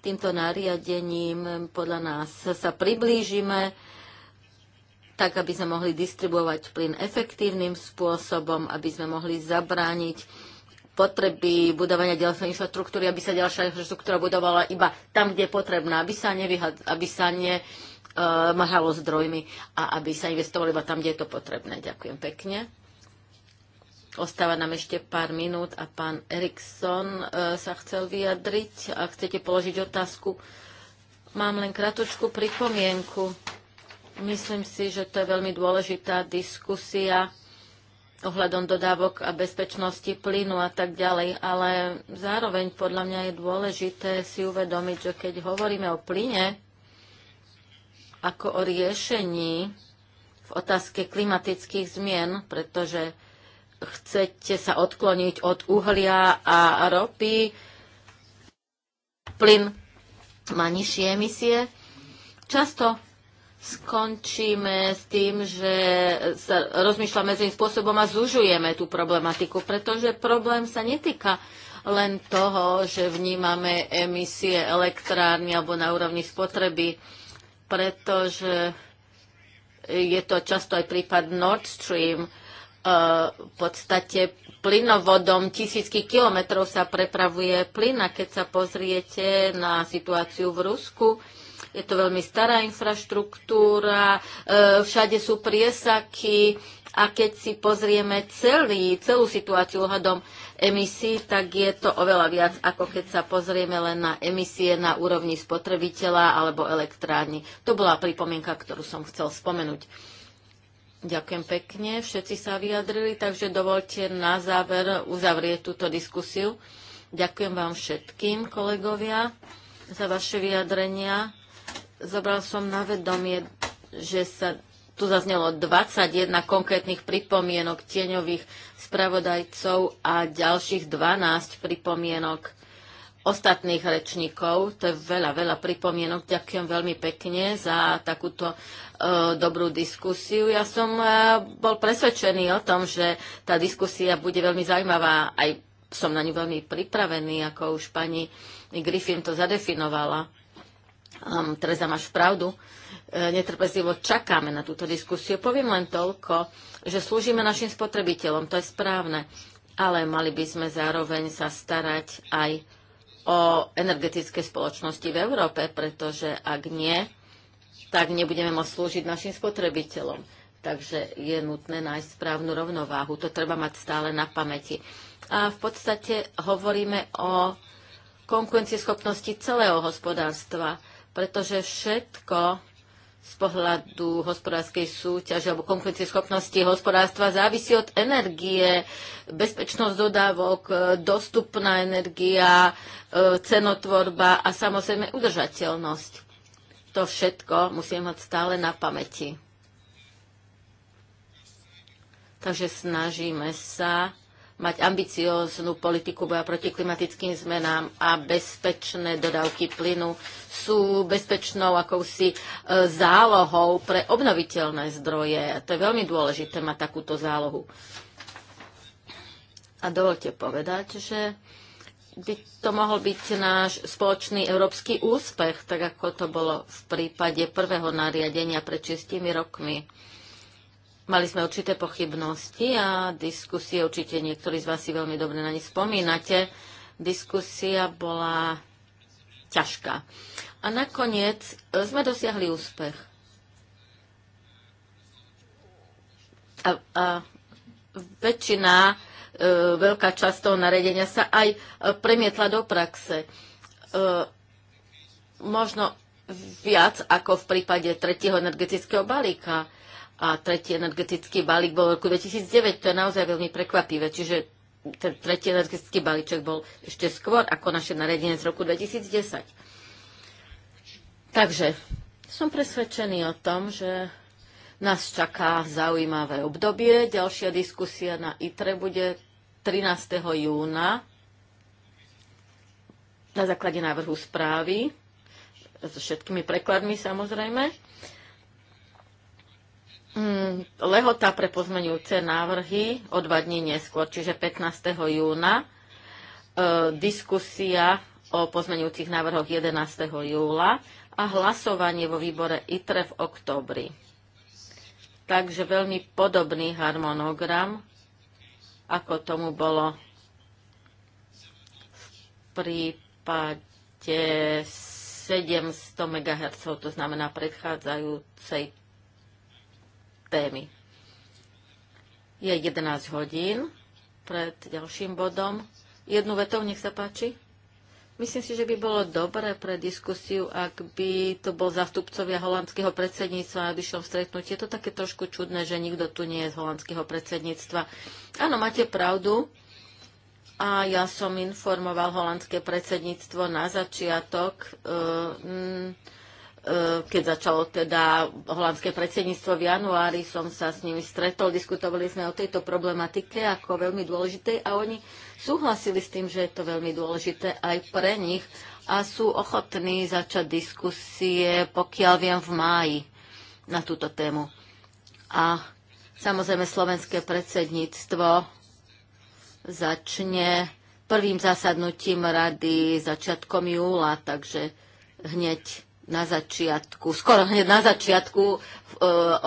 C: týmto nariadením podľa nás sa priblížime tak aby sme mohli distribuovať plyn efektívnym spôsobom, aby sme mohli zabrániť potreby budovania ďalšej infraštruktúry, aby sa ďalšia infraštruktúra budovala iba tam, kde je potrebná, aby sa, nevyhad, aby sa ne, uh, e, mahalo zdrojmi a aby sa investovalo iba tam, kde je to potrebné. Ďakujem pekne. Ostáva nám ešte pár minút a pán Erikson uh, sa chcel vyjadriť. Ak chcete položiť otázku, mám len kratočku pripomienku Myslím si, že to je veľmi dôležitá diskusia ohľadom dodávok a bezpečnosti plynu a tak ďalej, ale zároveň podľa mňa je dôležité si uvedomiť, že keď hovoríme o plyne ako o riešení v otázke klimatických zmien, pretože chcete sa odkloniť od uhlia a ropy, plyn má nižšie emisie, často skončíme s tým, že sa rozmýšľame tým spôsobom a zužujeme tú problematiku, pretože problém sa netýka len toho, že vnímame emisie elektrárny alebo na úrovni spotreby, pretože je to často aj prípad Nord Stream. E, v podstate plynovodom tisícky kilometrov sa prepravuje plyn a keď sa pozriete na situáciu v Rusku, je to veľmi stará infraštruktúra, e, všade sú priesaky a keď si pozrieme celý, celú situáciu ohľadom emisí, tak je to oveľa viac, ako keď sa pozrieme len na emisie na úrovni spotrebiteľa alebo elektrárny. To bola pripomienka, ktorú som chcel spomenúť. Ďakujem pekne, všetci sa vyjadrili, takže dovolte na záver uzavrieť túto diskusiu. Ďakujem vám všetkým, kolegovia, za vaše vyjadrenia. Zobral som na vedomie, že sa tu zaznelo 21 konkrétnych pripomienok tieňových spravodajcov a ďalších 12 pripomienok ostatných rečníkov. To je veľa, veľa pripomienok. Ďakujem veľmi pekne za takúto e, dobrú diskusiu. Ja som e, bol presvedčený o tom, že tá diskusia bude veľmi zaujímavá. Aj som na ňu veľmi pripravený, ako už pani Griffin to zadefinovala Um, Tereza, teda máš pravdu. E, netrpezlivo čakáme na túto diskusiu. Poviem len toľko, že slúžime našim spotrebiteľom, to je správne, ale mali by sme zároveň sa starať aj o energetické spoločnosti v Európe, pretože ak nie, tak nebudeme môcť slúžiť našim spotrebiteľom. Takže je nutné nájsť správnu rovnováhu. To treba mať stále na pamäti. A v podstate hovoríme o konkurencieschopnosti celého hospodárstva pretože všetko z pohľadu hospodárskej súťaže alebo konkurencie schopnosti hospodárstva závisí od energie, bezpečnosť dodávok, e, dostupná energia, e, cenotvorba a samozrejme udržateľnosť. To všetko musíme mať stále na pamäti. Takže snažíme sa mať ambicióznu politiku boja proti klimatickým zmenám a bezpečné dodávky plynu sú bezpečnou akousi e, zálohou pre obnoviteľné zdroje. To je veľmi dôležité mať takúto zálohu. A dovolte povedať, že by to mohol byť náš spoločný európsky úspech, tak ako to bolo v prípade prvého nariadenia pred čistými rokmi Mali sme určité pochybnosti a diskusie, určite niektorí z vás si veľmi dobre na ne spomínate, diskusia bola ťažká. A nakoniec e, sme dosiahli úspech. A, a väčšina, e, veľká časť toho naredenia sa aj e, premietla do praxe. E, možno viac ako v prípade tretieho energetického balíka. E, a tretí energetický balík bol v roku 2009. To je naozaj veľmi prekvapivé. Čiže ten tretí energetický balíček bol ešte skôr ako naše nariadenie z roku 2010. Takže som presvedčený o tom, že nás čaká zaujímavé obdobie. Ďalšia diskusia na ITRE bude 13. júna na základe návrhu správy so všetkými prekladmi samozrejme. Mm, lehota pre pozmenujúce návrhy o dva dní neskôr, čiže 15. júna. E, diskusia o pozmenujúcich návrhoch 11. júla a hlasovanie vo výbore ITRE v oktobri. Takže veľmi podobný harmonogram, ako tomu bolo v prípade 700 MHz, to znamená predchádzajúcej témy. Je 11 hodín pred ďalším bodom. Jednu vetou, nech sa páči. Myslím si, že by bolo dobré pre diskusiu, ak by to bol zastupcovia holandského predsedníctva na vyššom stretnutí. Je to také trošku čudné, že nikto tu nie je z holandského predsedníctva. Áno, máte pravdu. A ja som informoval holandské predsedníctvo na začiatok. Eh, E, keď začalo teda holandské predsedníctvo v januári, som sa s nimi stretol, diskutovali sme o tejto problematike ako veľmi dôležitej a oni súhlasili s tým, že je to veľmi dôležité aj pre nich a sú ochotní začať diskusie, pokiaľ viem, v máji na túto tému. A samozrejme slovenské predsedníctvo začne prvým zasadnutím rady začiatkom júla, takže hneď na začiatku, skoro hneď na začiatku e,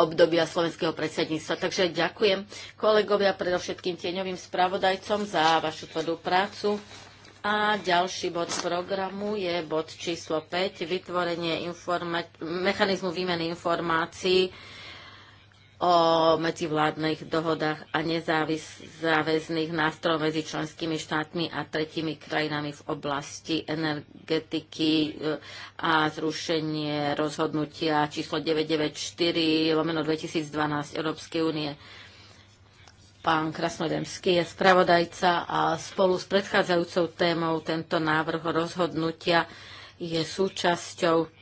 C: obdobia slovenského predsedníctva. Takže ďakujem kolegovia, predovšetkým tieňovým spravodajcom za vašu tvrdú prácu. A ďalší bod programu je bod číslo 5, vytvorenie mechanizmu výmeny informácií o medzivládnych dohodách a nezáväzných nástrojov medzi členskými štátmi a tretimi krajinami v oblasti energetiky e, a zrušenie rozhodnutia číslo 994 lomeno 2012 Európskej únie. Pán Krasnodemský je spravodajca a spolu s predchádzajúcou témou tento návrh rozhodnutia je súčasťou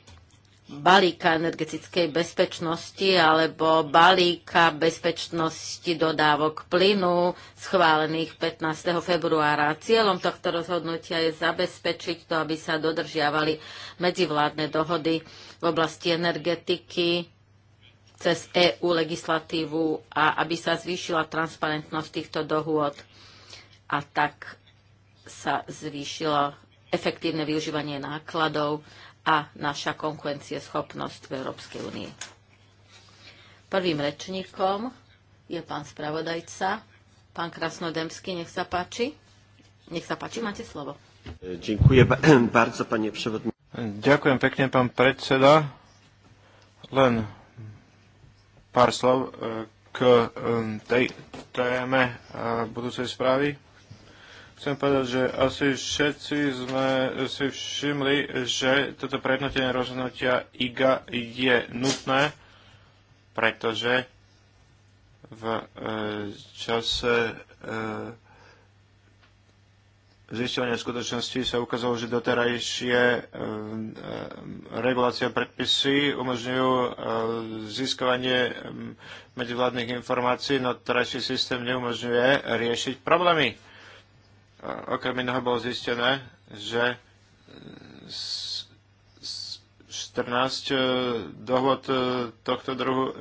C: balíka energetickej bezpečnosti alebo balíka bezpečnosti dodávok plynu schválených 15. februára. Cieľom tohto rozhodnutia je zabezpečiť to, aby sa dodržiavali medzivládne dohody v oblasti energetiky cez EU legislatívu a aby sa zvýšila transparentnosť týchto dohôd a tak sa zvýšilo efektívne využívanie nákladov a naša konkurencieschopnosť v Európskej únii. Prvým rečníkom je pán spravodajca, pán Krasnodemský, nech sa páči. Nech sa páči, máte slovo.
A: Ďakujem bardzo, panie przewodniczący. Ďakujem pekne, pán predseda. Len pár slov e, k e, tej téme e, budúcej správy. Chcem povedať, že asi všetci sme si všimli, že toto prednotenie rozhodnutia IGA je nutné, pretože v e, čase e, skutočnosti sa ukázalo, že doterajšie e, e, regulácia predpisy umožňujú e, získavanie medzivládnych informácií, no terajší systém neumožňuje riešiť problémy okrem iného bolo zistené, že 14 e, e, dohod e, tohto druhu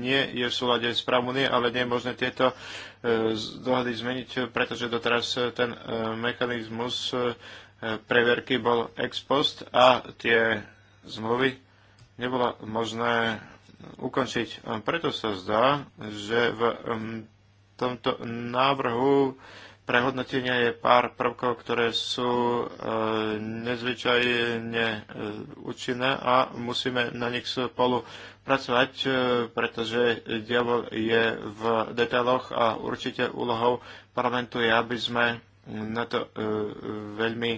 A: nie je v súlade s právom ale nie je možné tieto dohody zmeniť, pretože doteraz ten mechanizmus preverky bol ex post a tie zmluvy nebolo možné ukončiť. Preto sa zdá, že v tomto návrhu prehodnotenia je pár prvkov, ktoré sú e, nezvyčajne e, účinné a musíme na nich spolu pracovať, e, pretože dielo je v detailoch a určite úlohou parlamentu je, aby sme na to e, veľmi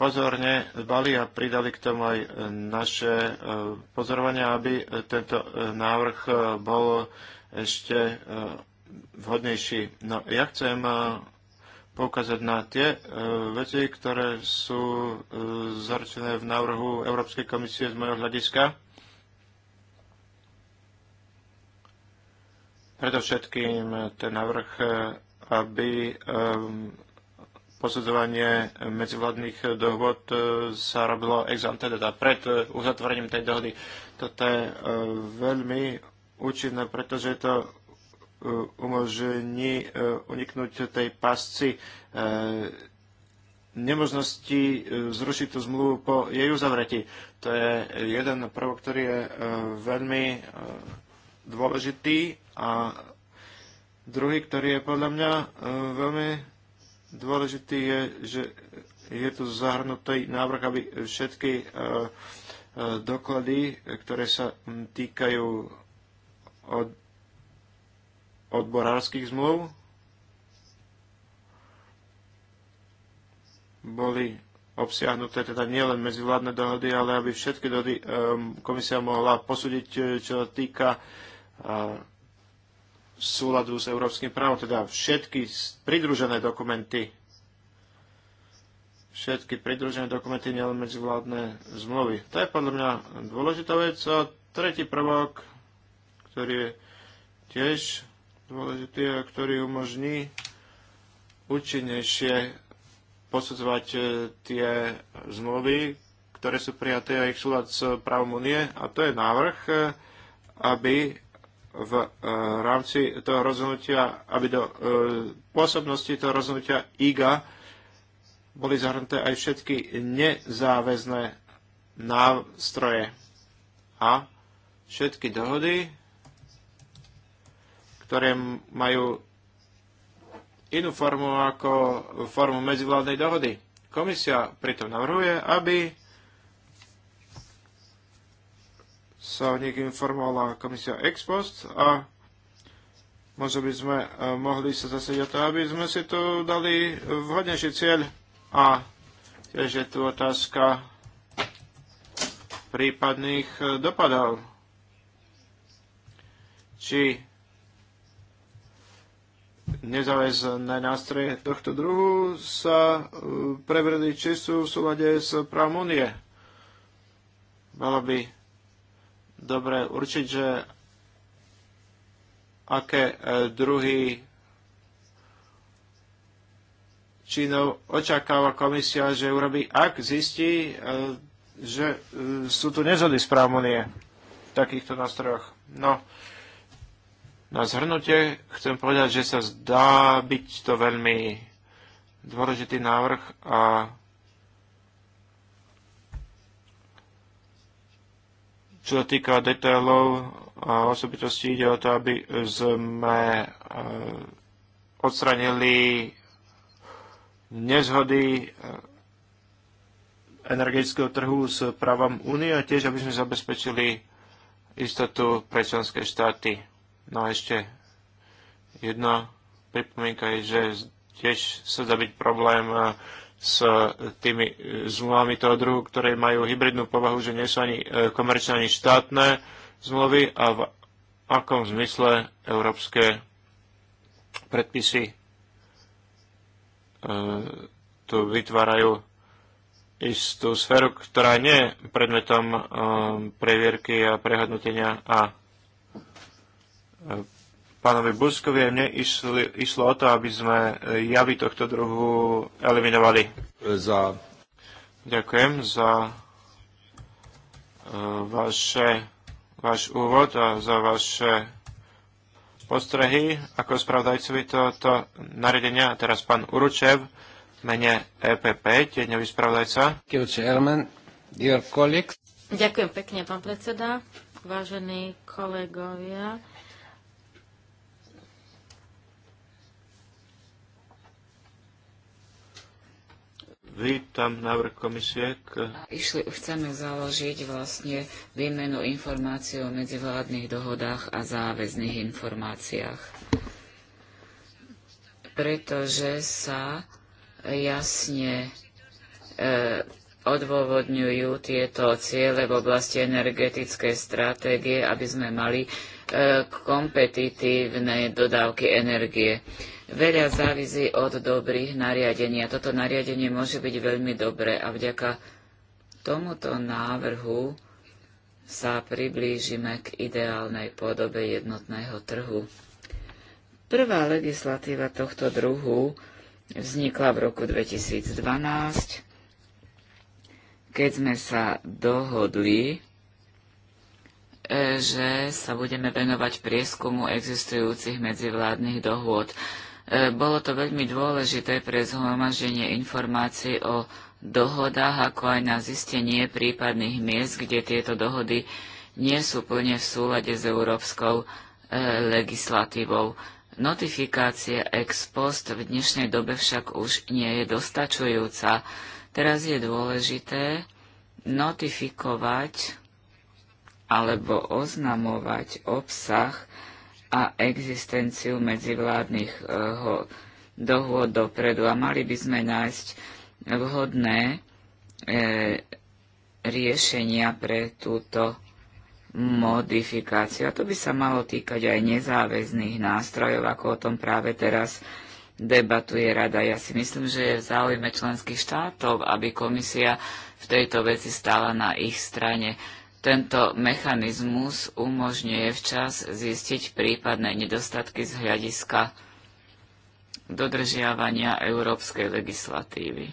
A: pozorne dbali a pridali k tomu aj naše e, pozorovania, aby tento e, návrh e, bol ešte e, vhodnejší. No, ja chcem e, poukázať na tie e, veci, ktoré sú e, zaručené v návrhu Európskej komisie z mojho hľadiska. Predovšetkým ten návrh, e, aby posudzovanie medzivládnych dohod sa robilo ex ante, teda pred uzatvorením tej dohody. Toto je veľmi účinné, pretože je to Eh, umožní eh, uniknúť tej pasci eh, nemožnosti zrušiť tú zmluvu po jej uzavretí. To je jeden prvok, ktorý je veľmi dôležitý a druhý, ktorý je podľa mňa veľmi dôležitý, je, že je tu zahrnutý návrh, aby všetky doklady, ktoré sa týkajú od odborárskych zmluv boli obsiahnuté teda nielen medzivládne dohody, ale aby všetky dohody ehm, komisia mohla posúdiť, eh, čo týka eh, súladu s európskym právom, teda všetky pridružené dokumenty. Všetky pridružené dokumenty, nielen medzivládne zmluvy. To je podľa mňa dôležitá vec. A tretí prvok, ktorý je tiež dôležitý ktorý umožní účinnejšie posudzovať e, tie zmluvy, ktoré sú prijaté a ich súľad s právom Unie. A to je návrh, e, aby v e, rámci toho rozhodnutia, aby do pôsobnosti toho rozhodnutia IGA boli zahrnuté aj všetky nezáväzné nástroje a všetky dohody, ktoré majú inú formu ako formu medzivládnej dohody. Komisia pritom navrhuje, aby sa o nich informovala komisia ex post a možno by sme e, mohli sa zase o to, aby sme si tu dali vhodnejší cieľ a tiež je tu otázka prípadných e, dopadov. Či nezáväzné nástroje tohto druhu sa e, prevedli, či sú v súlade s právom Unie. Bolo by dobre určiť, že aké e, druhy činov očakáva komisia, že urobí, ak zistí, e, že sú tu nezhody z právom Unie v takýchto nástrojoch. No, na zhrnutie chcem povedať, že sa zdá byť to veľmi dôležitý návrh a čo sa týka detailov a osobitostí, ide o to, aby sme e, odstranili nezhody e, energetického trhu s právom únie a tiež, aby sme zabezpečili istotu pre členské štáty. No a ešte jedna pripomienka je, že tiež sa dá byť problém eh, s eh, tými eh, zmluvami toho druhu, ktoré majú hybridnú povahu, že nie sú ani komerčné, ani štátne zmluvy a v akom zmysle európske predpisy tu vytvárajú istú sféru, ktorá nie je predmetom previerky a prehodnotenia a pánovi Buskovi a mne išli, išlo o to, aby sme javy tohto druhu eliminovali. Za... Ďakujem za e, vaše, váš úvod a za vaše postrehy ako spravodajcovi tohoto naredenia. Teraz pán Uručev, mene EPP, tieňový spravodajca.
C: Ďakujem pekne, pán predseda, vážení kolegovia.
A: Vítam návrh komisie. K...
B: Išli, chceme založiť vlastne výmenu informácií o medzivládnych dohodách a záväzných informáciách. Pretože sa jasne e, odôvodňujú tieto ciele v oblasti energetickej stratégie, aby sme mali e, kompetitívne dodávky energie. E, Veľa závisí od dobrých nariadení a toto nariadenie môže byť veľmi dobré a vďaka tomuto návrhu sa priblížime k ideálnej podobe jednotného trhu. Prvá legislatíva tohto druhu vznikla v roku 2012, keď sme sa dohodli, e, že sa budeme venovať prieskumu existujúcich medzivládnych dohôd. E, bolo to veľmi dôležité pre zhromaždenie informácií o dohodách, ako aj na zistenie prípadných miest, kde tieto dohody nie sú plne v súlade s európskou e, legislatívou. Notifikácia ex post v dnešnej dobe však už nie je dostačujúca. Teraz je dôležité notifikovať alebo oznamovať obsah a existenciu medzivládnych eh, dohôd dopredu a mali by sme nájsť vhodné eh, riešenia pre túto modifikáciu. A to by sa malo týkať aj nezáväzných nástrojov, ako o tom práve teraz debatuje rada. Ja si myslím, že je v záujme členských štátov, aby komisia v tejto veci stála na ich strane. Tento mechanizmus umožňuje včas zistiť prípadné nedostatky z hľadiska dodržiavania európskej legislatívy.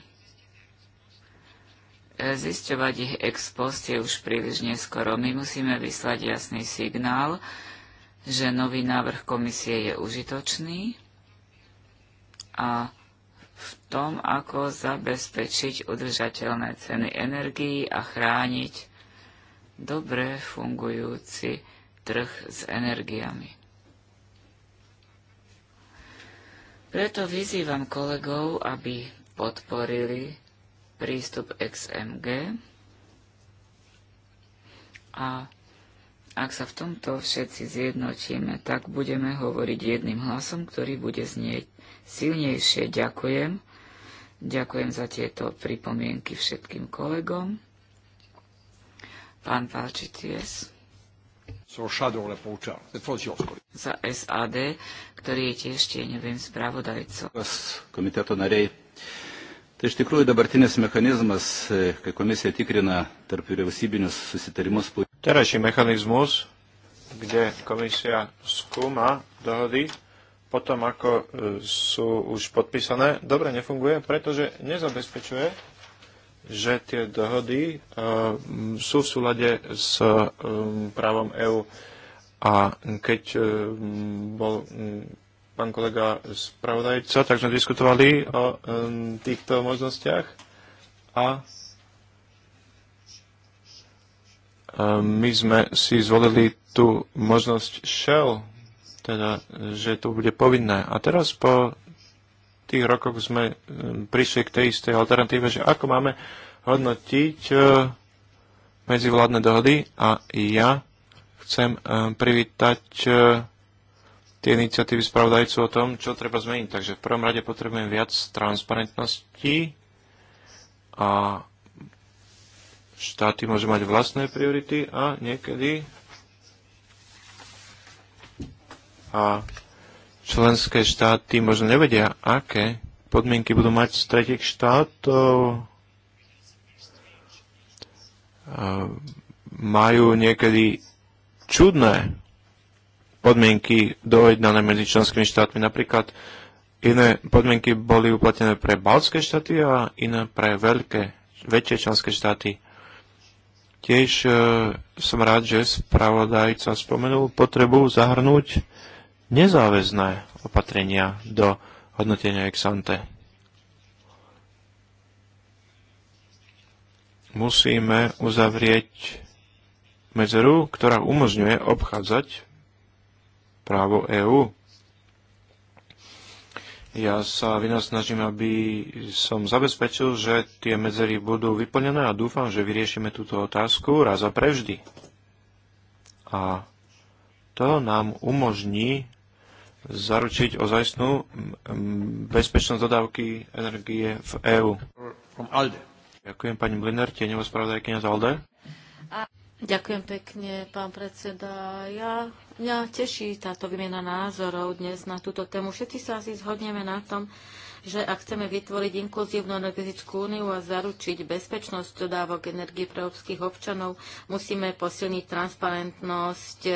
B: Zisťovať ich ex post je už príliš neskoro. My musíme vyslať jasný signál, že nový návrh komisie je užitočný a v tom, ako zabezpečiť udržateľné ceny energií a chrániť dobre fungujúci trh s energiami. Preto vyzývam kolegov, aby podporili prístup XMG a ak sa v tomto všetci zjednotíme, tak budeme hovoriť jedným hlasom, ktorý bude znieť silnejšie. Ďakujem. Ďakujem za tieto pripomienky všetkým kolegom. Pán Valčities. Za SAD, ktorý je tiež tieňovým spravodajcom.
A: Komiteto nariai. Tai iš tikrųjų dabartinis mechanizmas, eh, kai komisija tikrina tarp vyriausybinius susitarimus. Terajší mechanizmus, kde komisia skúma dohody potom, ako eh, sú už podpísané, dobre nefunguje, pretože nezabezpečuje že tie dohody eh, sú v súlade s eh, právom EÚ. A keď eh, bol mm, pán kolega spravodajca, tak sme diskutovali o týchto možnostiach a my sme si zvolili tú možnosť Shell, teda, že to bude povinné. A teraz po tých rokoch sme e, prišli k tej istej alternatíve, že ako máme hodnotiť e, medzivládne dohody a ja chcem e, privítať tie iniciatívy spravodajcu o tom, čo treba zmeniť. Takže v prvom rade potrebujem viac transparentnosti a štáty môžu mať vlastné priority a niekedy a členské štáty možno nevedia, aké podmienky budú mať z tretich štátov. Majú niekedy čudné podmienky dojednané medzi členskými štátmi. Napríklad iné podmienky boli uplatnené pre baltské štáty a iné pre veľké, väčšie členské štáty. Tiež e, som rád, že spravodajca spomenul potrebu zahrnúť nezáväzné opatrenia do hodnotenia ex ante. Musíme uzavrieť medzeru, ktorá umožňuje obchádzať právo EÚ. Ja sa vynasnažím, aby som zabezpečil, že tie medzery budú vyplnené a dúfam, že vyriešime túto otázku raz a prevždy. A to nám umožní zaručiť ozajstnú bezpečnosť dodávky energie v EÚ. Ďakujem pani Bliner, tieňová spravodajkynia z ALDE.
C: Ďakujem pekne, pán predseda. Ja, mňa teší táto výmena názorov dnes na túto tému. Všetci sa asi zhodneme na tom, že ak chceme vytvoriť inkluzívnu energetickú úniu a zaručiť bezpečnosť dodávok energie pre európskych občanov, musíme posilniť transparentnosť e,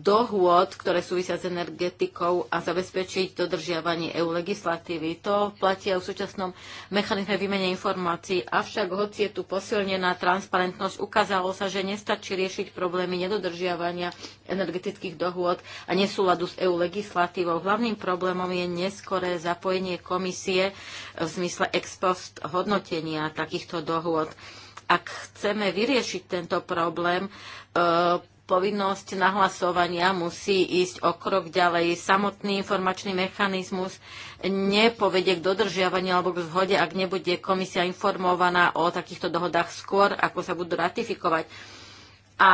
C: dohôd, ktoré súvisia s energetikou a zabezpečiť dodržiavanie EU legislatívy. To platí aj v súčasnom mechanizme výmene informácií. Avšak, hoci je tu posilnená transparentnosť, ukázalo sa, že nestačí riešiť problémy nedodržiavania energetických dohôd a nesúladu s EU legislatívou. Hlavným problémom je neskoré zapojenie konanie komisie v zmysle ex post hodnotenia takýchto dohôd. Ak chceme vyriešiť tento problém, e, povinnosť nahlasovania musí ísť o krok ďalej. Samotný informačný mechanizmus nepovede k dodržiavaniu alebo k zhode, ak nebude komisia informovaná o takýchto dohodách skôr, ako sa budú ratifikovať. A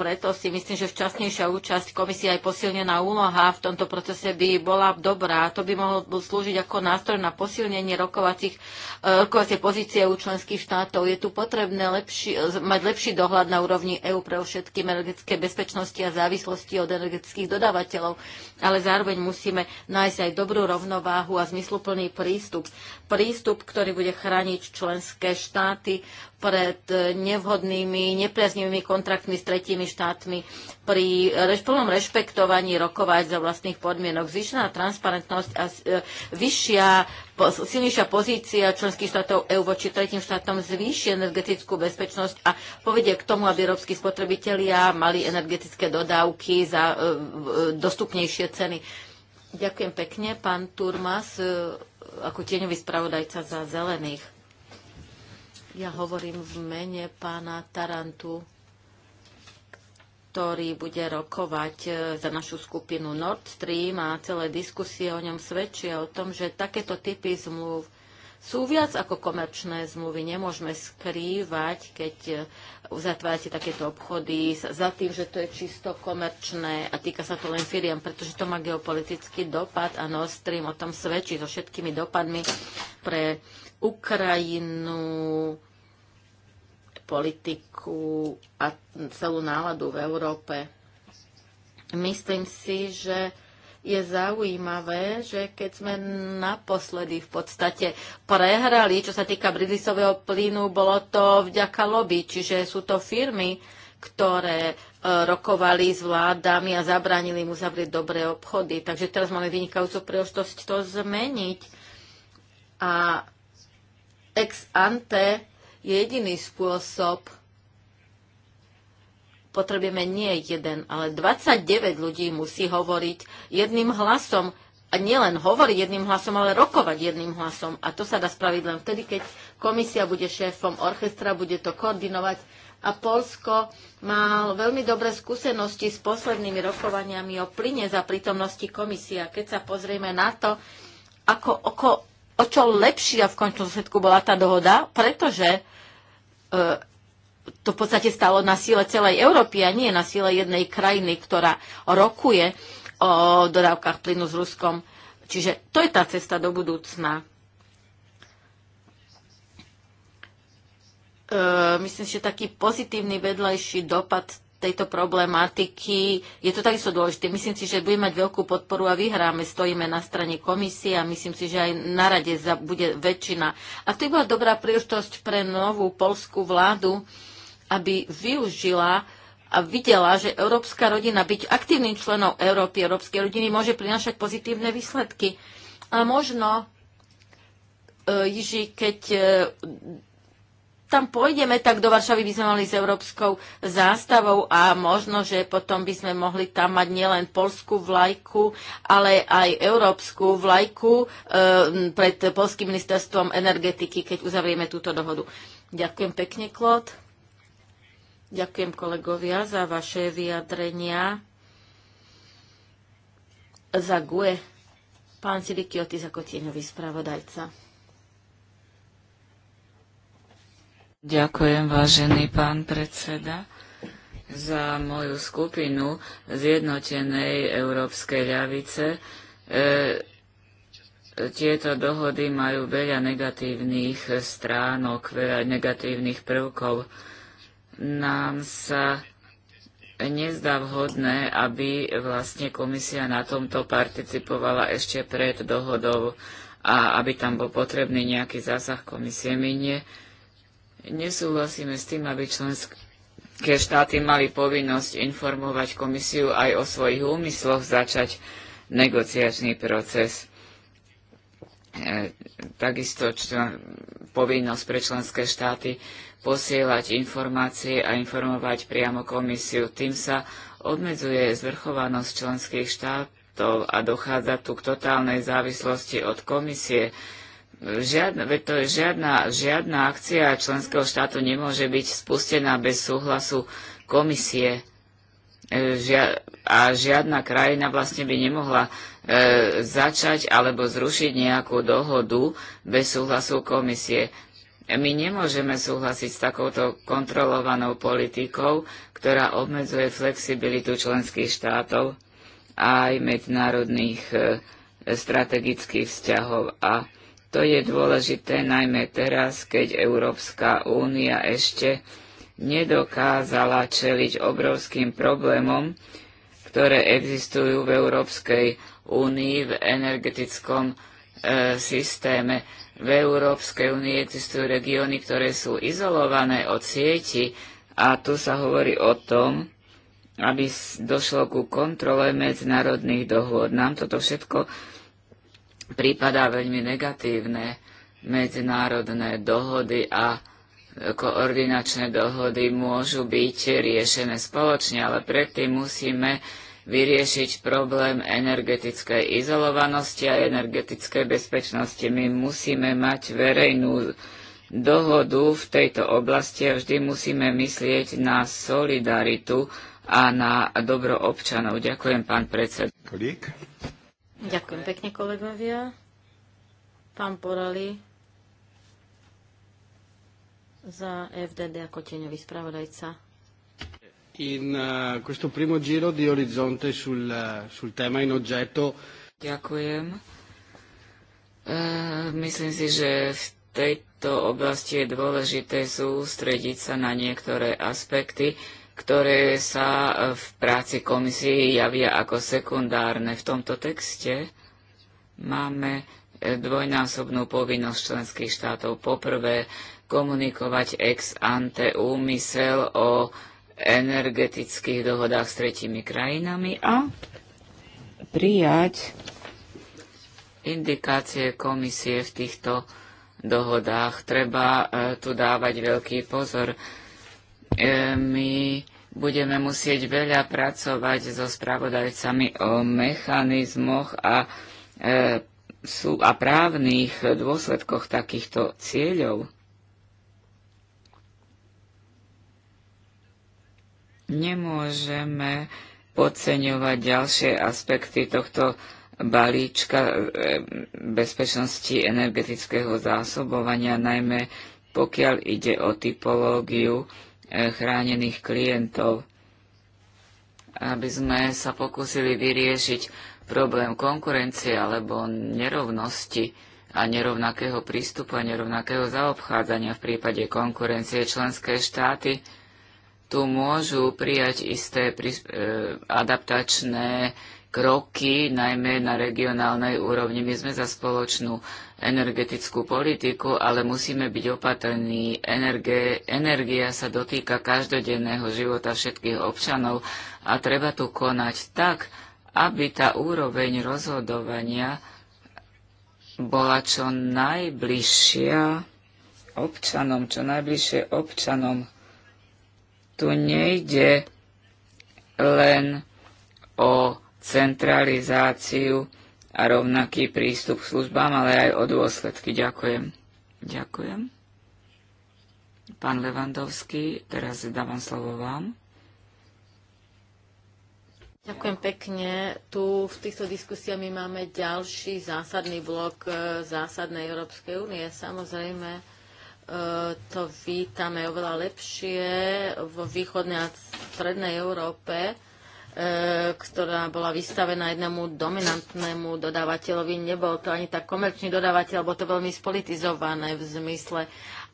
C: preto si myslím, že včasnejšia účasť komisie aj posilnená úloha v tomto procese by bola dobrá. To by mohlo slúžiť ako nástroj na posilnenie rokovacích, eh, rokovacie pozície u členských štátov. Je tu potrebné lepší, eh, mať lepší dohľad na úrovni EÚ pre všetky energetické bezpečnosti a závislosti od energetických dodávateľov, ale zároveň musíme nájsť aj dobrú rovnováhu a zmysluplný prístup. Prístup, ktorý bude chrániť členské štáty pred nevhodnými, nepriaznivými kontraktmi s tretími štátmi, pri plnom rešpektovaní rokovať za vlastných podmienok. Zvyšená transparentnosť a e, vyššia, silnejšia pozícia členských štátov EU voči tretím štátom zvýši energetickú bezpečnosť a povedie k tomu, aby európsky spotrebitelia mali energetické dodávky za e, dostupnejšie ceny. Ďakujem pekne, pán Turmas, e, ako tieňový spravodajca za zelených. Ja hovorím v mene pána Tarantu, ktorý bude rokovať e, za našu skupinu Nord Stream a celé diskusie o ňom svedčia o tom, že takéto typy zmluv sú viac ako komerčné zmluvy. Nemôžeme skrývať, keď e, uzatvárate takéto obchody za tým, že to je čisto komerčné a týka sa to len firiem, pretože to má geopolitický dopad a Nord Stream o tom svedčí so všetkými dopadmi pre Ukrajinu, politiku a celú náladu v Európe. Myslím si, že je zaujímavé, že keď sme naposledy v podstate prehrali, čo sa týka bridisového plynu, bolo to vďaka lobby, čiže sú to firmy, ktoré e, rokovali s vládami a zabránili mu zavrieť dobré obchody. Takže teraz máme vynikajúcu príležitosť to zmeniť. A ex ante je jediný spôsob. Potrebujeme nie jeden, ale 29 ľudí musí hovoriť jedným hlasom. A nielen hovoriť jedným hlasom, ale rokovať jedným hlasom. A to sa dá spraviť len vtedy, keď komisia bude šéfom orchestra, bude to koordinovať. A Polsko mal veľmi dobré skúsenosti s poslednými rokovaniami o plyne za prítomnosti komisia. Keď sa pozrieme na to, ako, ako o čo lepšia v končnom dôsledku bola tá dohoda, pretože e, to v podstate stalo na síle celej Európy a nie na síle jednej krajiny, ktorá rokuje o dodávkach plynu s Ruskom. Čiže to je tá cesta do budúcna. E, myslím, že taký pozitívny vedľajší dopad tejto problematiky je to takisto dôležité. Myslím si, že budeme mať veľkú podporu a vyhráme. Stojíme na strane komisie a myslím si, že aj na rade bude väčšina. A to bola dobrá príležitosť pre novú polskú vládu, aby využila a videla, že európska rodina byť aktívnym členom Európy, európskej rodiny môže prinášať pozitívne výsledky. A možno e, Jiži, keď e, tam pôjdeme, tak do Varšavy by sme mali s európskou zástavou a možno, že potom by sme mohli tam mať nielen polskú vlajku, ale aj európsku vlajku e, pred Polským ministerstvom energetiky, keď uzavrieme túto dohodu. Ďakujem pekne, Klod. Ďakujem kolegovia za vaše vyjadrenia. Za GUE. Pán Silikiotis
B: ako tieňový spravodajca. Ďakujem, vážený pán predseda. Za moju skupinu zjednotenej európskej ľavice e, tieto dohody majú veľa negatívnych stránok, veľa negatívnych prvkov. Nám sa nezdá vhodné, aby vlastne komisia na tomto participovala ešte pred dohodou a aby tam bol potrebný nejaký zásah komisie. My nie, Nesúhlasíme s tým, aby členské štáty mali povinnosť informovať komisiu aj o svojich úmysloch začať negociačný proces. E, takisto povinnosť pre členské štáty posielať informácie a informovať priamo komisiu. Tým sa obmedzuje zvrchovanosť členských štátov a dochádza tu k totálnej závislosti od komisie. Žiadna, veď to je žiadna, žiadna akcia členského štátu nemôže byť spustená bez súhlasu komisie. E, žia, a žiadna krajina vlastne by nemohla e, začať alebo zrušiť nejakú dohodu bez súhlasu komisie. My nemôžeme súhlasiť s takouto kontrolovanou politikou, ktorá obmedzuje flexibilitu členských štátov aj medzinárodných e, strategických vzťahov. A to je dôležité najmä teraz, keď Európska únia ešte nedokázala čeliť obrovským problémom, ktoré existujú v Európskej únii v energetickom e, systéme. V Európskej únii existujú regióny, ktoré sú izolované od sieti a tu sa hovorí o tom, aby došlo ku kontrole medzinárodných dohôd. Nám toto všetko prípadá veľmi negatívne medzinárodné dohody a koordinačné dohody môžu byť riešené spoločne, ale predtým musíme vyriešiť problém energetickej izolovanosti a energetickej bezpečnosti. My musíme mať verejnú dohodu v tejto oblasti a vždy musíme myslieť na solidaritu a na dobro občanov. Ďakujem, pán predseda.
C: Ďakujem pekne, kolegovia. Pán Porali za FDD ako tieňový spravodajca.
A: In eh, questo primo giro
B: di orizzonte sul, eh, sul tema in oggetto. Ďakujem. Uh, myslím si, že v tejto oblasti je dôležité sústrediť sa na niektoré aspekty, ktoré sa e, v práci komisie javia ako sekundárne. V tomto texte máme e, dvojnásobnú povinnosť členských štátov. Poprvé, komunikovať ex ante úmysel o energetických dohodách s tretimi krajinami a prijať indikácie komisie v týchto dohodách. Treba e, tu dávať veľký pozor. E, my budeme musieť veľa pracovať so spravodajcami o mechanizmoch a, e, sú, a právnych dôsledkoch takýchto cieľov. Nemôžeme podceňovať ďalšie aspekty tohto balíčka e, bezpečnosti energetického zásobovania, najmä pokiaľ ide o typológiu chránených klientov, aby sme sa pokúsili vyriešiť problém konkurencie alebo nerovnosti a nerovnakého prístupu a nerovnakého zaobchádzania v prípade konkurencie členské štáty tu môžu prijať isté e, adaptačné kroky, najmä na regionálnej úrovni. My sme za spoločnú energetickú politiku, ale musíme byť opatrní. Energie, energia sa dotýka každodenného života všetkých občanov a treba tu konať tak, aby tá úroveň rozhodovania bola čo najbližšia občanom, čo najbližšie občanom. Tu nejde len o centralizáciu a rovnaký prístup k službám, ale aj o dôsledky. Ďakujem. Ďakujem. Pán Levandovský, teraz dávam slovo vám.
C: Ďakujem pekne. Tu v týchto diskusiách my máme ďalší zásadný blok e, zásadnej Európskej únie. Samozrejme, e, to vítame oveľa lepšie vo východnej a strednej Európe E, ktorá bola vystavená jednému dominantnému dodávateľovi. Nebol to ani tak komerčný dodávateľ, bo to veľmi spolitizované v zmysle,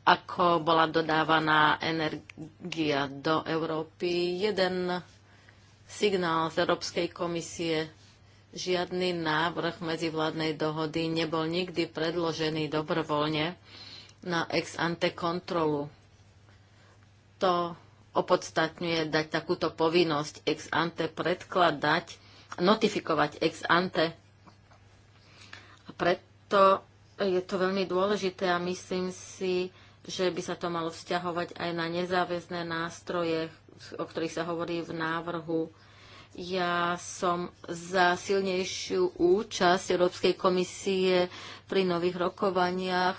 C: ako bola dodávaná energia do Európy. Jeden signál z Európskej komisie žiadny návrh medzivládnej dohody nebol nikdy predložený dobrovoľne na ex ante kontrolu. To opodstatňuje dať takúto povinnosť ex ante predkladať, notifikovať ex ante. A preto je to veľmi dôležité a myslím si, že by sa to malo vzťahovať aj na nezáväzné nástroje, o ktorých sa hovorí v návrhu. Ja som za silnejšiu účasť Európskej komisie pri nových rokovaniach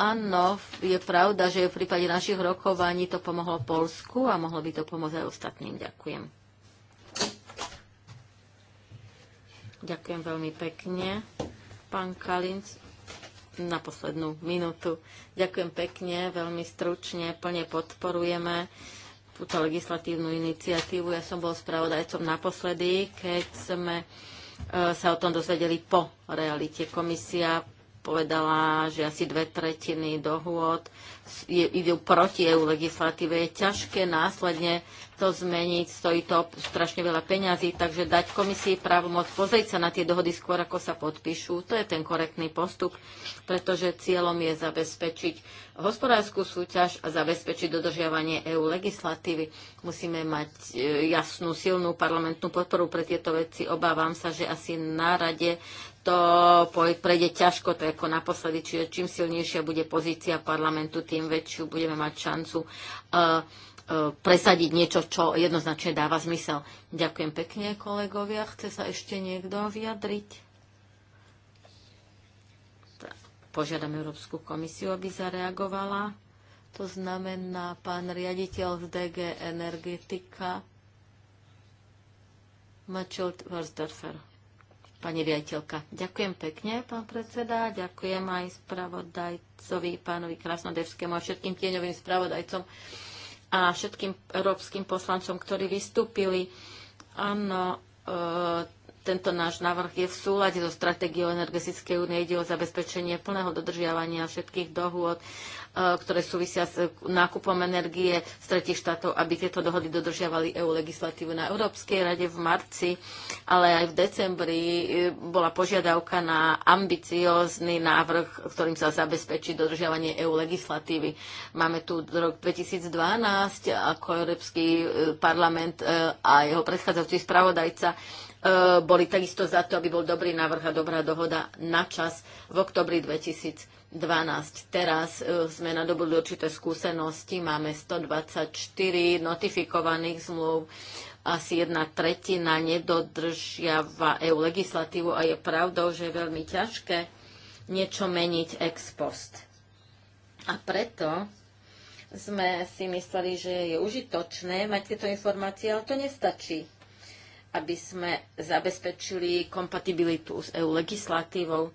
C: Áno, je pravda, že v prípade našich rokovaní to pomohlo Polsku a mohlo by to pomôcť aj ostatným. Ďakujem. Ďakujem veľmi pekne, pán Kalinc, na poslednú minútu. Ďakujem pekne, veľmi stručne, plne podporujeme túto legislatívnu iniciatívu. Ja som bol spravodajcom naposledy, keď sme e, sa o tom dozvedeli po realite. Komisia povedala, že asi dve tretiny dohôd idú proti EU legislatíve. Je ťažké následne to zmeniť, stojí to strašne veľa peňazí, takže dať komisii právomoc pozrieť sa na tie dohody skôr, ako sa podpíšu, to je ten korektný postup, pretože cieľom je zabezpečiť hospodárskú súťaž a zabezpečiť dodržiavanie EU legislatívy. Musíme mať e, jasnú, silnú parlamentnú podporu pre tieto veci. Obávam sa, že asi na rade to prejde ťažko, to je ako naposledy, čiže čím silnejšia bude pozícia parlamentu, tým väčšiu budeme mať šancu uh, uh, presadiť niečo, čo jednoznačne dáva zmysel. Ďakujem pekne, kolegovia. Chce sa ešte niekto vyjadriť? Požiadam Európsku komisiu, aby zareagovala. To znamená pán riaditeľ z DG Energetika Mačel Warsdorfer pani riaditeľka. Ďakujem pekne, pán predseda. Ďakujem aj spravodajcovi, pánovi Krasnodevskému a všetkým tieňovým spravodajcom a všetkým európskym poslancom, ktorí vystúpili. Áno, e, tento náš návrh je v súlade so stratégiou energetickej únie. Ide o zabezpečenie plného dodržiavania všetkých dohôd E, ktoré súvisia s nákupom energie z tretich štátov, aby tieto dohody dodržiavali EU legislatívu na Európskej rade v marci, ale aj v decembri e, bola požiadavka na ambiciózny návrh, ktorým sa zabezpečí dodržiavanie EU legislatívy. Máme tu rok 2012 ako Európsky e, parlament a jeho predchádzajúci spravodajca boli takisto za to, aby bol dobrý návrh a dobrá dohoda na čas v oktobri 2000. Teraz e, sme nadobudli určité skúsenosti, máme 124 notifikovaných zmluv, asi jedna tretina nedodržiava EU legislatívu a je pravdou, že je veľmi ťažké niečo meniť ex post. A preto sme si mysleli, že je užitočné mať tieto informácie, ale to nestačí, aby sme zabezpečili kompatibilitu s EU legislatívou.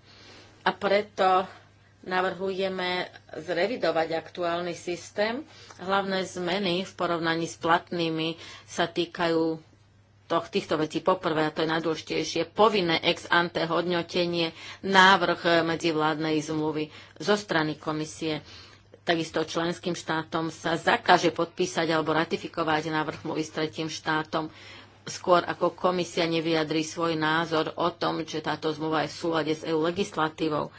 C: A preto navrhujeme zrevidovať aktuálny systém. Hlavné zmeny v porovnaní s platnými sa týkajú toch, týchto vecí. Poprvé, a to je najdôležitejšie, povinné ex ante hodnotenie návrh medzivládnej zmluvy zo strany komisie. Takisto členským štátom sa zakáže podpísať alebo ratifikovať návrh mluvy s tretím štátom skôr ako komisia nevyjadrí svoj názor o tom, že táto zmluva je v súlade s EU legislatívou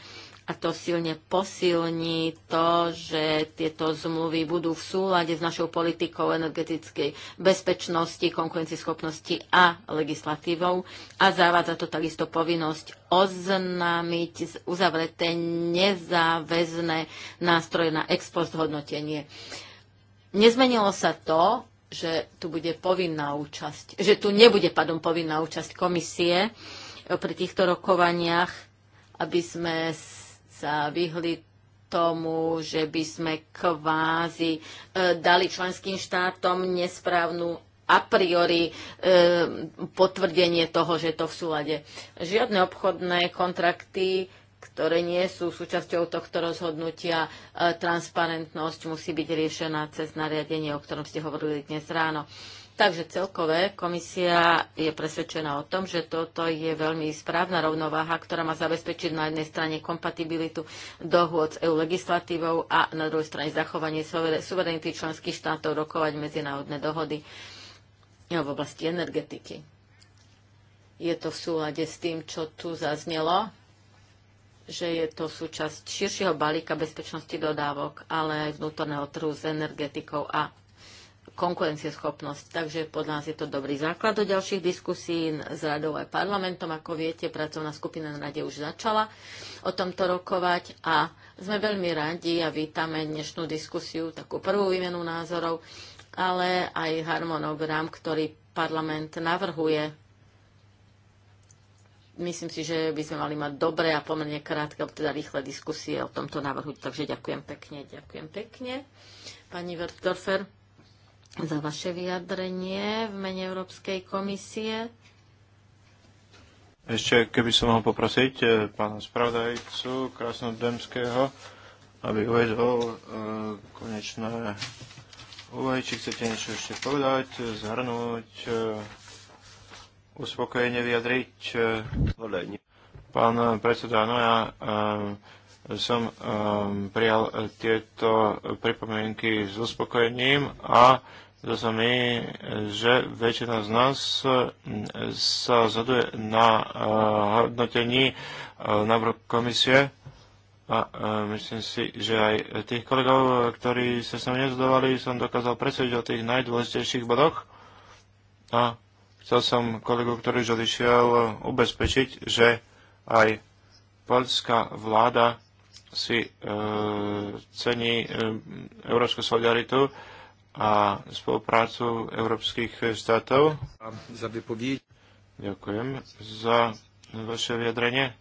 C: a to silne posilní to, že tieto zmluvy budú v súlade s našou politikou energetickej bezpečnosti, konkurencieschopnosti a legislatívou a zavádza to takisto povinnosť oznámiť uzavreté nezáväzné nástroje na ex post hodnotenie. Nezmenilo sa to, že tu bude povinná účasť, že tu nebude padom povinná účasť komisie pri týchto rokovaniach, aby sme sa vyhli tomu, že by sme kvázi e, dali členským štátom nesprávnu a priori e, potvrdenie toho, že je to v súlade. Žiadne obchodné kontrakty ktoré nie sú súčasťou tohto rozhodnutia. E, transparentnosť musí byť riešená cez nariadenie, o ktorom ste hovorili dnes ráno. Takže celkové komisia je presvedčená o tom, že toto je veľmi správna rovnováha, ktorá má zabezpečiť na jednej strane kompatibilitu dohôd s EU legislatívou a na druhej strane zachovanie suverenity členských štátov rokovať medzinárodné dohody v oblasti energetiky. Je to v súlade s tým, čo tu zaznelo že je to súčasť širšieho balíka bezpečnosti dodávok, ale aj vnútorného trhu s energetikou a konkurencieschopnosť. Takže podľa nás je to dobrý základ do ďalších diskusí s radou aj parlamentom. Ako viete, pracovná skupina na rade už začala o tomto rokovať a sme veľmi radi a vítame dnešnú diskusiu, takú prvú výmenu názorov, ale aj harmonogram, ktorý parlament navrhuje Myslím si, že by sme mali mať dobré a pomerne krátke, alebo teda rýchle diskusie o tomto návrhu. Takže ďakujem pekne, ďakujem pekne. Pani Wertdorfer, za vaše vyjadrenie v mene Európskej komisie.
A: Ešte keby som mohol poprosiť eh, pána spravodajcu Krasnodemského, aby uvedol e, konečné úvahy, či chcete niečo ešte povedať, zhrnúť. E, uspokojenie vyjadriť. E, pán predseda, no ja e, som e, prijal tieto pripomienky s uspokojením a Zdá sa mi, že väčšina z nás sa zhoduje na hodnotení návrhu komisie a myslím si, že aj tých kolegov, ktorí sa s nami nezhodovali, som dokázal presvedčiť o tých najdôležitejších bodoch a Chcel som kolegu, ktorý už odišiel, ubezpečiť, že aj poľská vláda si e, cení e, európsku solidaritu a spoluprácu európskych štátov. Za Ďakujem za vaše vyjadrenie.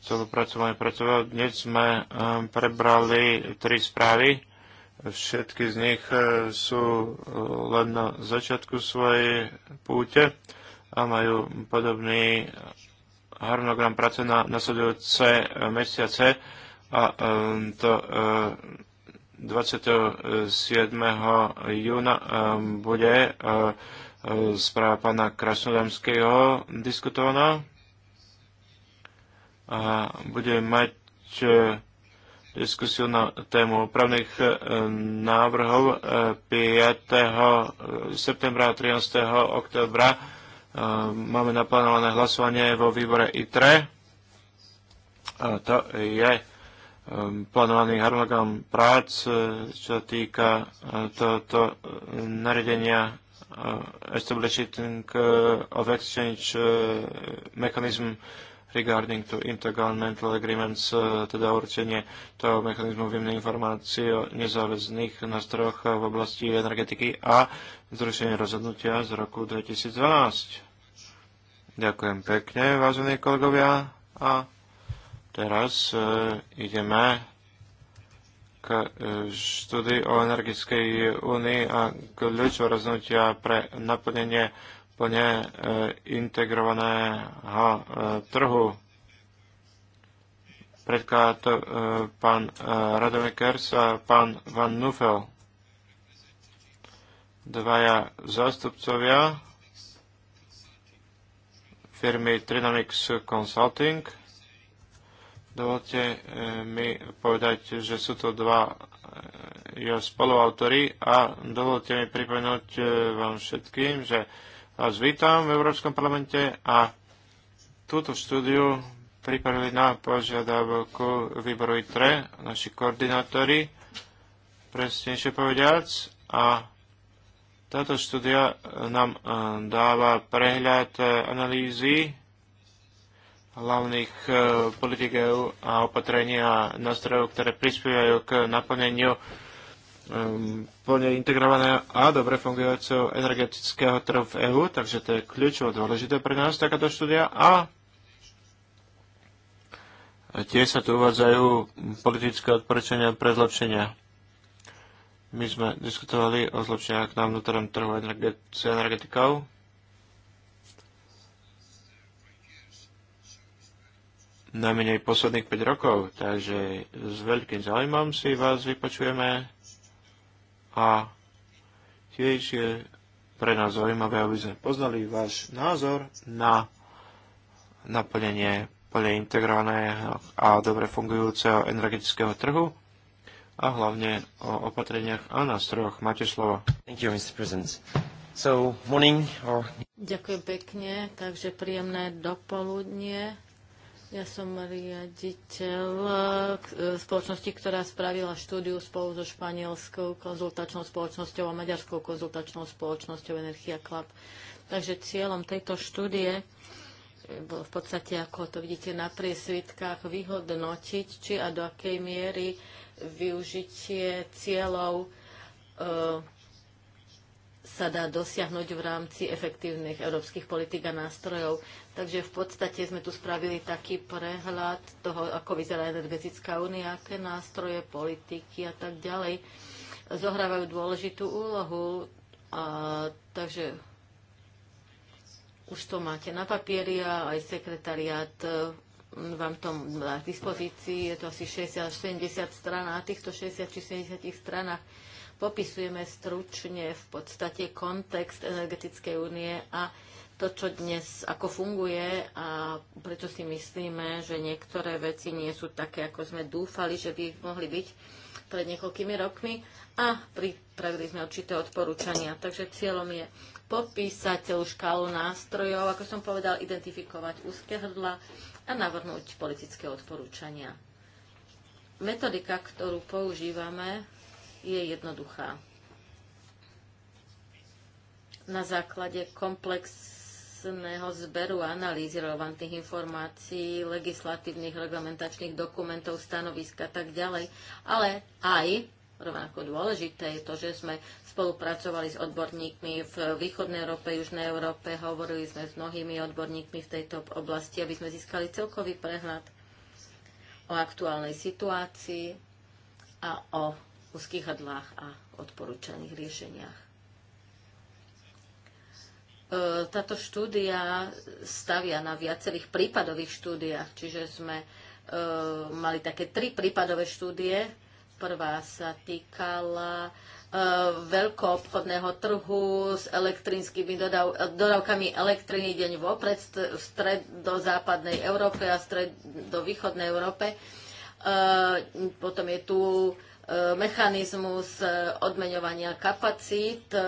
A: Spolupracovanie pracovalo. Dnes sme e, prebrali tri správy Všetky z nich e, sú e, len na začiatku svojej púte a majú podobný harmonogram práce na nasledujúce e, mesiace a to 27. júna bude správa pána Krasnodamského diskutovaná a bude mať diskusiu na tému opravných e, návrhov 5. E, e, septembra a 13. oktobra. Máme naplánované hlasovanie vo výbore ITRE. A to je plánovaný harmonogram prác, čo týka tohoto nariadenia establishing of exchange mechanism regarding to intergovernmental agreements, e, teda určenie toho mechanizmu výmne informácií o nezáväzných nástrojoch v oblasti energetiky a zrušenie rozhodnutia z roku 2012. Ďakujem pekne, vážení kolegovia. A teraz e, ideme k e, štúdii o energetickej únii a kľúčov rozhodnutia pre naplnenie plne e, integrovaného e, trhu. Predkladá to e, pán Radomekers a pán Van Nufel. Dvaja zástupcovia firmy Trinamics Consulting. Dovolte mi povedať, že sú to dva jeho spoluautory a dovolte mi pripomenúť vám všetkým, že vás vítam v Európskom parlamente a túto štúdiu pripravili na požiadavku výboru ITRE, naši koordinátori, presnejšie povediac. A táto štúdia nám e, dáva prehľad e, analýzy hlavných e, politik EU a opatrenia a nástrojov, ktoré prispievajú k naplneniu Ehm, plne integrované a dobre fungujúceho energetického trhu v EÚ, takže to je kľúčovo dôležité pre nás takáto štúdia a tie sa tu uvádzajú politické odporúčania pre zlepšenia. My sme diskutovali o zlepšeniach na vnútornom trhu energet- s energetikou. Najmenej posledných 5 rokov, takže s veľkým záujmom si vás vypočujeme a tiež je pre nás zaujímavé, aby sme poznali váš názor na naplnenie plne integrovaného a dobre fungujúceho energetického trhu a hlavne o opatreniach a nástrojoch. Máte slovo. Thank you, Mr. So, morning or...
C: Ďakujem pekne, takže príjemné dopoludnie. Ja som riaditeľ eh, spoločnosti, ktorá spravila štúdiu spolu so španielskou konzultačnou spoločnosťou a maďarskou konzultačnou spoločnosťou Energia Club. Takže cieľom tejto štúdie eh, bolo v podstate, ako to vidíte na priesvitkách, vyhodnotiť, či a do akej miery využitie cieľov eh, sa dá dosiahnuť v rámci efektívnych európskych politik a nástrojov. Takže v podstate sme tu spravili taký prehľad toho, ako vyzerá energetická únia, aké nástroje, politiky a tak ďalej zohrávajú dôležitú úlohu. A, takže už to máte na papieri a aj sekretariát e, vám to má k dispozícii. Je to asi 60 70 stran a týchto 60 70 stranách Popisujeme stručne v podstate kontext energetickej únie a to, čo dnes ako funguje a prečo si myslíme, že niektoré veci nie sú také, ako sme dúfali, že by mohli byť pred niekoľkými rokmi a pripravili sme určité odporúčania. Takže cieľom je popísať celú škálu nástrojov, ako som povedal, identifikovať úzke hrdla a navrhnúť politické odporúčania. Metodika, ktorú používame, je jednoduchá. Na základe komplexného zberu a analýzy relevantných informácií, legislatívnych, reglamentačných dokumentov, stanoviska a tak ďalej, ale aj rovnako dôležité je to, že sme spolupracovali s odborníkmi v východnej Európe, južnej Európe, hovorili sme s mnohými odborníkmi v tejto oblasti, aby sme získali celkový prehľad o aktuálnej situácii a o o a odporúčaných riešeniach. E, táto štúdia stavia na viacerých prípadových štúdiách, čiže sme e, mali také tri prípadové štúdie. Prvá sa týkala e, veľkoobchodného trhu s elektrinskými dodav- dodavkami elektriny deň vopred v stred do západnej Európe a stred do východnej Európe. E, potom je tu E, mechanizmus e, odmeňovania kapacít, e,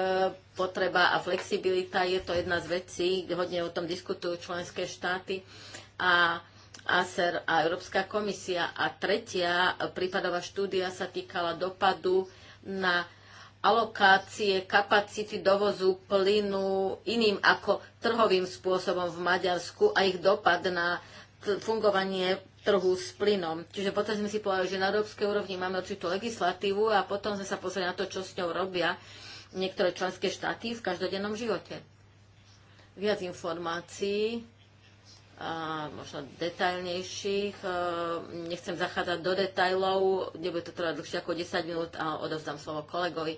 C: potreba a flexibilita je to jedna z vecí, hodne o tom diskutujú členské štáty a ASER a Európska komisia. A tretia prípadová štúdia sa týkala dopadu na alokácie kapacity dovozu plynu iným ako trhovým spôsobom v Maďarsku a ich dopad na fungovanie trhu s plynom. Čiže potom sme si povedali, že na európskej úrovni máme určitú legislatívu a potom sme sa pozreli na to, čo s ňou robia niektoré členské štáty v každodennom živote. Viac informácií, a možno detailnejších. E, nechcem zachádzať do detajlov, nebude to trvať dlhšie ako 10 minút a odovzdám slovo kolegovi.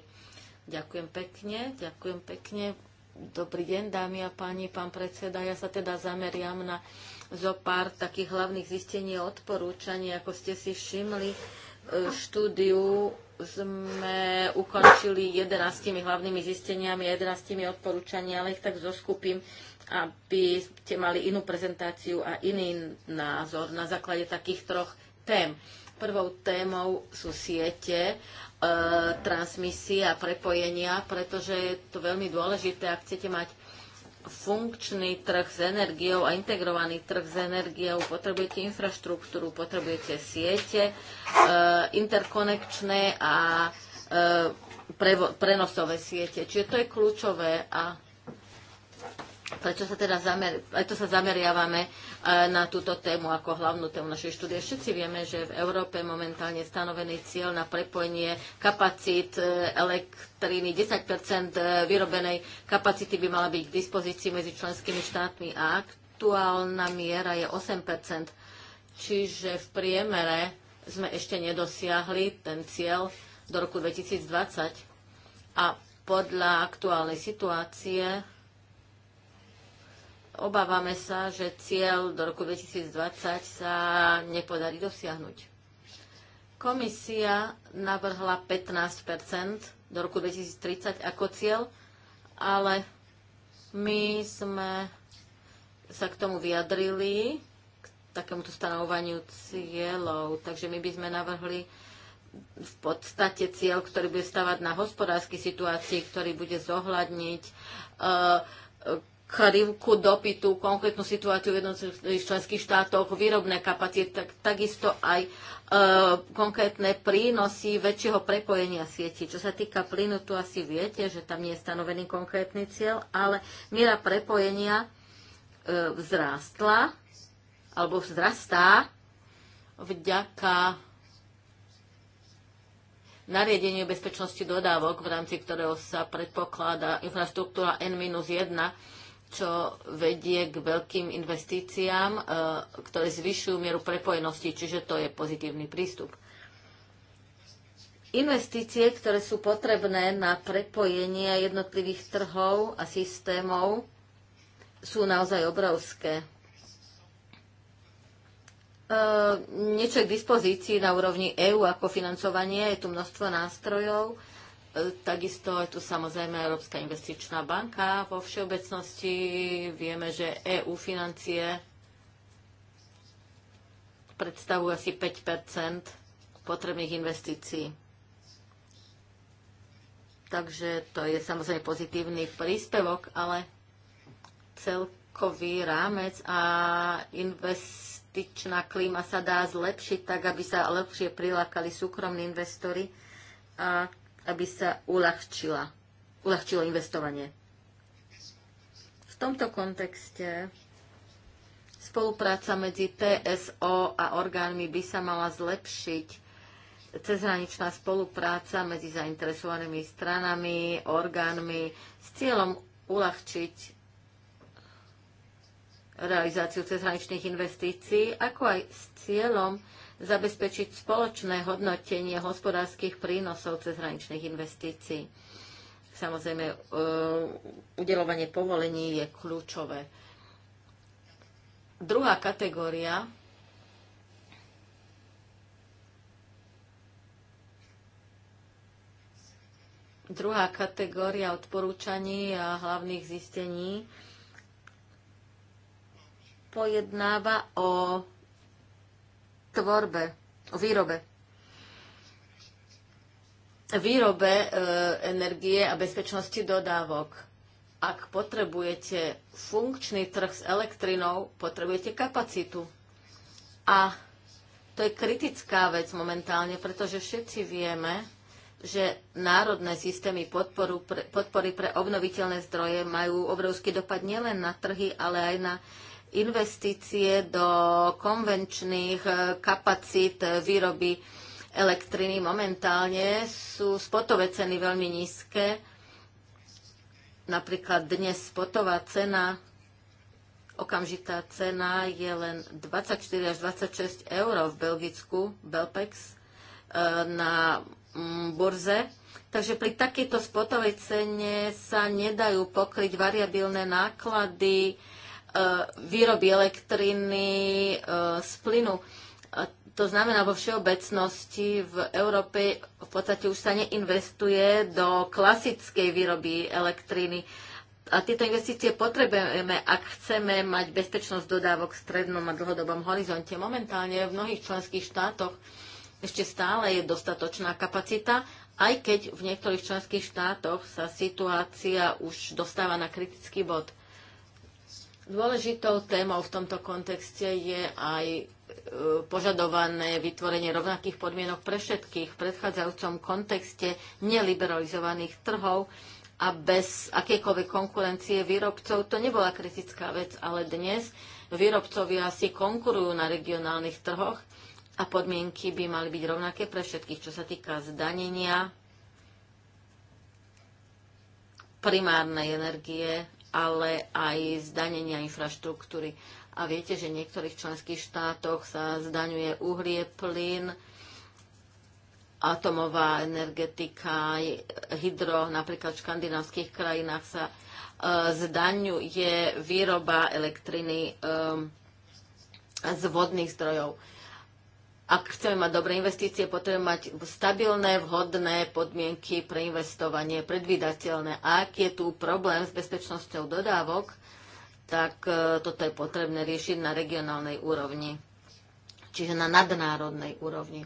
C: Ďakujem pekne, ďakujem pekne. Dobrý deň, dámy a páni, pán predseda. Ja sa teda zameriam na zo pár takých hlavných zistení a odporúčaní. Ako ste si všimli, e, štúdiu sme ukončili 11 hlavnými zisteniami a 11 odporúčaniami, ale ich tak zoskupím, aby ste mali inú prezentáciu a iný názor na základe takých troch tém. Prvou témou sú siete, e, transmisie a prepojenia, pretože je to veľmi dôležité, ak chcete mať funkčný trh s energiou a integrovaný trh s energiou, potrebujete infraštruktúru, potrebujete siete, e, interkonekčné a e, prenosové siete. Čiže to je kľúčové a Prečo sa teda zamer, preto sa zameriavame e, na túto tému ako hlavnú tému našej štúdie. Všetci vieme, že v Európe momentálne je stanovený cieľ na prepojenie kapacít e, elektriny. 10 e, vyrobenej kapacity by mala byť k dispozícii medzi členskými štátmi a aktuálna miera je 8 Čiže v priemere sme ešte nedosiahli ten cieľ do roku 2020 a podľa aktuálnej situácie Obávame sa, že cieľ do roku 2020 sa nepodarí dosiahnuť. Komisia navrhla 15 do roku 2030 ako cieľ, ale my sme sa k tomu vyjadrili, k takémuto stanovaniu cieľov. Takže my by sme navrhli v podstate cieľ, ktorý bude stavať na hospodárskej situácii, ktorý bude zohľadniť uh, krivku dopytu, konkrétnu situáciu v jednotlivých členských štátoch, výrobné kapacity, tak, takisto aj e, konkrétne prínosy väčšieho prepojenia sieti. Čo sa týka plynu, tu asi viete, že tam nie je stanovený konkrétny cieľ, ale miera prepojenia e, vzrástla alebo vzrastá vďaka nariadeniu bezpečnosti dodávok, v rámci ktorého sa predpokladá infraštruktúra N-1 čo vedie k veľkým investíciám, e, ktoré zvyšujú mieru prepojenosti, čiže to je pozitívny prístup. Investície, ktoré sú potrebné na prepojenie jednotlivých trhov a systémov, sú naozaj obrovské. E, niečo je k dispozícii na úrovni EÚ ako financovanie, je tu množstvo nástrojov, Takisto je tu samozrejme Európska investičná banka. Vo všeobecnosti vieme, že EU financie predstavujú asi 5 potrebných investícií. Takže to je samozrejme pozitívny príspevok, ale celkový rámec a investičná klíma sa dá zlepšiť tak, aby sa lepšie prilákali súkromní investori a aby sa uľahčila, uľahčilo investovanie. V tomto kontexte spolupráca medzi TSO a orgánmi by sa mala zlepšiť. Cezhraničná spolupráca medzi zainteresovanými stranami, orgánmi s cieľom uľahčiť realizáciu cezhraničných investícií, ako aj s cieľom zabezpečiť spoločné hodnotenie hospodárskych prínosov cezhraničných investícií. Samozrejme, e, udelovanie povolení je kľúčové. Druhá kategória Druhá kategória odporúčaní a hlavných zistení pojednáva o tvorbe, o výrobe výrobe e, energie a bezpečnosti dodávok. Ak potrebujete funkčný trh s elektrinou, potrebujete kapacitu. A to je kritická vec momentálne, pretože všetci vieme, že národné systémy podporu pre, podpory pre obnoviteľné zdroje majú obrovský dopad nielen na trhy, ale aj na investície do konvenčných eh, kapacít eh, výroby elektriny momentálne sú spotové ceny veľmi nízke. Napríklad dnes spotová cena, okamžitá cena je len 24 až 26 eur v Belgicku, Belpex, eh, na mm, burze. Takže pri takejto spotovej cene sa nedajú pokryť variabilné náklady, E, výroby elektriny e, z plynu. E, to znamená, vo všeobecnosti v Európe v podstate už sa neinvestuje do klasickej výroby elektriny. A tieto investície potrebujeme, ak chceme mať bezpečnosť dodávok v strednom a dlhodobom horizonte. Momentálne v mnohých členských štátoch ešte stále je dostatočná kapacita, aj keď v niektorých členských štátoch sa situácia už dostáva na kritický bod. Dôležitou témou v tomto kontexte je aj e, požadované vytvorenie rovnakých podmienok pre všetkých v predchádzajúcom kontexte neliberalizovaných trhov a bez akékoľvek konkurencie výrobcov. To nebola kritická vec, ale dnes výrobcovia si konkurujú na regionálnych trhoch a podmienky by mali byť rovnaké pre všetkých, čo sa týka zdanenia primárnej energie ale aj zdanenia infraštruktúry. A viete, že v niektorých členských štátoch sa zdaňuje uhlie, plyn, atomová energetika, hydro, napríklad v škandinávských krajinách sa e, zdaňuje výroba elektriny e, z vodných zdrojov. Ak chceme mať dobré investície, potrebujeme mať stabilné, vhodné podmienky pre investovanie, predvídateľné. A ak je tu problém s bezpečnosťou dodávok, tak e, toto je potrebné riešiť na regionálnej úrovni, čiže na nadnárodnej úrovni.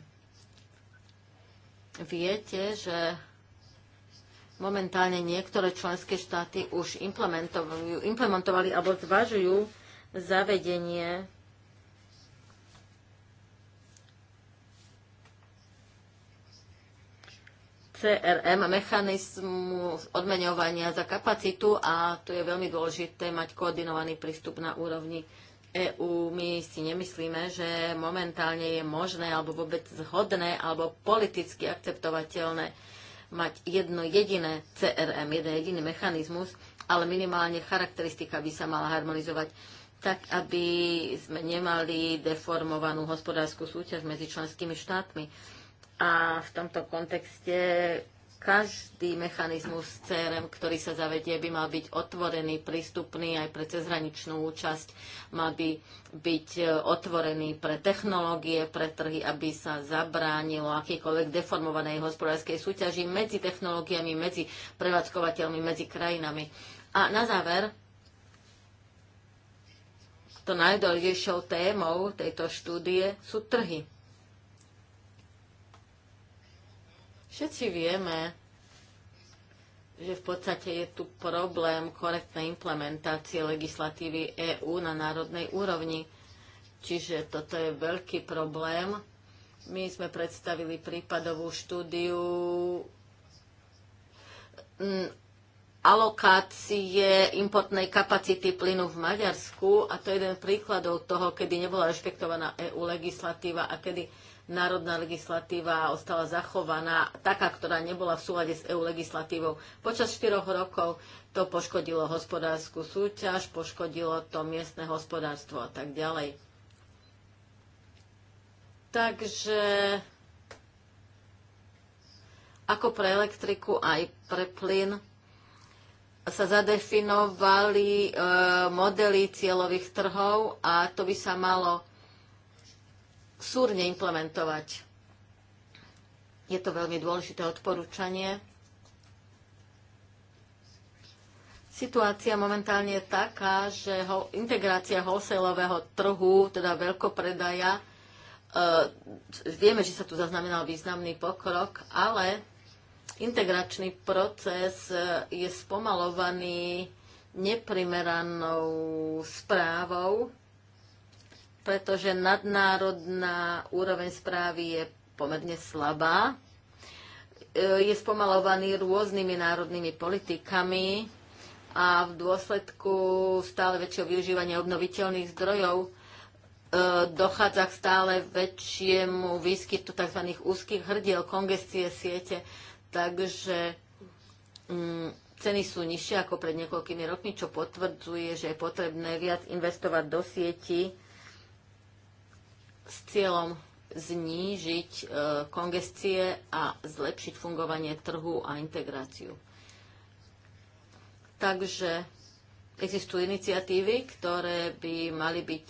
C: Viete, že momentálne niektoré členské štáty už implementovali alebo zvažujú zavedenie CRM, mechanizmu odmeňovania za kapacitu a tu je veľmi dôležité mať koordinovaný prístup na úrovni EÚ. My si nemyslíme, že momentálne je možné alebo vôbec zhodné alebo politicky akceptovateľné mať jedno jediné CRM, jeden jediný mechanizmus, ale minimálne charakteristika by sa mala harmonizovať tak, aby sme nemali deformovanú hospodárskú súťaž medzi členskými štátmi a v tomto kontexte každý mechanizmus CRM, ktorý sa zavedie, by mal byť otvorený, prístupný aj pre cezhraničnú účasť, mal by byť e, otvorený pre technológie, pre trhy, aby sa zabránilo akýkoľvek deformovanej hospodárskej súťaži medzi technológiami, medzi prevádzkovateľmi, medzi krajinami. A na záver, to najdôležitejšou témou tejto štúdie sú trhy. Všetci vieme, že v podstate je tu problém korektnej implementácie legislatívy EÚ na národnej úrovni. Čiže toto je veľký problém. My sme predstavili prípadovú štúdiu mm, alokácie importnej kapacity plynu v Maďarsku a to je jeden príkladov toho, kedy nebola rešpektovaná EU legislatíva a kedy národná legislatíva ostala zachovaná, taká, ktorá nebola v súlade s EU legislatívou. Počas 4 rokov to poškodilo hospodárskú súťaž, poškodilo to miestne hospodárstvo a tak ďalej. Takže ako pre elektriku, aj pre plyn sa zadefinovali e, modely cieľových trhov a to by sa malo súrne implementovať. Je to veľmi dôležité odporúčanie. Situácia momentálne je taká, že ho, integrácia wholesaleového trhu, teda veľkopredaja, e, vieme, že sa tu zaznamenal významný pokrok, ale integračný proces e, je spomalovaný neprimeranou správou pretože nadnárodná úroveň správy je pomerne slabá. E, je spomalovaný rôznymi národnými politikami a v dôsledku stále väčšieho využívania obnoviteľných zdrojov e, dochádza k stále väčšiemu výskytu tzv. úzkých hrdiel, kongestie siete, takže mm, ceny sú nižšie ako pred niekoľkými rokmi, čo potvrdzuje, že je potrebné viac investovať do sieti s cieľom znížiť e, kongestie a zlepšiť fungovanie trhu a integráciu. Takže existujú iniciatívy, ktoré by mali byť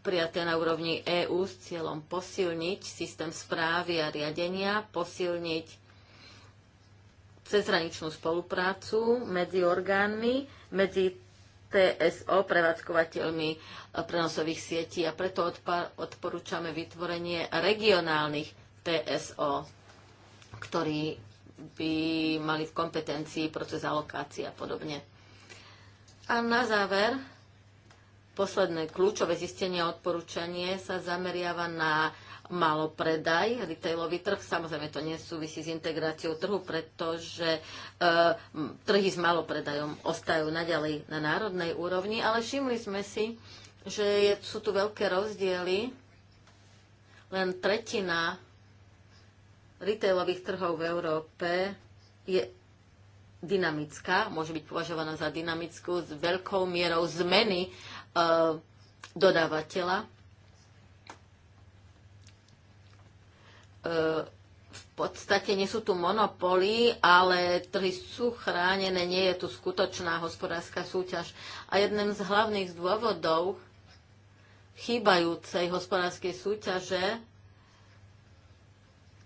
C: prijaté na úrovni EÚ s cieľom posilniť systém správy a riadenia, posilniť cezhraničnú spoluprácu medzi orgánmi, medzi TSO, prevádzkovateľmi eh, prenosových sietí a preto odporúčame vytvorenie regionálnych TSO, ktorí by mali v kompetencii proces alokácie a podobne. A na záver, posledné kľúčové zistenie a odporúčanie sa zameriava na malo predaj, retailový trh. Samozrejme, to nesúvisí s integráciou trhu, pretože e, trhy s malopredajom ostajú naďalej na národnej úrovni, ale všimli sme si, že je, sú tu veľké rozdiely. Len tretina retailových trhov v Európe je dynamická, môže byť považovaná za dynamickú s veľkou mierou zmeny e, dodávateľa v podstate nie sú tu monopóly, ale trhy sú chránené, nie je tu skutočná hospodárska súťaž. A jedným z hlavných dôvodov chýbajúcej hospodárskej súťaže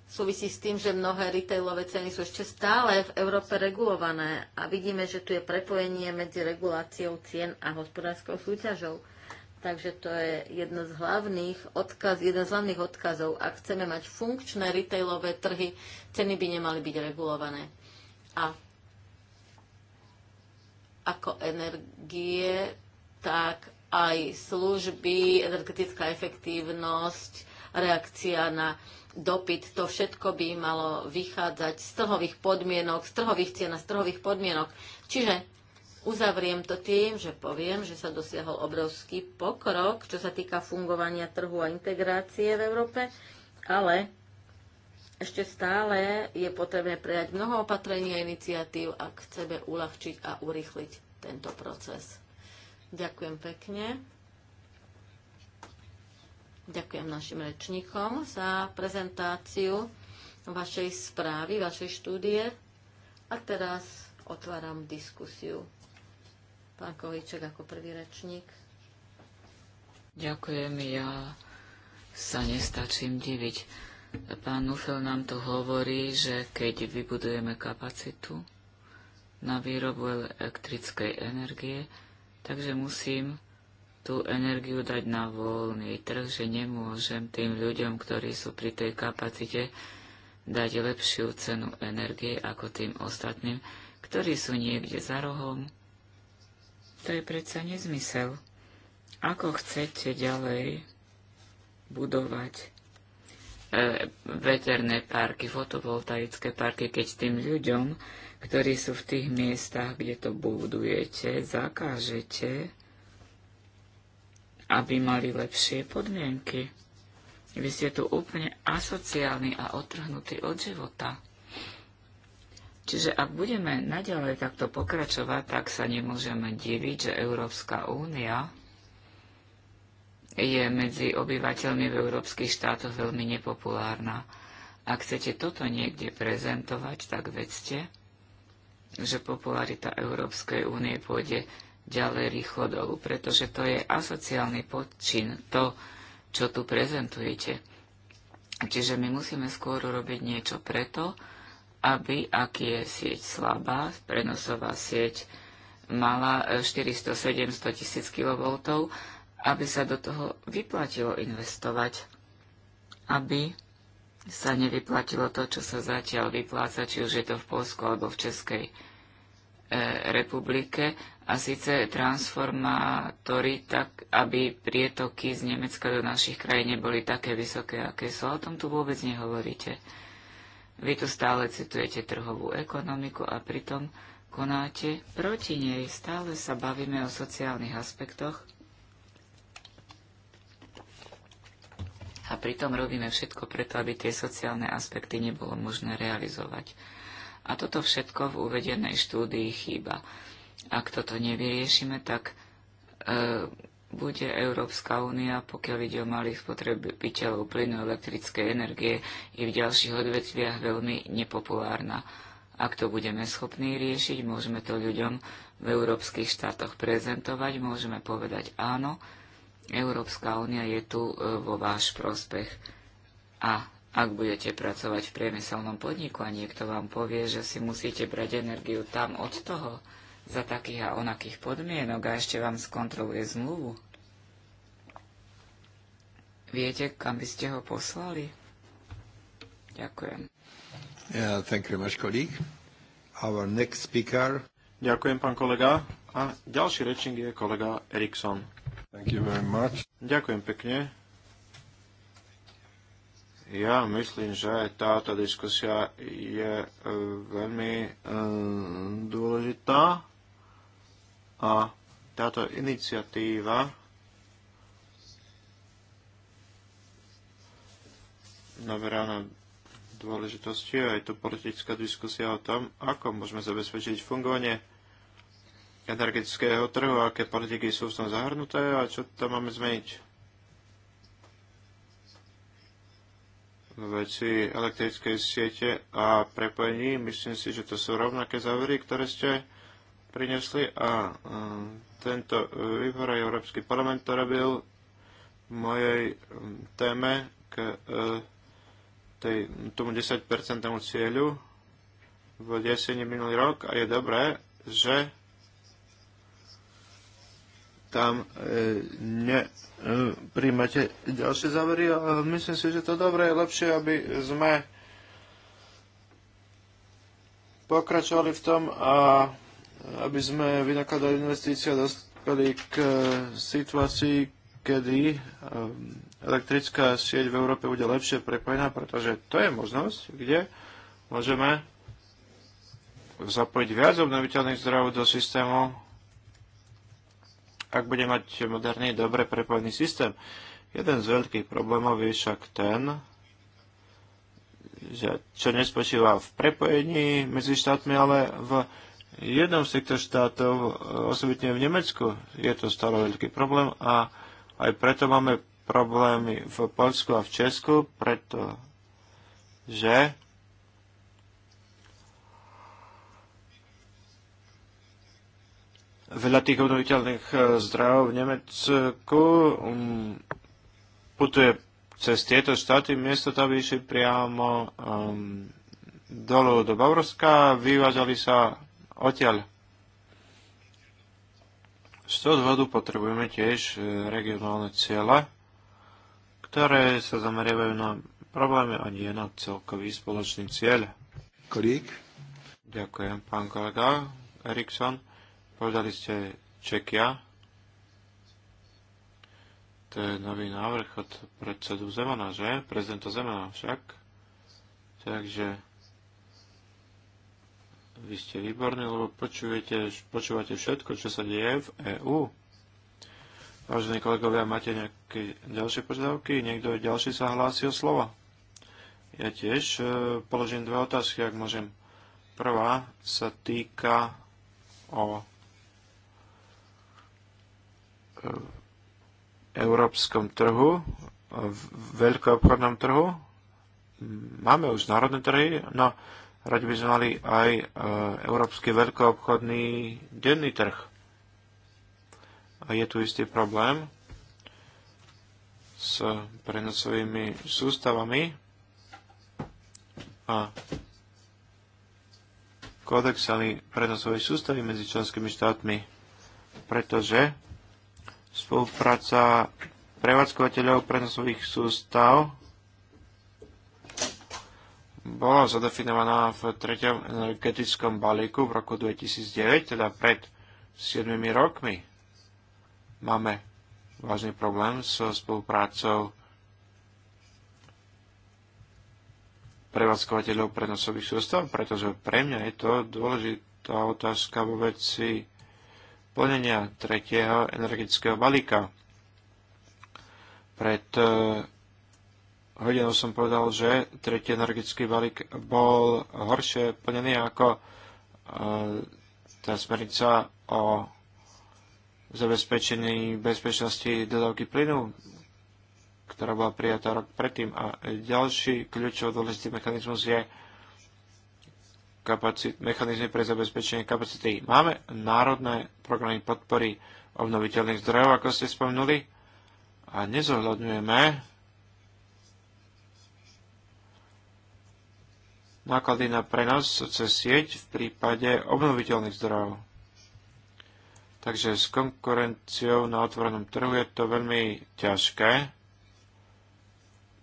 C: súvisí s tým, že mnohé retailové ceny sú ešte stále v Európe regulované a vidíme, že tu je prepojenie medzi reguláciou cien a hospodárskou súťažou. Takže to je jedno z hlavných odkaz, jeden z hlavných odkazov. Ak chceme mať funkčné retailové trhy, ceny by nemali byť regulované. A ako energie, tak aj služby, energetická efektívnosť, reakcia na dopyt, to všetko by malo vychádzať z trhových podmienok, z trhových cien a z trhových podmienok. Čiže Uzavriem to tým, že poviem, že sa dosiahol obrovský pokrok, čo sa týka fungovania trhu a integrácie v Európe, ale ešte stále je potrebné prejať mnoho opatrení a iniciatív, ak chceme uľahčiť a urýchliť tento proces. Ďakujem pekne. Ďakujem našim rečníkom za prezentáciu vašej správy, vašej štúdie. A teraz otváram diskusiu. Pán Kovíček ako prvý rečník.
B: Ďakujem, ja sa nestačím diviť. Pán Nufel nám tu hovorí, že keď vybudujeme kapacitu na výrobu elektrickej energie, takže musím tú energiu dať na voľný trh, že nemôžem tým ľuďom, ktorí sú pri tej kapacite, dať lepšiu cenu energie ako tým ostatným, ktorí sú niekde za rohom to je predsa nezmysel. Ako chcete ďalej budovať e, veterné parky, fotovoltaické parky, keď tým ľuďom, ktorí sú v tých miestach, kde to budujete, zakážete, aby mali lepšie podmienky. Vy ste tu úplne asociálni a otrhnutí od života. Čiže ak budeme naďalej takto pokračovať, tak sa nemôžeme diviť, že Európska únia je medzi obyvateľmi v európskych štátoch veľmi nepopulárna. Ak chcete toto niekde prezentovať, tak vedzte, že popularita Európskej únie pôjde ďalej rýchlo dolu, pretože to je asociálny podčin, to, čo tu prezentujete. Čiže my musíme skôr urobiť niečo preto, aby, ak je sieť slabá, prenosová sieť mala 400-700 e, tisíc kV, aby sa do toho vyplatilo investovať, aby sa nevyplatilo to, čo sa zatiaľ vypláca, či už je to v Polsku alebo v Českej e, republike, a síce transformátory tak, aby prietoky z Nemecka do našich krajín neboli také vysoké, aké sú. O tom tu vôbec nehovoríte. Vy tu stále citujete trhovú ekonomiku a pritom konáte proti nej. Stále sa bavíme o sociálnych aspektoch a pritom robíme všetko preto, aby tie sociálne aspekty nebolo možné realizovať. A toto všetko v uvedenej štúdii chýba. Ak toto nevyriešime, tak e, bude Európska únia, pokiaľ ide o malých spotrebiteľov plynu elektrickej energie, i v ďalších odvetviach veľmi nepopulárna. Ak to budeme schopní riešiť, môžeme to ľuďom v európskych štátoch prezentovať, môžeme povedať áno, Európska únia je tu e, vo váš prospech. A ak budete pracovať v priemyselnom podniku a niekto vám povie, že si musíte brať energiu tam od toho, za takých a onakých podmienok a ešte vám skontroluje zmluvu, Viete, kam by ste ho poslali?
A: Ďakujem. Yeah, thank you much, colleague. Our next speaker. Ďakujem, pán kolega. A ďalší rečník je kolega Erikson. Thank you very much. Ďakujem pekne. Ja myslím, že táto diskusia je e, veľmi e, dôležitá a táto iniciatíva naberá na dôležitosti a je to politická diskusia o tom, ako môžeme zabezpečiť fungovanie energetického trhu, aké politiky sú v tom zahrnuté a čo tam máme zmeniť. veci elektrickej siete a prepojení. Myslím si, že to sú rovnaké závery, ktoré ste prinesli a tento výbor aj Európsky parlament to robil v mojej téme k e, tej, tomu 10-percentnému cieľu v jesene minulý rok a je dobré, že tam e, ne, e, ďalšie závery a myslím si, že to dobré je lepšie, aby sme pokračovali v tom a aby sme vynakladali investície a dostali k e, situácii, kedy e, elektrická sieť v Európe bude lepšie prepojená, pretože to je možnosť, kde môžeme zapojiť viac obnoviteľných zdrojov do systému, ak bude mať moderný, dobre prepojený systém. Jeden z veľkých problémov je však ten, že čo nespočíva v prepojení medzi štátmi, ale v jednom z týchto štátov, e, osobitne v Nemecku, je to stále veľký problém a aj preto máme problémy v Polsku a v Česku, pretože veľa tých obnoviteľných e, zdrojov v Nemecku um, putuje cez tieto štáty, miesto toho by išli priamo um, dolu do Bavorska a vyvážali sa odtiaľ. Z toho dôvodu potrebujeme tiež e, regionálne ciele ktoré sa zameriavajú na problémy a nie na celkový spoločný cieľ. Kolík. Ďakujem, pán kolega Erikson. Povedali ste Čekia. To je nový návrh od predsedu Zemana, že? Prezidenta Zemana však. Takže vy ste výborní, lebo počúvate všetko, čo sa deje v EÚ. Vážení kolegovia, máte nejaké ďalšie požiadavky? Niekto ďalší sa hlási o slovo? Ja tiež e, položím dve otázky, ak môžem. Prvá sa týka o e, európskom trhu, veľkoobchodnom trhu. Máme už národné trhy, no radi by sme mali aj e, európsky veľkoobchodný denný trh je tu istý problém s prenosovými sústavami a kódexami prenosovej sústavy medzi členskými štátmi, pretože spolupráca prevádzkovateľov prenosových sústav bola zadefinovaná v 3. energetickom balíku v roku 2009, teda pred 7 rokmi. Máme vážny problém so spoluprácou prevádzkovateľov prenosových sústav, pretože pre mňa je to dôležitá otázka vo veci plnenia tretieho energetického balíka. Pred eh, hodinou som povedal, že tretí energetický balík bol horšie plnený ako eh, tá smernica o zabezpečení bezpečnosti dodávky plynu, ktorá bola prijatá rok predtým. A ďalší kľúčový dôležitý mechanizmus je kapacit, mechanizmy pre zabezpečenie kapacity. Máme národné programy podpory obnoviteľných zdrojov, ako ste spomenuli, a nezohľadňujeme náklady na prenos cez sieť v prípade obnoviteľných zdrojov. Takže s konkurenciou na otvorenom trhu je to veľmi ťažké,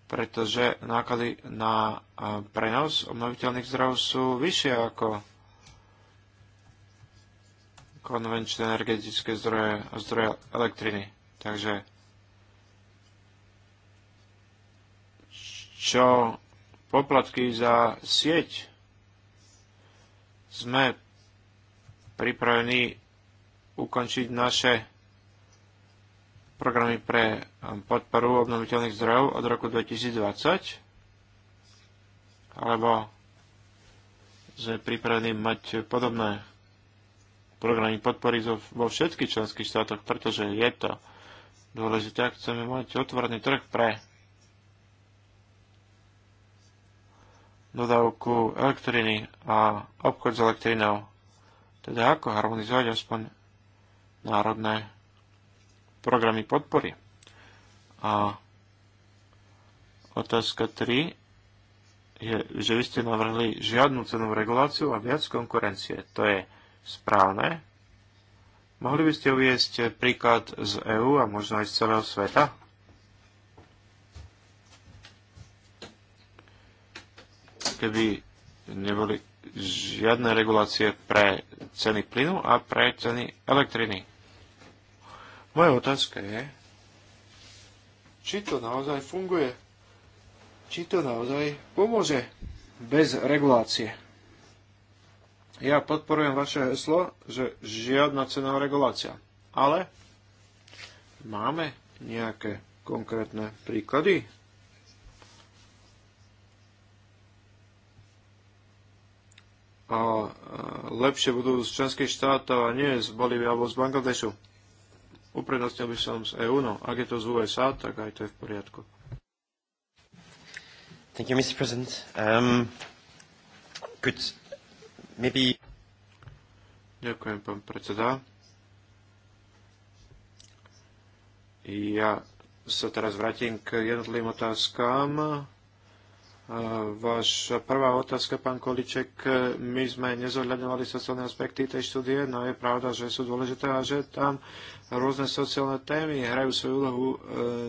A: pretože náklady na prenos obnoviteľných zdrojov sú vyššie ako konvenčné energetické zdroje a zdroje elektriny. Takže čo poplatky za sieť sme pripravení ukončiť naše programy pre um, podporu obnoviteľných zdrojov od roku 2020? Alebo sme pripravení mať podobné programy podpory vo všetkých členských štátoch, pretože je to dôležité, ak chceme mať otvorený trh pre dodávku elektriny a obchod s elektrinou. Teda ako harmonizovať aspoň národné programy podpory. A otázka 3 je, že vy ste navrhli žiadnu cenovú reguláciu a viac konkurencie. To je správne. Mohli by ste uviesť príklad z EÚ a možno aj z celého sveta? Keby neboli žiadne regulácie pre ceny plynu a pre ceny elektriny. Moja otázka je, či to naozaj funguje, či to naozaj pomôže bez regulácie. Ja podporujem vaše heslo, že žiadna cená regulácia. Ale máme nejaké konkrétne príklady? A lepšie budú z členských štátov a nie z Bolívie alebo z Bangladešu uprednostnil by som z EÚ, no ak je to z USA, tak aj to je v poriadku. Thank you, Mr. President. Um, could maybe... Ďakujem, pán predseda. Ja sa teraz vrátim k jednotlivým otázkám Váš prvá otázka, pán Količek, my sme nezohľadňovali sociálne aspekty tej štúdie, no je pravda, že sú dôležité a že tam rôzne sociálne témy hrajú svoju úlohu e,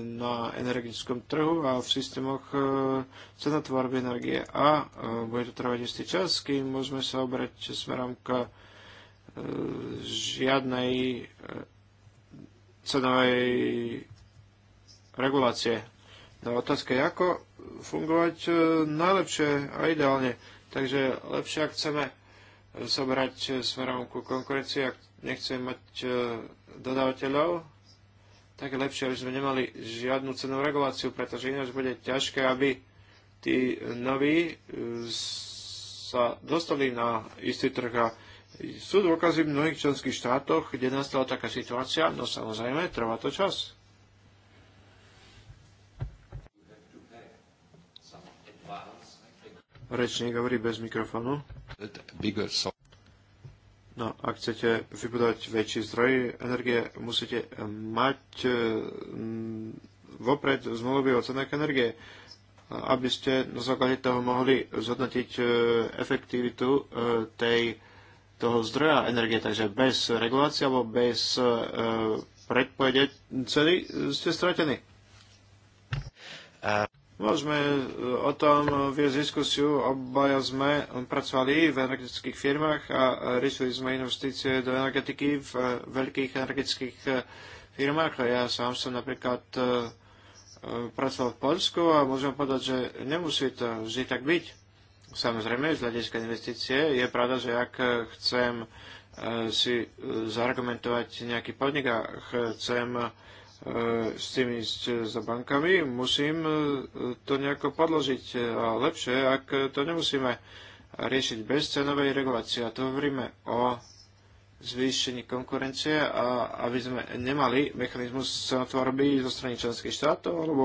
A: na energetickom trhu a v systémoch e, cenotvorby energie. A e, bude to trvať istý čas, kým môžeme sa obrať smerom k žiadnej cenovej regulácie na no, otázka je, ako fungovať e, najlepšie a ideálne. Takže lepšie, ak chceme e, zobrať e, smerom ku konkurencii, ak nechceme mať dodávateľov, tak je lepšie, aby sme nemali žiadnu cenovú reguláciu, pretože ináč bude ťažké, aby tí noví sa dostali na istý trh a sú dôkazy v mnohých členských štátoch, kde nastala taká situácia, no samozrejme, trvá to čas. Rečník hovorí bez mikrofónu. No, ak chcete vybudovať väčší zdroj energie, musíte mať e, vopred zmluvy o cenách energie, aby ste na základe toho mohli zhodnotiť e, efektivitu e, tej, toho zdroja energie. Takže bez regulácie alebo bez predpovede ceny ste stratení. Môžeme eh, o tom eh, viesť diskusiu. Obaja sme pracovali v energetických firmách a eh, riešili sme investície do energetiky v veľkých energetických firmách. ja sám som napríklad pracoval v Polsku a môžem povedať, že nemusí to vždy tak byť. Samozrejme, z hľadiska investície je pravda, že ak chcem si zargumentovať nejaký podnik a chcem E, s tým ísť za bankami, musím e, to nejako podložiť e, a lepšie, ak to nemusíme riešiť bez cenovej regulácie. A to hovoríme o zvýšení konkurencie a aby sme nemali mechanizmus cenotvorby zo strany členských štátov alebo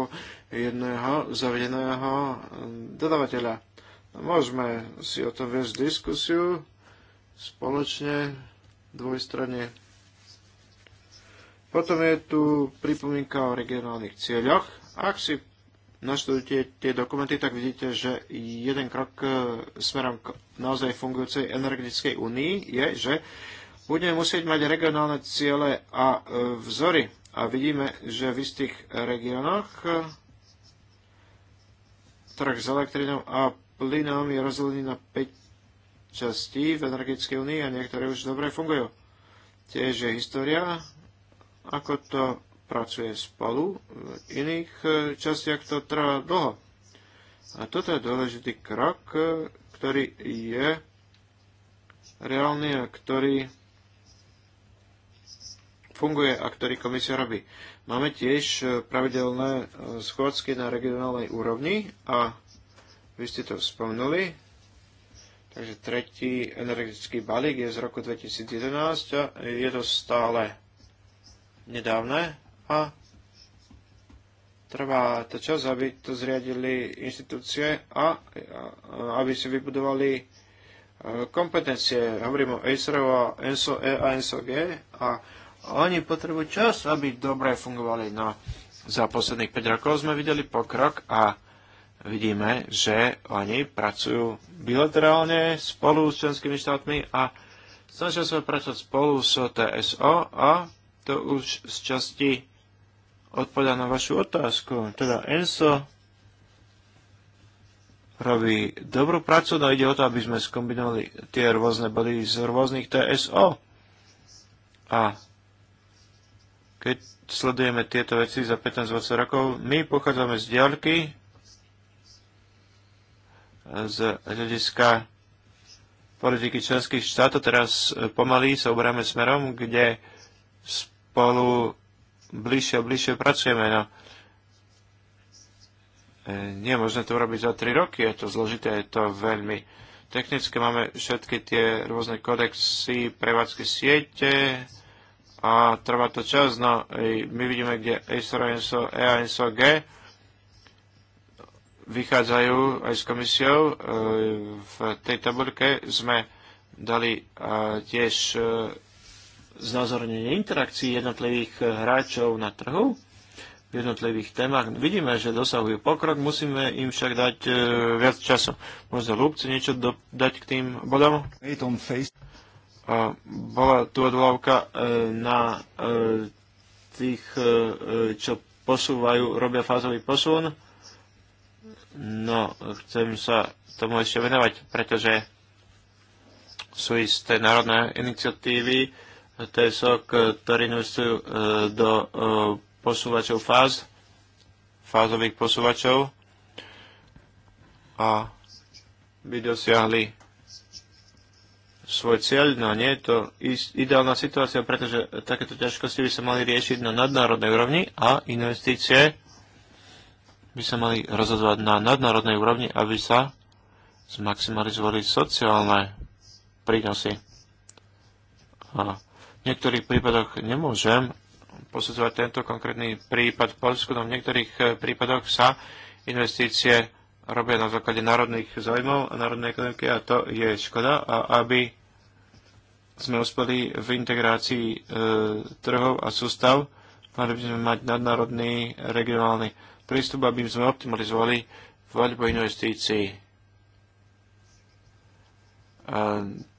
A: jedného zavedeného dodavateľa. No, môžeme si o tom viesť diskusiu spoločne, dvojstranne. Potom je tu pripomienka o regionálnych cieľoch. Ak si naštudujete tie dokumenty, tak vidíte, že jeden krok e, smerom k naozaj fungujúcej energetickej únii je, že budeme musieť mať regionálne ciele a e, vzory. A vidíme, že v istých regiónoch e, trh s elektrinou a plynom je rozdelený na 5 častí v energetickej únii a niektoré už dobre fungujú. Tiež je história ako to pracuje spolu, v iných e, častiach to trvá dlho. A toto je dôležitý krok, e, ktorý je reálny a ktorý funguje a ktorý komisia robí. Máme tiež e, pravidelné schôdzky na regionálnej úrovni a vy ste to spomenuli. Takže tretí energetický balík je z roku 2011 a je to stále nedávne a trvá to čas, aby to zriadili inštitúcie a aby si vybudovali e, kompetencie. Hovorím o ESRO a E a G a oni potrebujú čas, aby dobre fungovali. No, za posledných 5 rokov sme videli pokrok a vidíme, že oni pracujú bilaterálne spolu s členskými štátmi a snažia sa pracovať spolu s TSO a to už z časti odpovedá na vašu otázku. Teda ENSO robí dobrú prácu, no ide o to, aby sme skombinovali tie rôzne body z rôznych TSO. A keď sledujeme tieto veci za 15-20 rokov, my pochádzame z diálky, z hľadiska politiky členských štátov, teraz pomaly sa obráme smerom, kde spolu bližšie a bližšie pracujeme. No, nie je možné to urobiť za 3 roky, je to zložité, je to veľmi technické. Máme všetky tie rôzne kodexy, prevádzky siete a trvá to čas. No, e, my vidíme, kde ASO, E EANSO, G vychádzajú aj s komisiou. E, v tej tabulke sme dali tiež znázornenie interakcií jednotlivých eh, hráčov na trhu v jednotlivých témach. Vidíme, že dosahujú pokrok, musíme im však dať e, viac času. Možno ľúbce niečo do, dať k tým bodom? A bola tu odvolávka e, na e, tých, e, čo posúvajú, robia fázový posun. No, chcem sa tomu ešte venovať, pretože sú isté národné iniciatívy, tesok, ktorý investujú e, do e, posúvačov fáz, fázových posúvačov a by dosiahli svoj cieľ, no nie je to ideálna situácia, pretože takéto ťažkosti by sa mali riešiť na nadnárodnej úrovni a investície by sa mali rozhodovať na nadnárodnej úrovni, aby sa zmaximalizovali sociálne prínosy. A niektorých prípadoch nemôžem posudzovať tento konkrétny prípad v Polsku, no v niektorých e, prípadoch sa investície robia na základe národných záujmov a národnej ekonomiky a to je škoda, a aby sme uspeli v integrácii e, trhov a sústav, mali by sme mať nadnárodný regionálny prístup, aby sme optimalizovali voľbu investícií. E,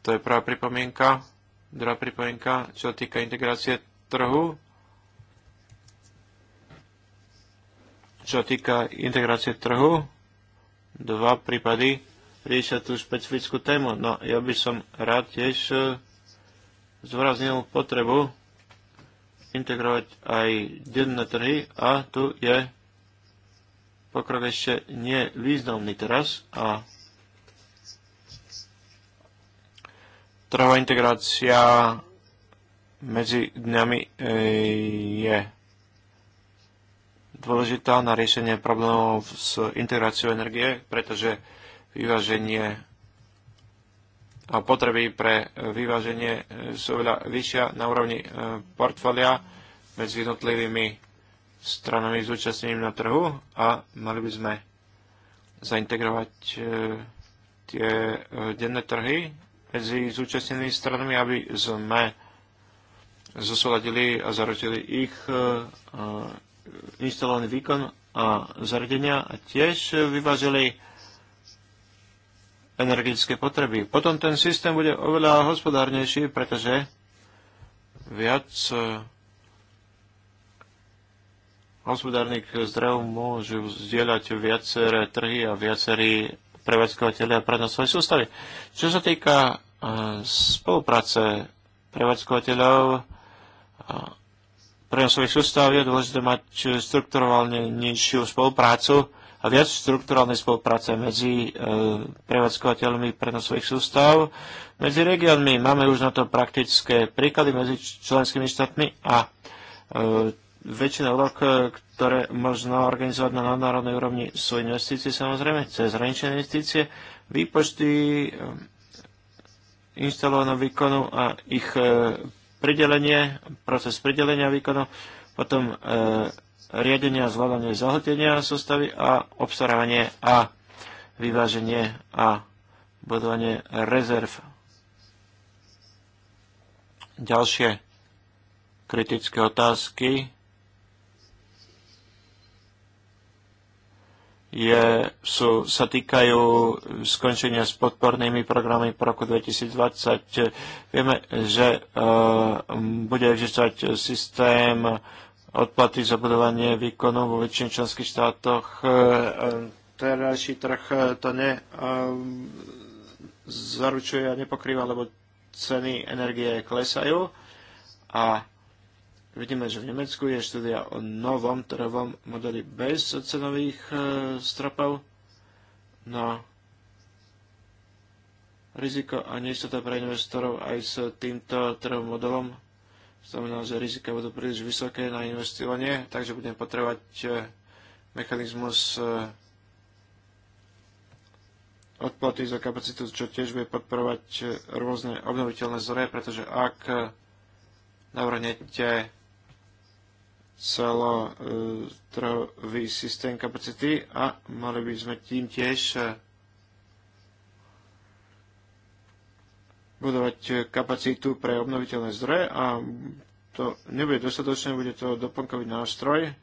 A: to je prvá pripomienka. Druhá pripojenka, čo týka integrácie trhu, čo týka integrácie trhu, dva prípady riešia tú špecifickú tému. No ja by som rád tiež e, zvraznil potrebu integrovať aj denné trhy a tu je pokrok ešte nie významný teraz a trhová integrácia medzi dňami e, je dôležitá na riešenie problémov s integráciou energie, pretože vyváženie a potreby pre vyváženie sú veľa vyššia na úrovni e, portfólia medzi jednotlivými stranami zúčastnením na trhu a mali by sme zaintegrovať e, tie denné trhy medzi zúčastnenými stranami, aby sme zosúladili a zarotili ich e, e, instalovaný výkon a zariadenia a tiež vyvážili energetické potreby. Potom ten systém bude oveľa hospodárnejší, pretože viac e, hospodárnych zdrojov môžu zdieľať viaceré trhy a viacerí prevádzkovateľe a prednosť svoje sústavy. Čo sa týka e, spolupráce prevádzkovateľov prenosových sústav, je dôležité mať strukturálne nižšiu spoluprácu a viac strukturálnej spolupráce medzi e, prevádzkovateľmi prenosových sústav, medzi regiónmi. Máme už na to praktické príklady medzi členskými štátmi a e, väčšina úrok, eh, ktoré možno organizovať na nadnárodnej úrovni, sú investície samozrejme, cez hraničné investície, výpočty eh, inštalovaného výkonu a ich eh, pridelenie, proces pridelenia výkonu, potom e, a zvládanie, zahltenia sústavy a obstarávanie a vyváženie a budovanie rezerv. Ďalšie kritické otázky je, sú, sa týkajú skončenia s podpornými programy po roku 2020. Vieme, že e, bude existovať systém odplaty za budovanie výkonu vo väčšine členských štátoch. Eh, e, terajší trh eh, to ne e, zaručuje a nepokrýva, lebo ceny energie klesajú a Vidíme, že v Nemecku je štúdia o novom trhovom modeli bez cenových e, stropov. No, riziko a neistota pre investorov aj s týmto trhovým modelom znamená, že rizika budú príliš vysoké na investovanie, takže budem potrebovať e, mechanizmus e, odplaty za kapacitu, čo tiež bude podporovať rôzne obnoviteľné zdroje, pretože ak navrhnete E, trový systém kapacity a mali by sme tým tiež e, budovať kapacitu pre obnoviteľné zdroje a to nebude dostatočné, bude to doplnkový nástroj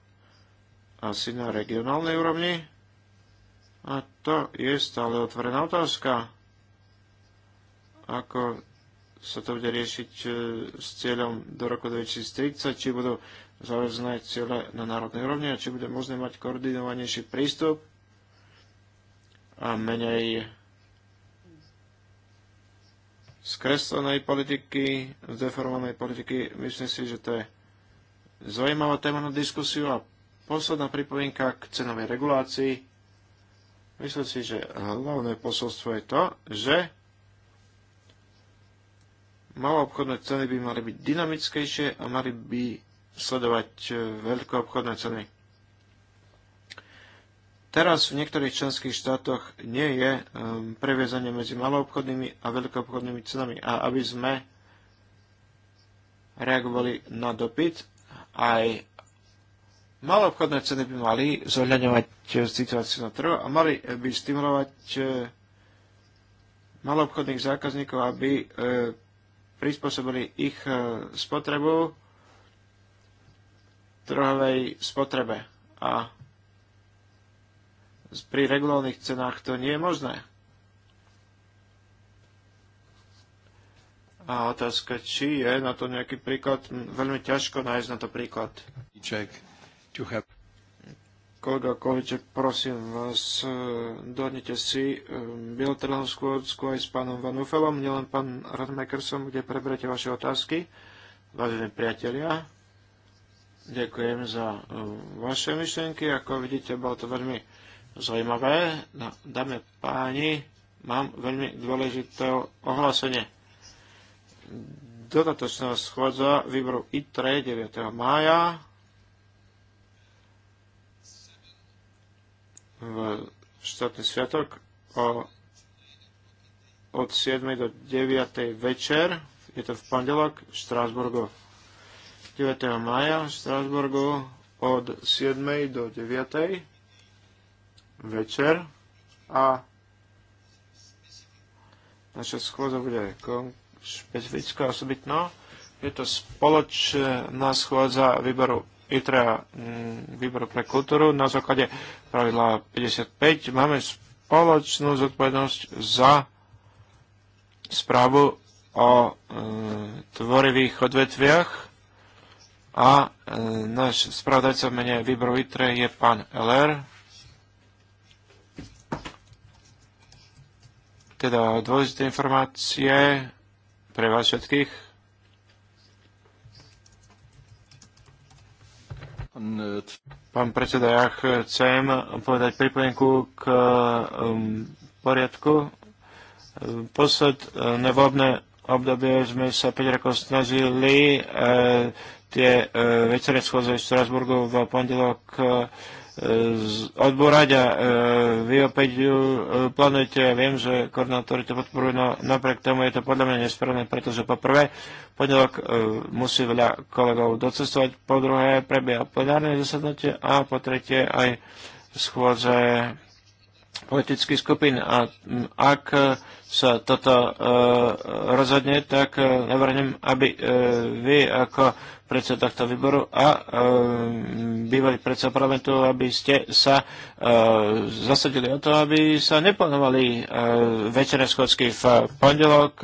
A: asi na regionálnej úrovni. A to je stále otvorená otázka, ako sa to bude riešiť e, s cieľom do roku 2030, či budú záväzné ciele na národnej úrovni a či bude možné mať koordinovanejší prístup a menej skreslenej politiky, zdeformovanej politiky. Myslím si, že to je zaujímavá téma na diskusiu a posledná pripomienka k cenovej regulácii. Myslím si, že hlavné posolstvo je to, že malo obchodné ceny by mali byť dynamickejšie a mali by sledovať e, veľkoobchodné ceny. Teraz v niektorých členských štátoch nie je e, previezanie medzi maloobchodnými a veľkoobchodnými cenami. A aby sme reagovali na dopyt, aj maloobchodné ceny by mali zohľadňovať e, situáciu na trhu a mali by stimulovať maloobchodných zákazníkov, aby prispôsobili ich spotrebu trhovej spotrebe. A pri regulovaných cenách to nie je možné. A otázka, či je na to nejaký príklad, veľmi ťažko nájsť na to príklad. Kolega Koviček, prosím vás, eh, dohodnite si eh, bilaterálnu skôrku aj s pánom Van Ufelom, nielen pán Radmakersom, kde preberete vaše otázky. Vážení priatelia, Ďakujem za uh, vaše myšlenky. Ako vidíte, bolo to veľmi zaujímavé. No, dáme páni, mám veľmi dôležité ohlásenie. Dodatočná schôdza výboru ITRE 9. mája v štátny sviatok o, od 7. do 9. večer. Je to v pondelok v Štrásburgu. 9. maja v Strasburgu od 7. do 9. večer a naša schôdza bude špecifická osobitná. Je to spoločná schôdza výboru ITRA, mm, výboru pre kultúru na základe pravidla 55. Máme spoločnú zodpovednosť za správu o e, tvorivých odvetviach a e, náš spravodajca v mene výboru ITRE je pán LR. Teda dôležité informácie pre vás všetkých. Pán predseda, ja chcem povedať pripomienku k um, poriadku. Posledné voľbné obdobie sme sa 5 rokov snažili e, tie e, večere schôdze v Strasburgu v pondelok e, odborať a e, vy opäť ju plánujete. Ja viem, že koordinátori to podporujú, no napriek tomu je to podľa mňa nesprávne, pretože po prvé, pondelok musí veľa kolegov docestovať, po druhé prebieha plenárne zasadnutie a po tretie aj schôdze politických skupín. A ak e, sa toto e, rozhodne, tak e, navrhnem, aby vy ako predseda tohto výboru a bývalý predseda parlamentu, aby ste sa zasadili o to, aby sa neplánovali večerné schodky v pondelok,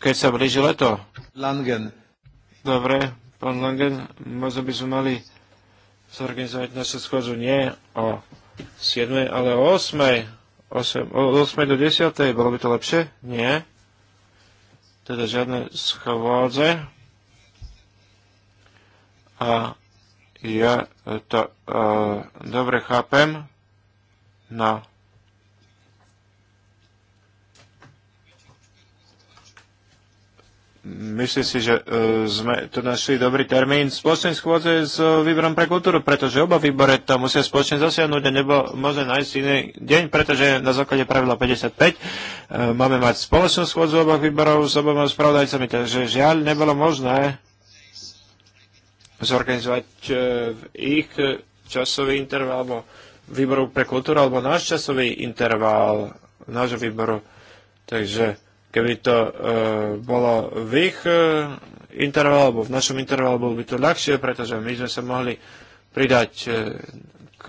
A: keď sa blíži leto. Langen. Dobre, pán Langen, možno by sme mali zorganizovať našu schôdzu nie o 7, ale o 8. 8, o 8 do 10. Bolo by to lepšie? Nie. Teda žiadne schôdze. A ja to uh, dobre chápem. No. myslím si, že e, sme tu našli dobrý termín spoločnej schôdze s e, výborom pre kultúru, pretože oba výbore to musia spoločne zasiahnuť a nebo možno nájsť iný deň, pretože na základe pravidla 55 e, máme mať spoločnú schôdzu oboch výborov s oboma spravodajcami, takže žiaľ nebolo možné zorganizovať v ich časový interval alebo výboru pre kultúru alebo náš časový interval nášho výboru. Takže Keby to e, bolo v ich e, intervale, alebo v našom intervale, bolo by to ľahšie, pretože my sme sa mohli pridať e, k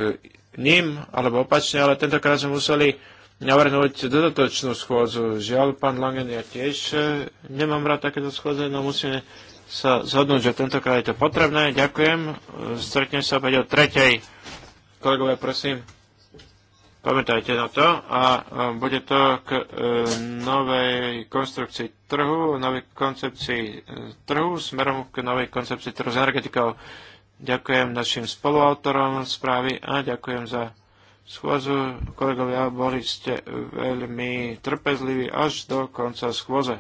A: ním, alebo opačne, ale tentokrát sme museli navrhnúť dodatočnú schôdzu. Žiaľ, pán Langen, ja tiež e, nemám rád takéto schôdze, no musíme sa zhodnúť, že tentokrát je to potrebné. Ďakujem. E, stretnem sa opäť o tretej. Kolegovia, prosím. Pamätajte na to a bude to k e, novej konstrukcii trhu, novej koncepcii e, trhu, smerom k novej koncepcii trhu s energetikou. Ďakujem našim spoluautorom správy a ďakujem za schôzu. Kolegovia, boli ste veľmi trpezliví až do konca schôze.